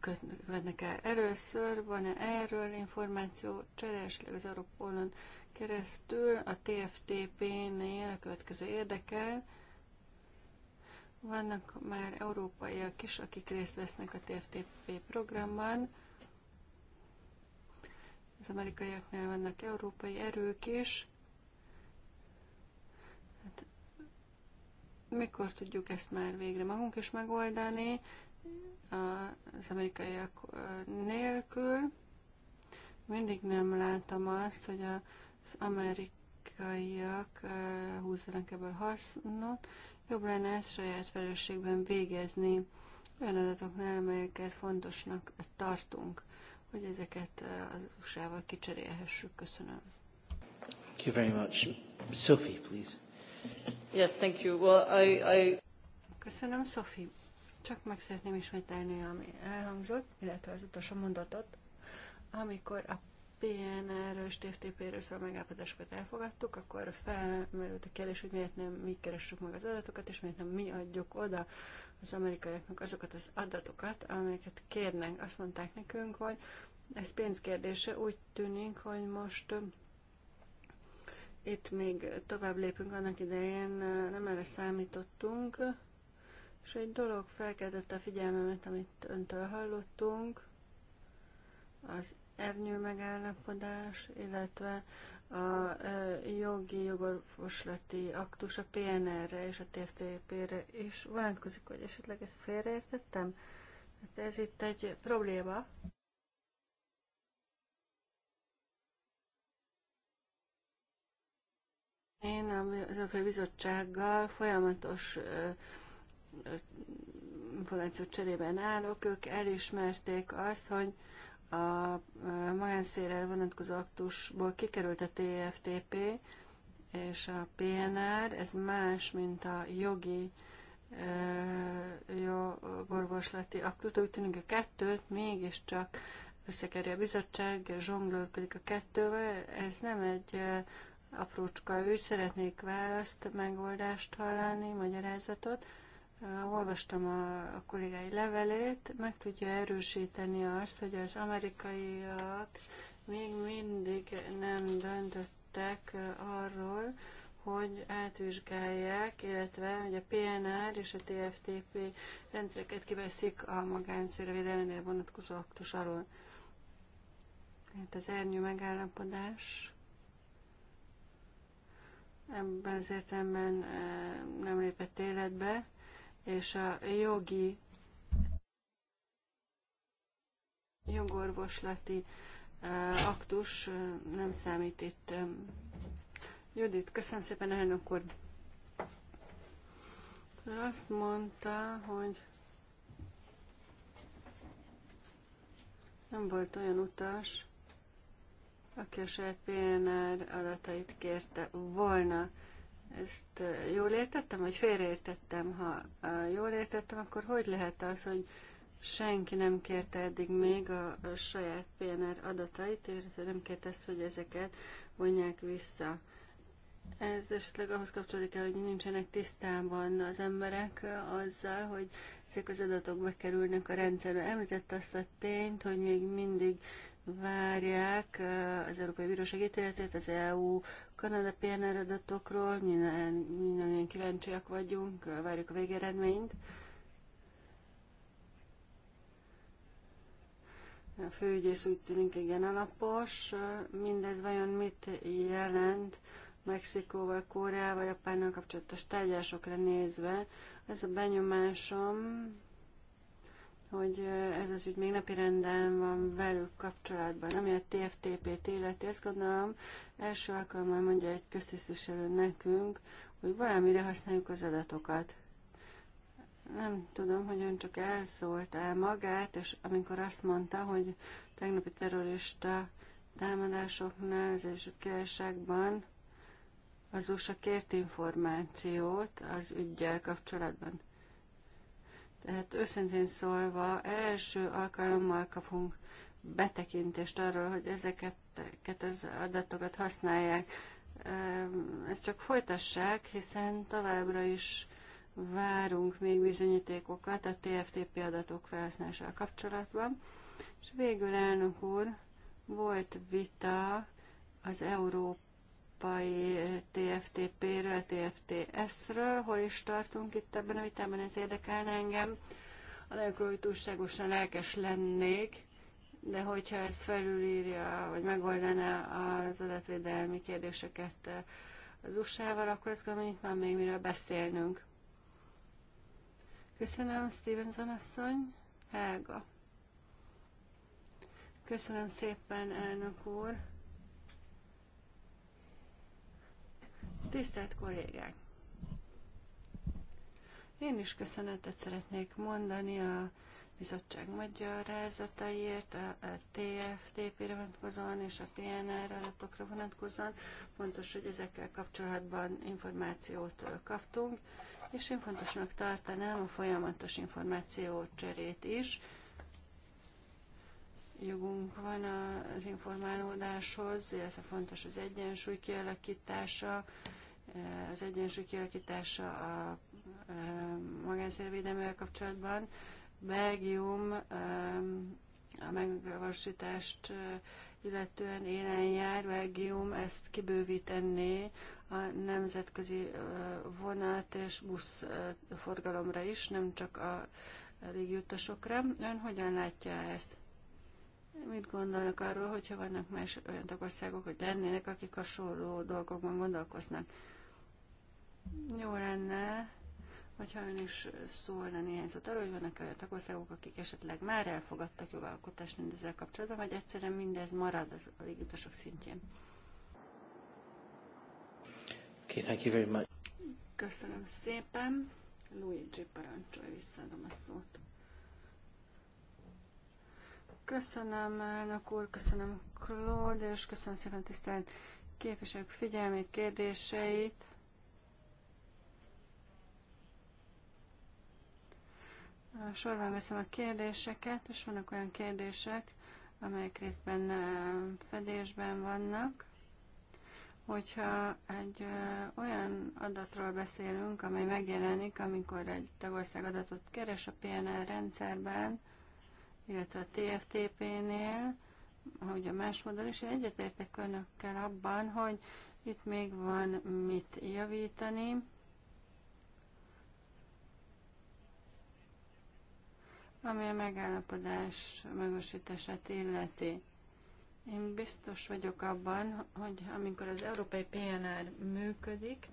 követnek el. Először van-e erről információ cseresleg az Europolon keresztül a TFTP-nél a következő érdekel. Vannak már európaiak is, akik részt vesznek a TFTP programban. Az amerikaiaknál vannak európai erők is. Hát, mikor tudjuk ezt már végre magunk is megoldani az amerikaiak nélkül? Mindig nem látom azt, hogy az amerikaiak húzzanak ebből hasznot, jobb lenne ezt saját felelősségben végezni olyan adatoknál, amelyeket fontosnak tartunk hogy ezeket eh, az USA-val kicserélhessük. Köszönöm. Thank you very much. Sophie, please. Yes, thank you. Well, I, I... Köszönöm, Sophie. Csak meg szeretném ismételni, ami elhangzott, illetve az utolsó mondatot. Amikor a PNR-ről és TFTP-ről szóló megállapodásokat elfogadtuk, akkor felmerült a kérdés, hogy miért nem mi keressük meg az adatokat, és miért nem mi adjuk oda az amerikaiaknak azokat az adatokat, amelyeket kérnek. Azt mondták nekünk, hogy ez pénzkérdése. Úgy tűnik, hogy most itt még tovább lépünk, annak idején nem erre számítottunk, és egy dolog felkeltette a figyelmemet, amit öntől hallottunk, az ernyő megállapodás, illetve a jogi jogorvoslati aktus a PNR-re és a TFTP-re is vonatkozik, hogy esetleg ezt félreértettem? Hát ez itt egy probléma. Én az Európai Bizottsággal folyamatos információ cserében állok. Ők elismerték azt, hogy a magánszérrel vonatkozó aktusból kikerült a TFTP és a PNR, ez más, mint a jogi jogorvoslati aktus, de úgy tűnik a kettőt mégiscsak összekerül a bizottság, zsonglőrködik a kettővel, ez nem egy aprócska ő, szeretnék választ, megoldást hallani, magyarázatot. Olvastam a, a kollégái levelét, meg tudja erősíteni azt, hogy az amerikaiak még mindig nem döntöttek arról, hogy átvizsgálják, illetve hogy a PNR és a TFTP rendszereket kiveszik a magánszféravédelmére vonatkozó aktus alól. Itt hát az ernyő megállapodás ebben az értelemben nem lépett életbe, és a jogi jogorvoslati aktus nem számít itt. Judit, köszönöm szépen, elnök úr. Azt mondta, hogy nem volt olyan utas, aki a saját PNR adatait kérte volna. Ezt jól értettem, vagy félreértettem? Ha jól értettem, akkor hogy lehet az, hogy senki nem kérte eddig még a, a saját PNR adatait, illetve nem kérte ezt, hogy ezeket vonják vissza. Ez esetleg ahhoz kapcsolódik el, hogy nincsenek tisztában az emberek azzal, hogy ezek az adatok bekerülnek a rendszerbe. Említett azt a tényt, hogy még mindig várják az Európai Bíróság ítéletét az EU-Kanada PNR adatokról, minden, minden ilyen kíváncsiak vagyunk, várjuk a végeredményt. A főügyész úgy tűnik igen alapos. Mindez vajon mit jelent Mexikóval, Koreával, Japánnal kapcsolatos tárgyásokra nézve? Ez a benyomásom, hogy ez az ügy még napi renden van velük kapcsolatban. Ami a TFTP-t illeti, ezt gondolom első alkalommal mondja egy köztisztviselő nekünk, hogy valamire használjuk az adatokat. Nem tudom, hogy ön csak elszólt el magát, és amikor azt mondta, hogy tegnapi terrorista támadásoknál az Egyesült Királyságban az USA kért információt az ügyjel kapcsolatban. Tehát őszintén szólva első alkalommal kapunk betekintést arról, hogy ezeket, az adatokat használják. Ehm, ezt csak folytassák, hiszen továbbra is várunk még bizonyítékokat a TFTP adatok felhasználásával kapcsolatban. És végül elnök úr, volt vita az Európa európai TFTP-ről, TFTS-ről, hol is tartunk itt ebben a vitában, ez érdekelne engem. Anélkül, hogy túlságosan lelkes lennék, de hogyha ez felülírja, vagy megoldaná az adatvédelmi kérdéseket az USA-val, akkor azt gondolom, hogy itt már még miről beszélnünk. Köszönöm, Stevenson asszony. Helga. Köszönöm szépen, elnök úr. Tisztelt kollégák! Én is köszönetet szeretnék mondani a bizottság magyarázataiért, a, a TFTP-re vonatkozóan és a PNR adatokra vonatkozóan. Fontos, hogy ezekkel kapcsolatban információt kaptunk, és én fontosnak tartanám a folyamatos információ cserét is, jogunk van az informálódáshoz, illetve fontos az egyensúly kialakítása, az egyensúly kialakítása a magánszélvédelmével kapcsolatban. Belgium a megvalósítást illetően élen jár, Belgium ezt kibővítené a nemzetközi vonat és busz forgalomra is, nem csak a utasokra. Ön hogyan látja ezt? Mit gondolnak arról, hogyha vannak más olyan tagországok, hogy lennének, akik hasonló dolgokban gondolkoznak? Jó lenne, hogyha ön is szólna néhány szót arról, hogy vannak olyan tagországok, akik esetleg már elfogadtak jogalkotást mindezzel kapcsolatban, vagy egyszerűen mindez marad az légutasok szintjén. Okay, thank you very much. Köszönöm szépen. Luigi, parancsolj, visszaadom a szót. Köszönöm, elnök úr, köszönöm Claude, és köszönöm szépen tisztelt képviselők figyelmét, kérdéseit. Sorban veszem a kérdéseket, és vannak olyan kérdések, amelyek részben fedésben vannak. Hogyha egy olyan adatról beszélünk, amely megjelenik, amikor egy tagország adatot keres a PNR rendszerben, illetve a TFTP-nél, ahogy a más módon is, én egyetértek önökkel abban, hogy itt még van mit javítani. ami a megállapodás megosítását illeti. Én biztos vagyok abban, hogy amikor az európai PNR működik,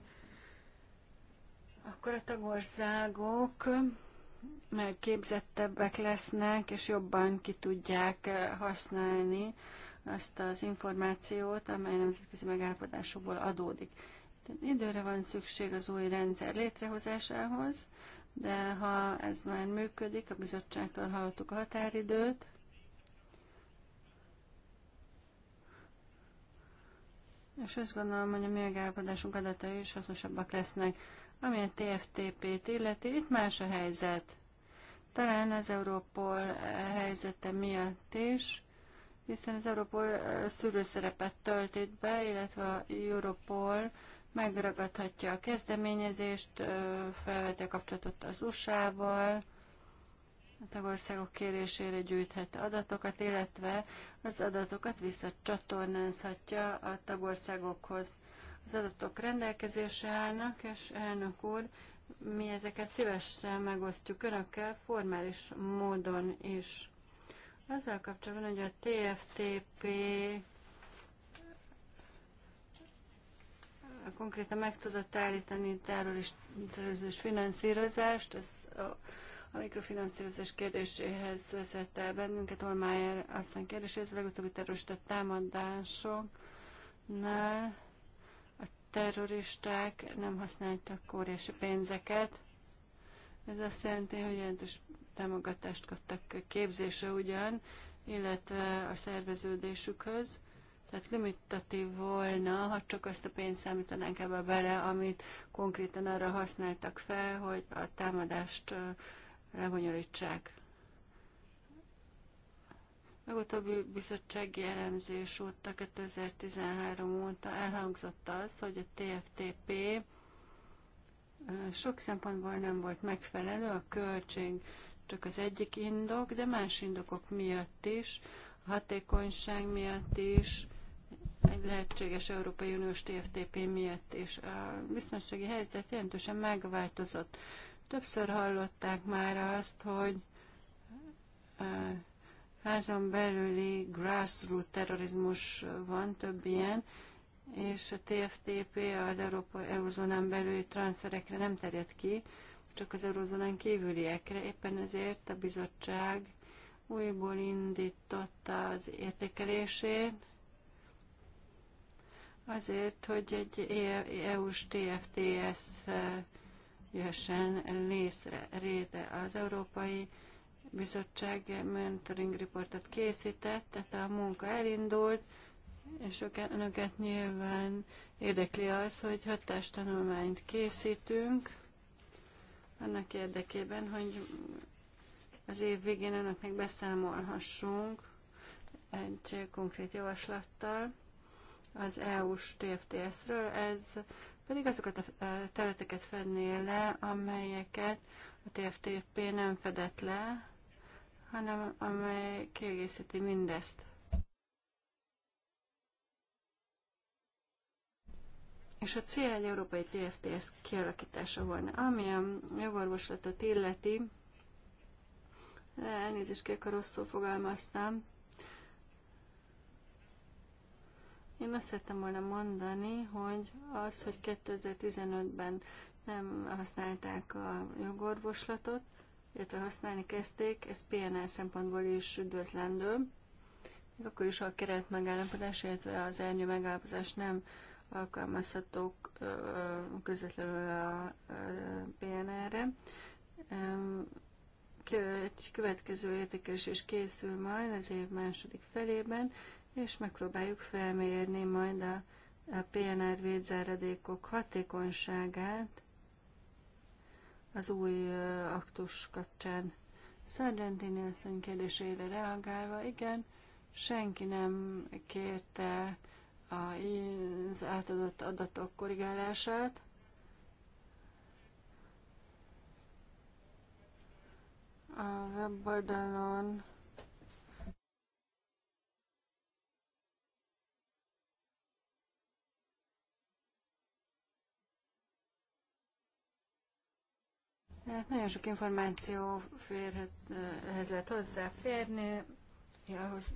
akkor a tagországok képzettebbek lesznek, és jobban ki tudják eh, használni azt az információt, amely nemzetközi megállapodásokból adódik. Időre van szükség az új rendszer létrehozásához, de ha ez már működik, a bizottságtól hallottuk a határidőt, és azt gondolom, hogy a mi megállapodásunk adatai is hasznosabbak lesznek. Ami a TFTP-t illeti, itt más a helyzet. Talán az Európol eh, helyzete miatt is, hiszen az Európol eh, szűrőszerepet tölt itt be, illetve a Europol megragadhatja a kezdeményezést, eh, felveti a kapcsolatot az USA-val, a tagországok kérésére gyűjthet adatokat, illetve az adatokat visszacsatornázhatja a tagországokhoz az adatok rendelkezésre állnak, és elnök úr, mi ezeket szívesen megosztjuk önökkel formális módon is. Azzal kapcsolatban, hogy a TFTP konkrétan meg tudott állítani terrorizmus finanszírozást, ez a, a mikrofinanszírozás kérdéséhez vezet el bennünket, Olmájer aztán kérdéséhez, a legutóbbi terrorista támadásoknál terroristák nem használtak óriási pénzeket. Ez azt jelenti, hogy jelentős támogatást kaptak képzésre ugyan, illetve a szerveződésükhöz. Tehát limitatív volna, ha csak azt a pénzt számítanánk ebbe bele, amit konkrétan arra használtak fel, hogy a támadást lebonyolítsák. Legutóbbi bizottsági elemzés óta, 2013 óta elhangzott az, hogy a TFTP sok szempontból nem volt megfelelő, a költség csak az egyik indok, de más indokok miatt is, a hatékonyság miatt is, egy lehetséges Európai Uniós TFTP miatt is. A biztonsági helyzet jelentősen megváltozott. Többször hallották már azt, hogy házon belüli grassroot terrorizmus van, több ilyen, és a TFTP az Európa Eurozónán belüli transferekre nem terjed ki, csak az eurozónán kívüliekre. Éppen ezért a bizottság újból indította az értékelését, azért, hogy egy EU-s TFTS jöhessen létre. Az európai bizottság mentoring riportot készített, tehát a munka elindult, és önöket nyilván érdekli az, hogy hatástanulmányt készítünk, annak érdekében, hogy az év végén önöknek beszámolhassunk egy konkrét javaslattal az EU-s TFTS-ről. Ez pedig azokat a e, területeket fedné le, amelyeket a TFTP nem fedett le, hanem amely kiegészíti mindezt. És a cél egy európai TFTS kialakítása volna. Ami a jogorvoslatot illeti, elnézést kérek, ha rosszul fogalmaztam, Én azt szerettem volna mondani, hogy az, hogy 2015-ben nem használták a jogorvoslatot, illetve használni kezdték, ez PNL szempontból is üdvözlendő. Még akkor is a keret megállapodás, illetve az ernyő megállapodás nem alkalmazhatók közvetlenül a PNR-re. Egy következő értékelés is készül majd az év második felében, és megpróbáljuk felmérni majd a, a PNR védzáradékok hatékonyságát az új aktus kapcsán. Sargentini asszony kérdésére reagálva, igen, senki nem kérte az átadott adatok korrigálását. A weboldalon Hát nagyon sok információ férhet, eh, ehhez lehet hozzáférni, ahhoz,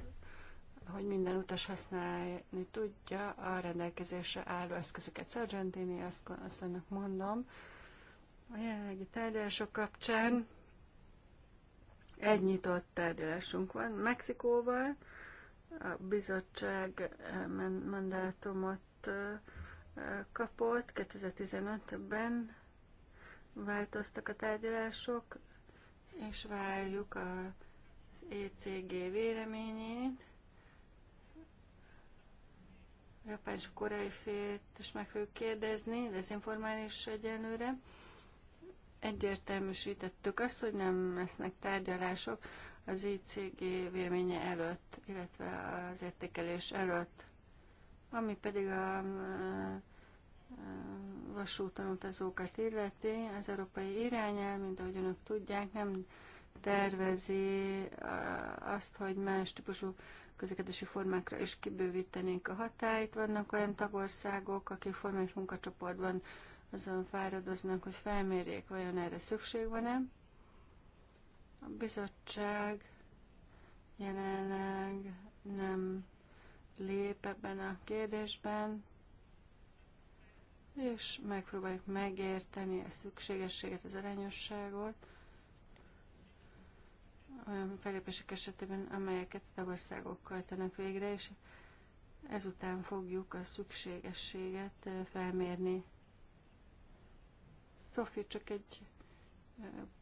hogy minden utas használni tudja a rendelkezésre álló eszközöket. Sargentini azt, azt annak mondom, a jelenlegi tárgyalások kapcsán egy nyitott tárgyalásunk van Mexikóval, a bizottság eh, mandátumot eh, kapott 2015-ben, változtak a tárgyalások, és várjuk az ECG véleményét. japán és a koreai félt is meg fogjuk kérdezni, de ez informális egyenlőre. Egyértelműsítettük azt, hogy nem lesznek tárgyalások az ICG e véleménye előtt, illetve az értékelés előtt, ami pedig a vasúton utazókat illeti, az európai irányel, mint ahogy önök tudják, nem tervezi azt, hogy más típusú közlekedési formákra is kibővítenénk a hatályt. Vannak olyan tagországok, akik formális munkacsoportban azon fáradoznak, hogy felmérjék, vajon erre szükség van-e. A bizottság jelenleg nem lép ebben a kérdésben és megpróbáljuk megérteni a szükségességet, az arányosságot olyan felépések esetében, amelyeket a tagországokkal tennek végre, és ezután fogjuk a szükségességet felmérni. Szofi, csak egy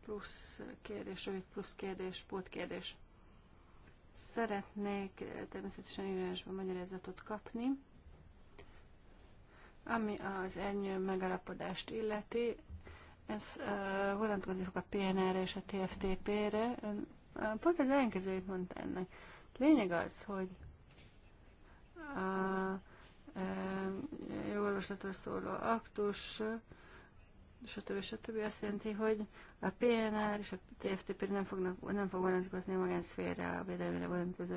plusz kérdés, rövid plusz kérdés, pótkérdés. Szeretnék természetesen írásban magyarázatot kapni. Ami az ernyő megalapodást illeti, ez uh, vonatkozik a PNR-re és a TFTP-re. Pont az ellenkezőjét mondta ennek. Lényeg az, hogy a uh, jogorvoslatról szóló aktus és stb. stb. azt jelenti, hogy a PNR és a TFTP nem, fognak, nem fog vonatkozni a magánszférre a védelmére vonatkozó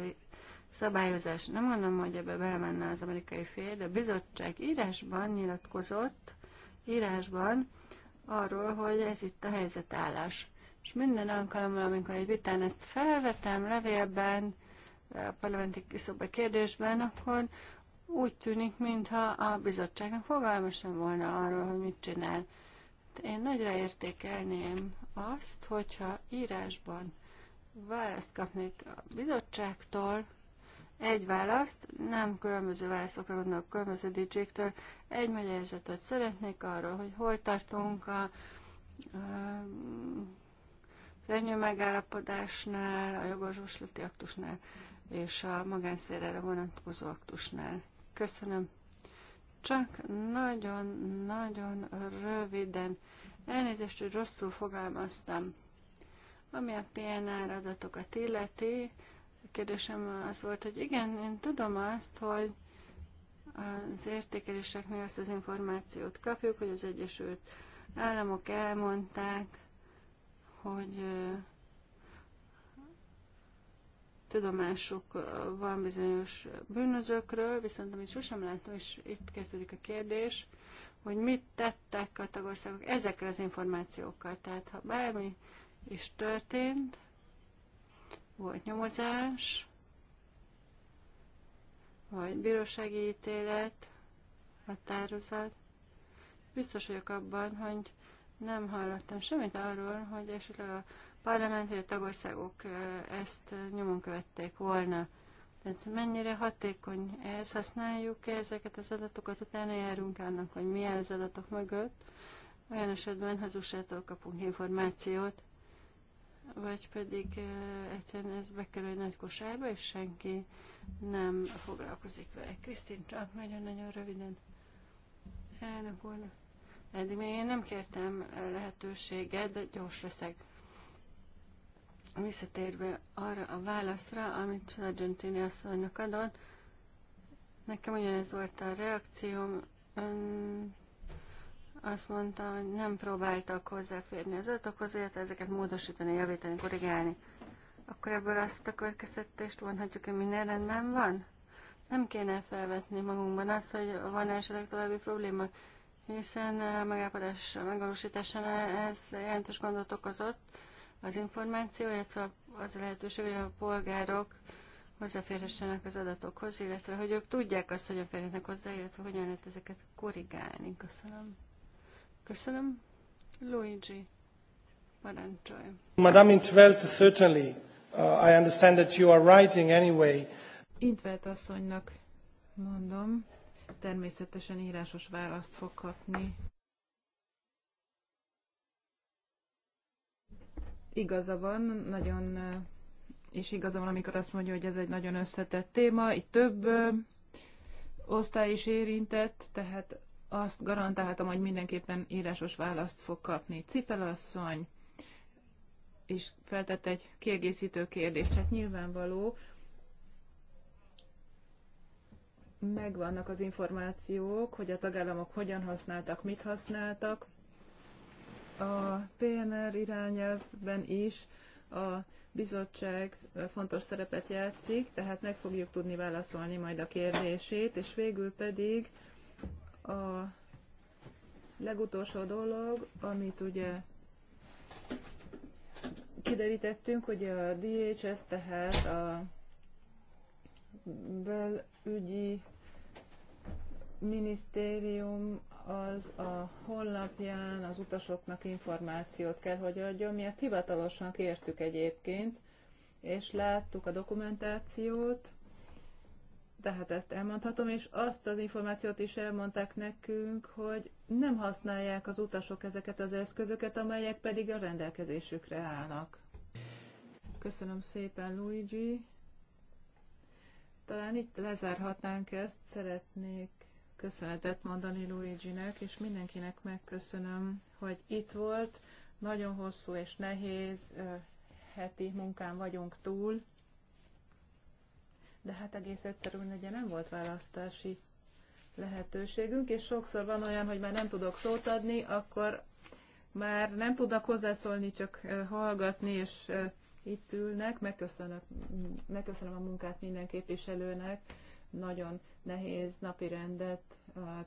szabályozás. Nem mondom, hogy ebbe belemenne az amerikai fél, de a bizottság írásban nyilatkozott, írásban arról, hogy ez itt a helyzetállás. És minden alkalommal, amikor egy vitán ezt felvetem levélben, a parlamenti kiszóba kérdésben, akkor úgy tűnik, mintha a bizottságnak fogalma sem volna arról, hogy mit csinál. De hát én nagyra értékelném azt, hogyha írásban választ kapnék a bizottságtól, egy választ, nem különböző válaszokra gondolok különböző dicsőktől, egy magyarázatot szeretnék arról, hogy hol tartunk a, a megállapodásnál, a jogorvoslati aktusnál és a magánszérre vonatkozó aktusnál. Köszönöm. Csak nagyon-nagyon röviden. Elnézést, hogy rosszul fogalmaztam. Ami a PNR adatokat illeti, a kérdésem az volt, hogy igen, én tudom azt, hogy az értékeléseknél ezt az információt kapjuk, hogy az Egyesült Államok elmondták, hogy tudomásuk van bizonyos bűnözőkről, viszont amit sosem láttam, és itt kezdődik a kérdés, hogy mit tettek a tagországok ezekkel az információkkal. Tehát ha bármi is történt, volt nyomozás, vagy bírósági ítélet, határozat. Biztos vagyok abban, hogy nem hallottam semmit arról, hogy esetleg a parlament vagy a tagországok ezt nyomon követték volna. Tehát mennyire hatékony ez, használjuk -e ezeket az adatokat, utána járunk annak, hogy mi az adatok mögött. Olyan esetben hazugságtól kapunk információt, vagy pedig egyszerűen ez bekerül, egy nagy kosárba, és senki nem foglalkozik vele. Krisztin, csak nagyon-nagyon röviden. Elnök úr, eddig még én nem kértem lehetőséget, de gyors leszek. Visszatérve arra a válaszra, amit Sargentini asszonynak adott, nekem ugyanez volt a reakcióm, ön azt mondta, hogy nem próbáltak hozzáférni az adatokhoz, illetve ezeket módosítani, javítani, korrigálni. Akkor ebből azt a következtetést vonhatjuk, hogy minden rendben van? Nem kéne felvetni magunkban azt, hogy van esetleg további probléma, hiszen a eh, megállapodás megvalósításánál ez jelentős gondot okozott az információ, illetve az a lehetőség, hogy a polgárok hozzáférhessenek az adatokhoz, illetve hogy ők tudják azt, hogyan férhetnek hozzá, illetve hogyan lehet ezeket korrigálni. Köszönöm. Köszönöm. Luigi, parancsolj. Madame Intveld, certainly. Uh, I understand that you are writing anyway. Intveld asszonynak mondom, természetesen írásos választ fog kapni. Igaza van, nagyon uh, és igaza van, amikor azt mondja, hogy ez egy nagyon összetett téma, itt több uh, osztály is érintett, tehát azt garantálhatom, hogy mindenképpen írásos választ fog kapni. Cipelasszony is feltett egy kiegészítő kérdést, hát nyilvánvaló, megvannak az információk, hogy a tagállamok hogyan használtak, mit használtak. A PNR irányelvben is a bizottság fontos szerepet játszik, tehát meg fogjuk tudni válaszolni majd a kérdését, és végül pedig a legutolsó dolog, amit ugye kiderítettünk, hogy a DHS tehát a belügyi minisztérium az a honlapján az utasoknak információt kell, hogy adjon. Mi ezt hivatalosan kértük egyébként, és láttuk a dokumentációt, tehát ezt elmondhatom, és azt az információt is elmondták nekünk, hogy nem használják az utasok ezeket az eszközöket, amelyek pedig a rendelkezésükre állnak. Köszönöm szépen, Luigi. Talán itt lezárhatnánk ezt. Szeretnék köszönetet mondani Luigi-nek, és mindenkinek megköszönöm, hogy itt volt. Nagyon hosszú és nehéz heti munkán vagyunk túl de hát egész egyszerűen ugye nem volt választási lehetőségünk, és sokszor van olyan, hogy már nem tudok szót adni, akkor már nem tudnak hozzászólni, csak hallgatni, és itt ülnek. Megköszönök, megköszönöm a munkát minden képviselőnek, nagyon nehéz napi rendet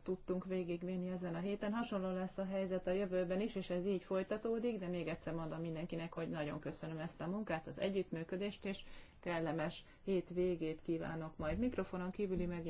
tudtunk végigvinni ezen a héten. Hasonló lesz a helyzet a jövőben is, és ez így folytatódik, de még egyszer mondom mindenkinek, hogy nagyon köszönöm ezt a munkát, az együttműködést, és kellemes hétvégét kívánok majd mikrofonon kívüli megjegyzést.